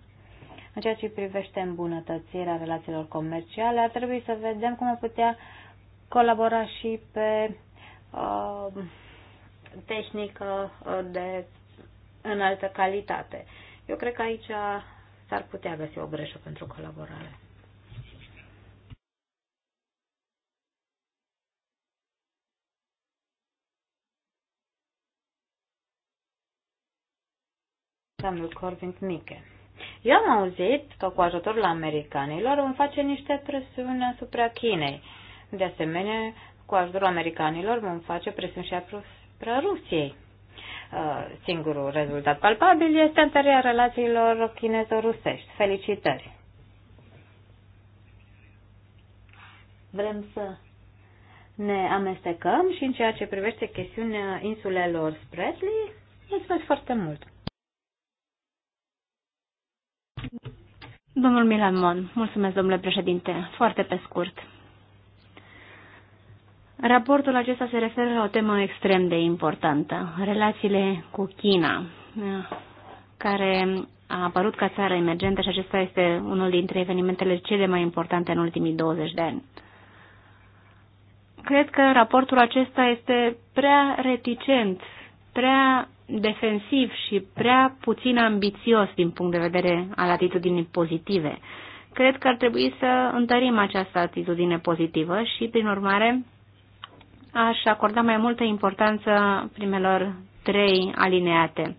În ceea ce privește îmbunătățirea relațiilor comerciale, ar trebui să vedem cum am putea colabora și pe uh, tehnică uh, de înaltă calitate. Eu cred că aici s-ar putea găsi o greșă pentru colaborare. Samuel Corvin Mike. Eu am auzit că cu ajutorul americanilor vom face niște presiuni asupra Chinei. De asemenea, cu ajutorul americanilor vom face presiuni și asupra Rusiei. Uh, singurul rezultat palpabil este întărirea relațiilor chinezo-rusești. Felicitări! Vrem să ne amestecăm și în ceea ce privește chestiunea insulelor Spratly. Mulțumesc foarte mult! Domnul Milan Mon, mulțumesc, domnule președinte. Foarte pe scurt. Raportul acesta se referă la o temă extrem de importantă, relațiile cu China, care a apărut ca țară emergentă și acesta este unul dintre evenimentele cele mai importante în ultimii 20 de ani. Cred că raportul acesta este prea reticent, prea defensiv și prea puțin ambițios din punct de vedere al atitudinii pozitive. Cred că ar trebui să întărim această atitudine pozitivă și, prin urmare, aș acorda mai multă importanță primelor trei alineate.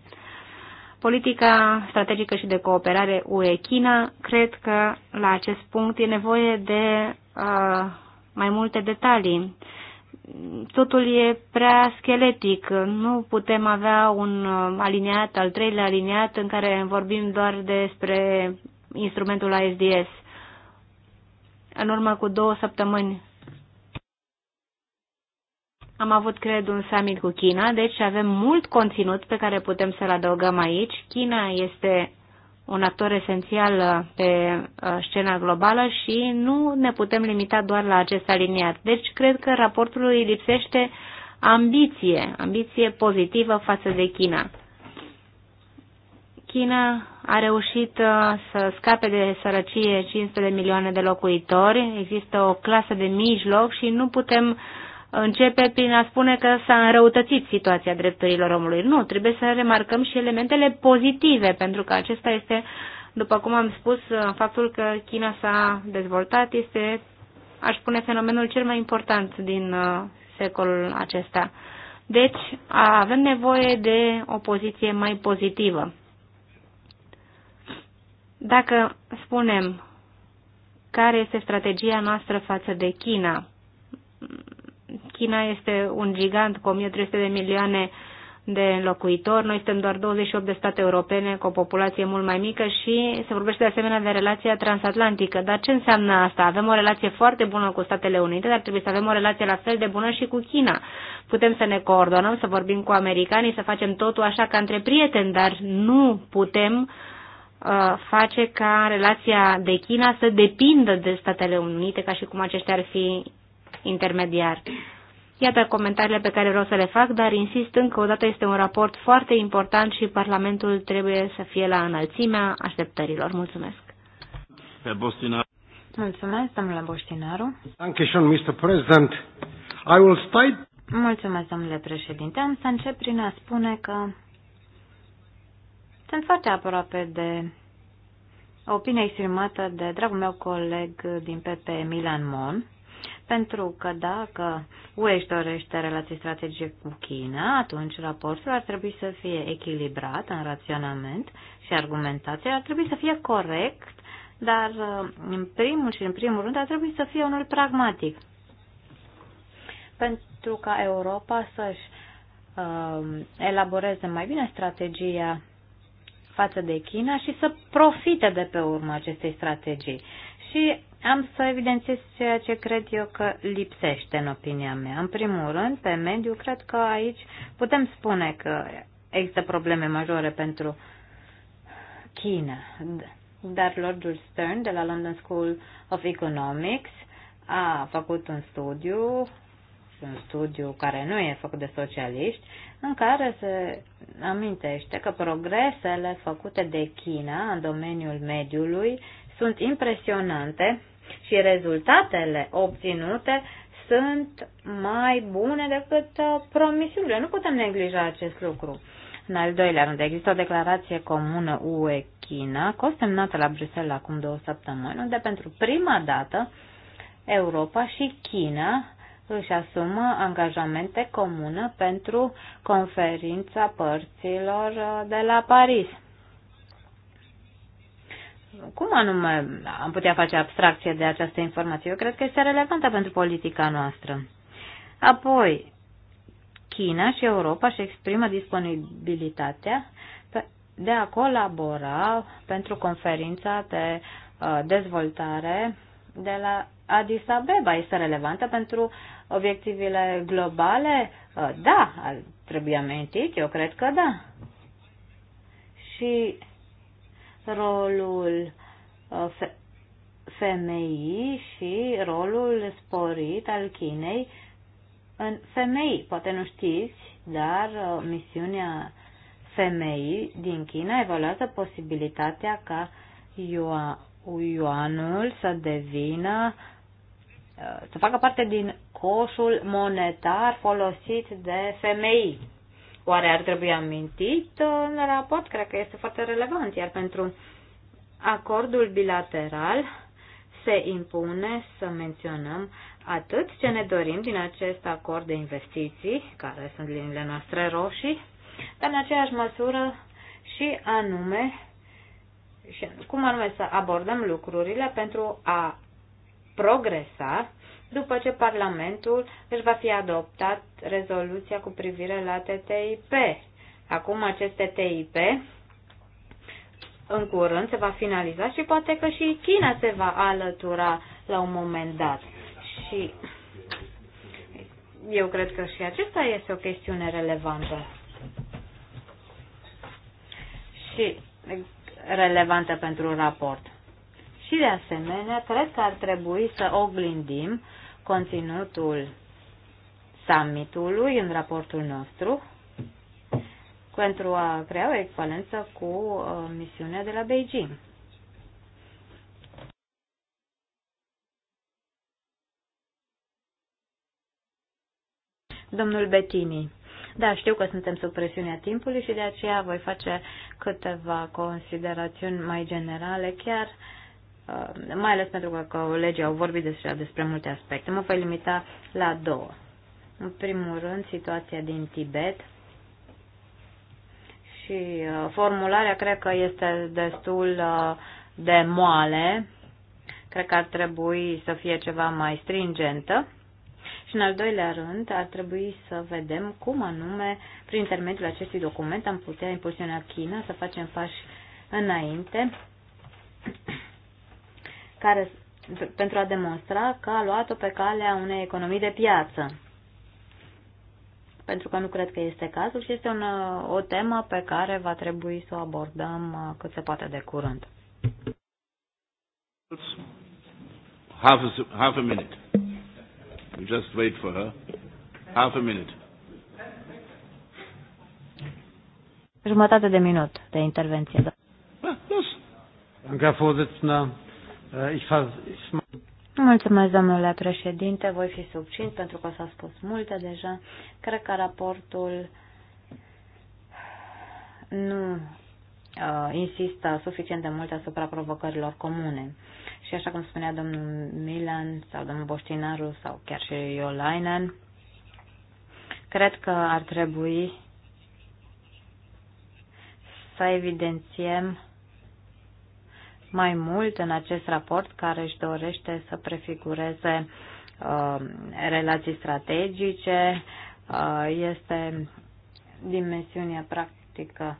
Politica strategică și de cooperare UE-China, cred că la acest punct e nevoie de uh, mai multe detalii. Uh, totul e prea scheletic. Nu putem avea un uh, aliniat, al treilea aliniat, în care vorbim doar despre instrumentul ASDS. În urmă cu două săptămâni am avut, cred, un summit cu China, deci avem mult conținut pe care putem să-l adăugăm aici. China este un actor esențial uh, pe uh, scena globală și nu ne putem limita doar la acest aliniat. Deci cred că raportul îi lipsește ambiție, ambiție pozitivă față de China. China a reușit uh, să scape de sărăcie 500 de milioane de locuitori, există o clasă de mijloc și nu putem uh, începe prin a spune că s-a înrăutățit situația drepturilor omului. Nu, trebuie să remarcăm și elementele pozitive, pentru că acesta este, după cum am spus, faptul că China s-a dezvoltat este, aș spune, fenomenul cel mai important din uh, secolul acesta. Deci, avem nevoie de o poziție mai pozitivă. Dacă spunem care este strategia noastră față de China, China este un gigant cu 1300 de milioane de locuitori, noi suntem doar 28 de state europene cu o populație mult mai mică și se vorbește de asemenea de relația transatlantică. Dar ce înseamnă asta? Avem o relație foarte bună cu Statele Unite, dar trebuie să avem o relație la fel de bună și cu China. Putem să ne coordonăm, să vorbim cu americanii, să facem totul așa ca între prieteni, dar nu putem uh, face ca relația de China să depindă de Statele Unite, ca și cum aceștia ar fi intermediar. Iată comentariile pe care vreau să le fac, dar insist încă o dată, este un raport foarte important și Parlamentul trebuie să fie la înălțimea așteptărilor. Mulțumesc! Mulțumesc, domnule Boștinaru. Mr. President. I will Mulțumesc, domnule președinte. Am să încep prin a spune că sunt foarte aproape de opinia exprimată de dragul meu coleg din PP, Milan Mon, pentru că dacă UE își dorește relații strategice cu China, atunci raportul ar trebui să fie echilibrat în raționament și argumentație, ar trebui să fie corect, dar uh, în primul și în primul rând ar trebui să fie unul pragmatic. Pentru ca Europa să-și uh, elaboreze mai bine strategia față de China și să profite de pe urma acestei strategii. Și am să evidențiez ceea ce cred eu că lipsește în opinia mea. În primul rând, pe mediu, cred că aici putem spune că există probleme majore pentru China. Dar Lord Lordul Stern de la London School of Economics a făcut un studiu, un studiu care nu e făcut de socialiști, în care se amintește că progresele făcute de China în domeniul mediului sunt impresionante și rezultatele obținute sunt mai bune decât uh, promisiunile. Nu putem neglija acest lucru. În al doilea rând, există o declarație comună UE-China, consemnată la Bruxelles acum două săptămâni, unde pentru prima dată Europa și China își asumă angajamente comune pentru conferința părților uh, de la Paris. Cum anume am putea face abstracție de această informație? Eu cred că este relevantă pentru politica noastră. Apoi, China și Europa își exprimă disponibilitatea de a colabora pentru conferința de uh, dezvoltare de la Addis Abeba. Este relevantă pentru obiectivele globale? Uh, da, trebuie amintit, eu cred că da. Și rolul uh, femeii și rolul sporit al Chinei în femei. Poate nu știți, dar uh, misiunea femeii din China evaluează posibilitatea ca yuanul să devină uh, să facă parte din coșul monetar folosit de femei Oare ar trebui amintit uh, în raport? Cred că este foarte relevant, iar pentru acordul bilateral se impune să menționăm atât ce ne dorim din acest acord de investiții, care sunt liniile noastre roșii, dar în aceeași măsură și anume și cum anume să abordăm lucrurile pentru a progresa după ce Parlamentul își va fi adoptat rezoluția cu privire la TTIP. Acum aceste TIP, în curând se va finaliza și poate că și China se va alătura la un moment dat. Și eu cred că și acesta este o chestiune relevantă. Și relevantă pentru raport. Și de asemenea, cred că ar trebui să oglindim conținutul summitului în raportul nostru pentru a crea o echivalență cu uh, misiunea de la Beijing. Domnul Bettini. Da, știu că suntem sub presiunea timpului și de aceea voi face câteva considerațiuni mai generale, chiar uh, Um, mai ales pentru că colegii au vorbit despre, despre multe aspecte. Mă voi limita la două. În primul rând, situația din Tibet și uh, formularea cred că este destul uh, de moale. Cred că ar trebui să fie ceva mai stringentă. Și în al doilea rând, ar trebui să vedem cum anume, prin intermediul acestui document, am putea impulsiona China să facem pași înainte care, pentru a demonstra că a luat-o pe calea unei economii de piață. Pentru că nu cred că este cazul și este un, o temă pe care va trebui să o abordăm uh, cât se poate de curând. Half a, half a minute. just wait for her. Half a minute. Jumătate de minut de intervenție. Da. Ah, Eh, Mulțumesc, domnule președinte. Voi fi succint pentru că s a spus multe deja. Cred că raportul nu uh, insistă suficient de mult asupra provocărilor comune. Și așa cum spunea domnul Milan sau domnul Boștinaru sau chiar și Iolainen, cred că ar trebui să evidențiem mai mult în acest raport care își dorește să prefigureze uh, relații strategice, uh, este dimensiunea practică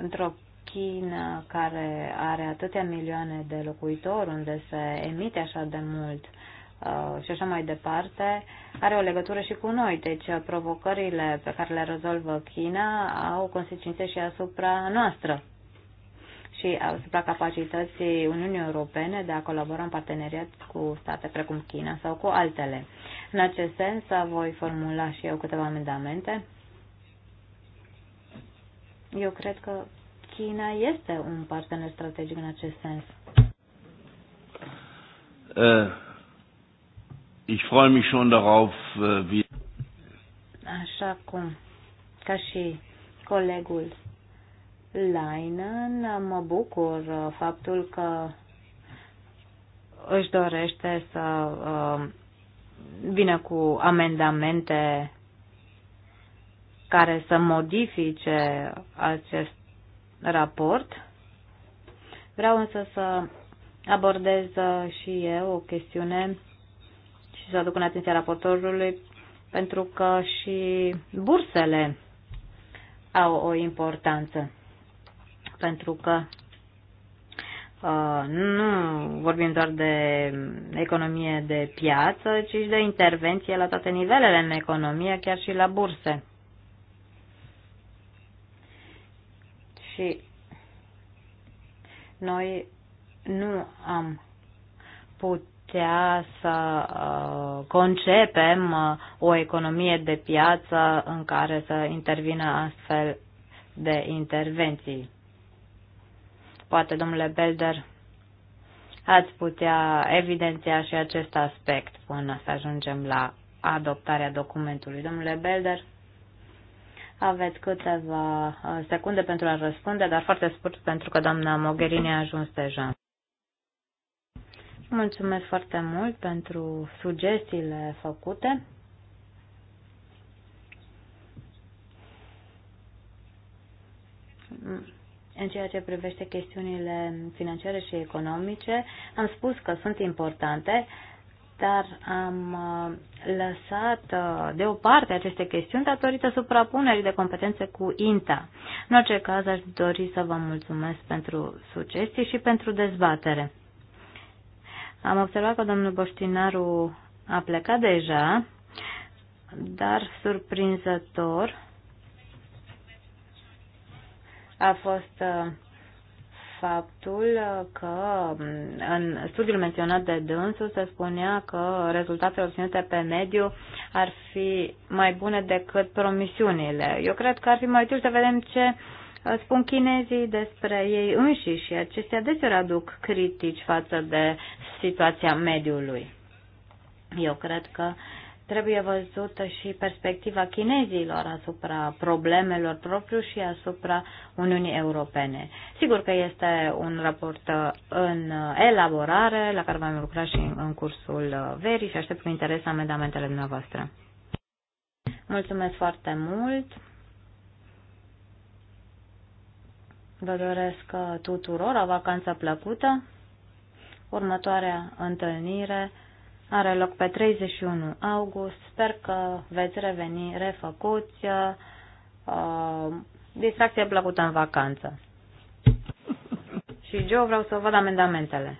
într-o China care are atâtea milioane de locuitori, unde se emite așa de mult uh, și așa mai departe, are o legătură și cu noi. Deci provocările pe care le rezolvă China au consecințe și asupra noastră și asupra capacității Uniunii Europene de a colabora în parteneriat cu state precum China sau cu altele. În acest sens, voi formula și eu câteva amendamente. Eu cred că China este un partener strategic în acest sens. Uh, ich freue mich schon darauf, uh, wie Așa cum, ca și colegul Leinen, mă bucur faptul că își dorește să uh, vină cu amendamente care să modifice acest raport. Vreau însă să abordez și eu o chestiune și să aduc în atenția raportorului, pentru că și bursele au o importanță pentru că uh, nu vorbim doar de economie de piață, ci și de intervenție la toate nivelele în economie, chiar și la burse. Și noi nu am putea să uh, concepem uh, o economie de piață în care să intervină astfel de intervenții. Poate, domnule Belder, ați putea evidenția și acest aspect până să ajungem la adoptarea documentului. Domnule Belder, aveți câteva uh, secunde pentru a răspunde, dar foarte scurt pentru că doamna Mogherini a ajuns deja. Mulțumesc foarte mult pentru sugestiile făcute. În ceea ce privește chestiunile financiare și economice, am spus că sunt importante, dar am uh, lăsat uh, deoparte aceste chestiuni datorită suprapunerii de competențe cu INTA. În orice caz, aș dori să vă mulțumesc pentru sugestii și pentru dezbatere. Am observat că domnul Boștinaru a plecat deja, dar surprinzător a fost uh, faptul că mm, în studiul menționat de dânsul se spunea că rezultatele obținute pe mediu ar fi mai bune decât promisiunile. Eu cred că ar fi mai util să vedem ce uh, spun chinezii despre ei înșiși și acestea deseori aduc critici față de situația mediului. Eu cred că Trebuie văzută și perspectiva chinezilor asupra problemelor propriu și asupra Uniunii Europene. Sigur că este un raport în elaborare la care vom lucra și în cursul verii și aștept cu interes amendamentele dumneavoastră. Mulțumesc foarte mult! Vă doresc tuturor o vacanță plăcută. Următoarea întâlnire are loc pe 31 august. Sper că veți reveni refăcuți. Uh, distracție plăcută în vacanță. Și Joe, vreau să văd amendamentele.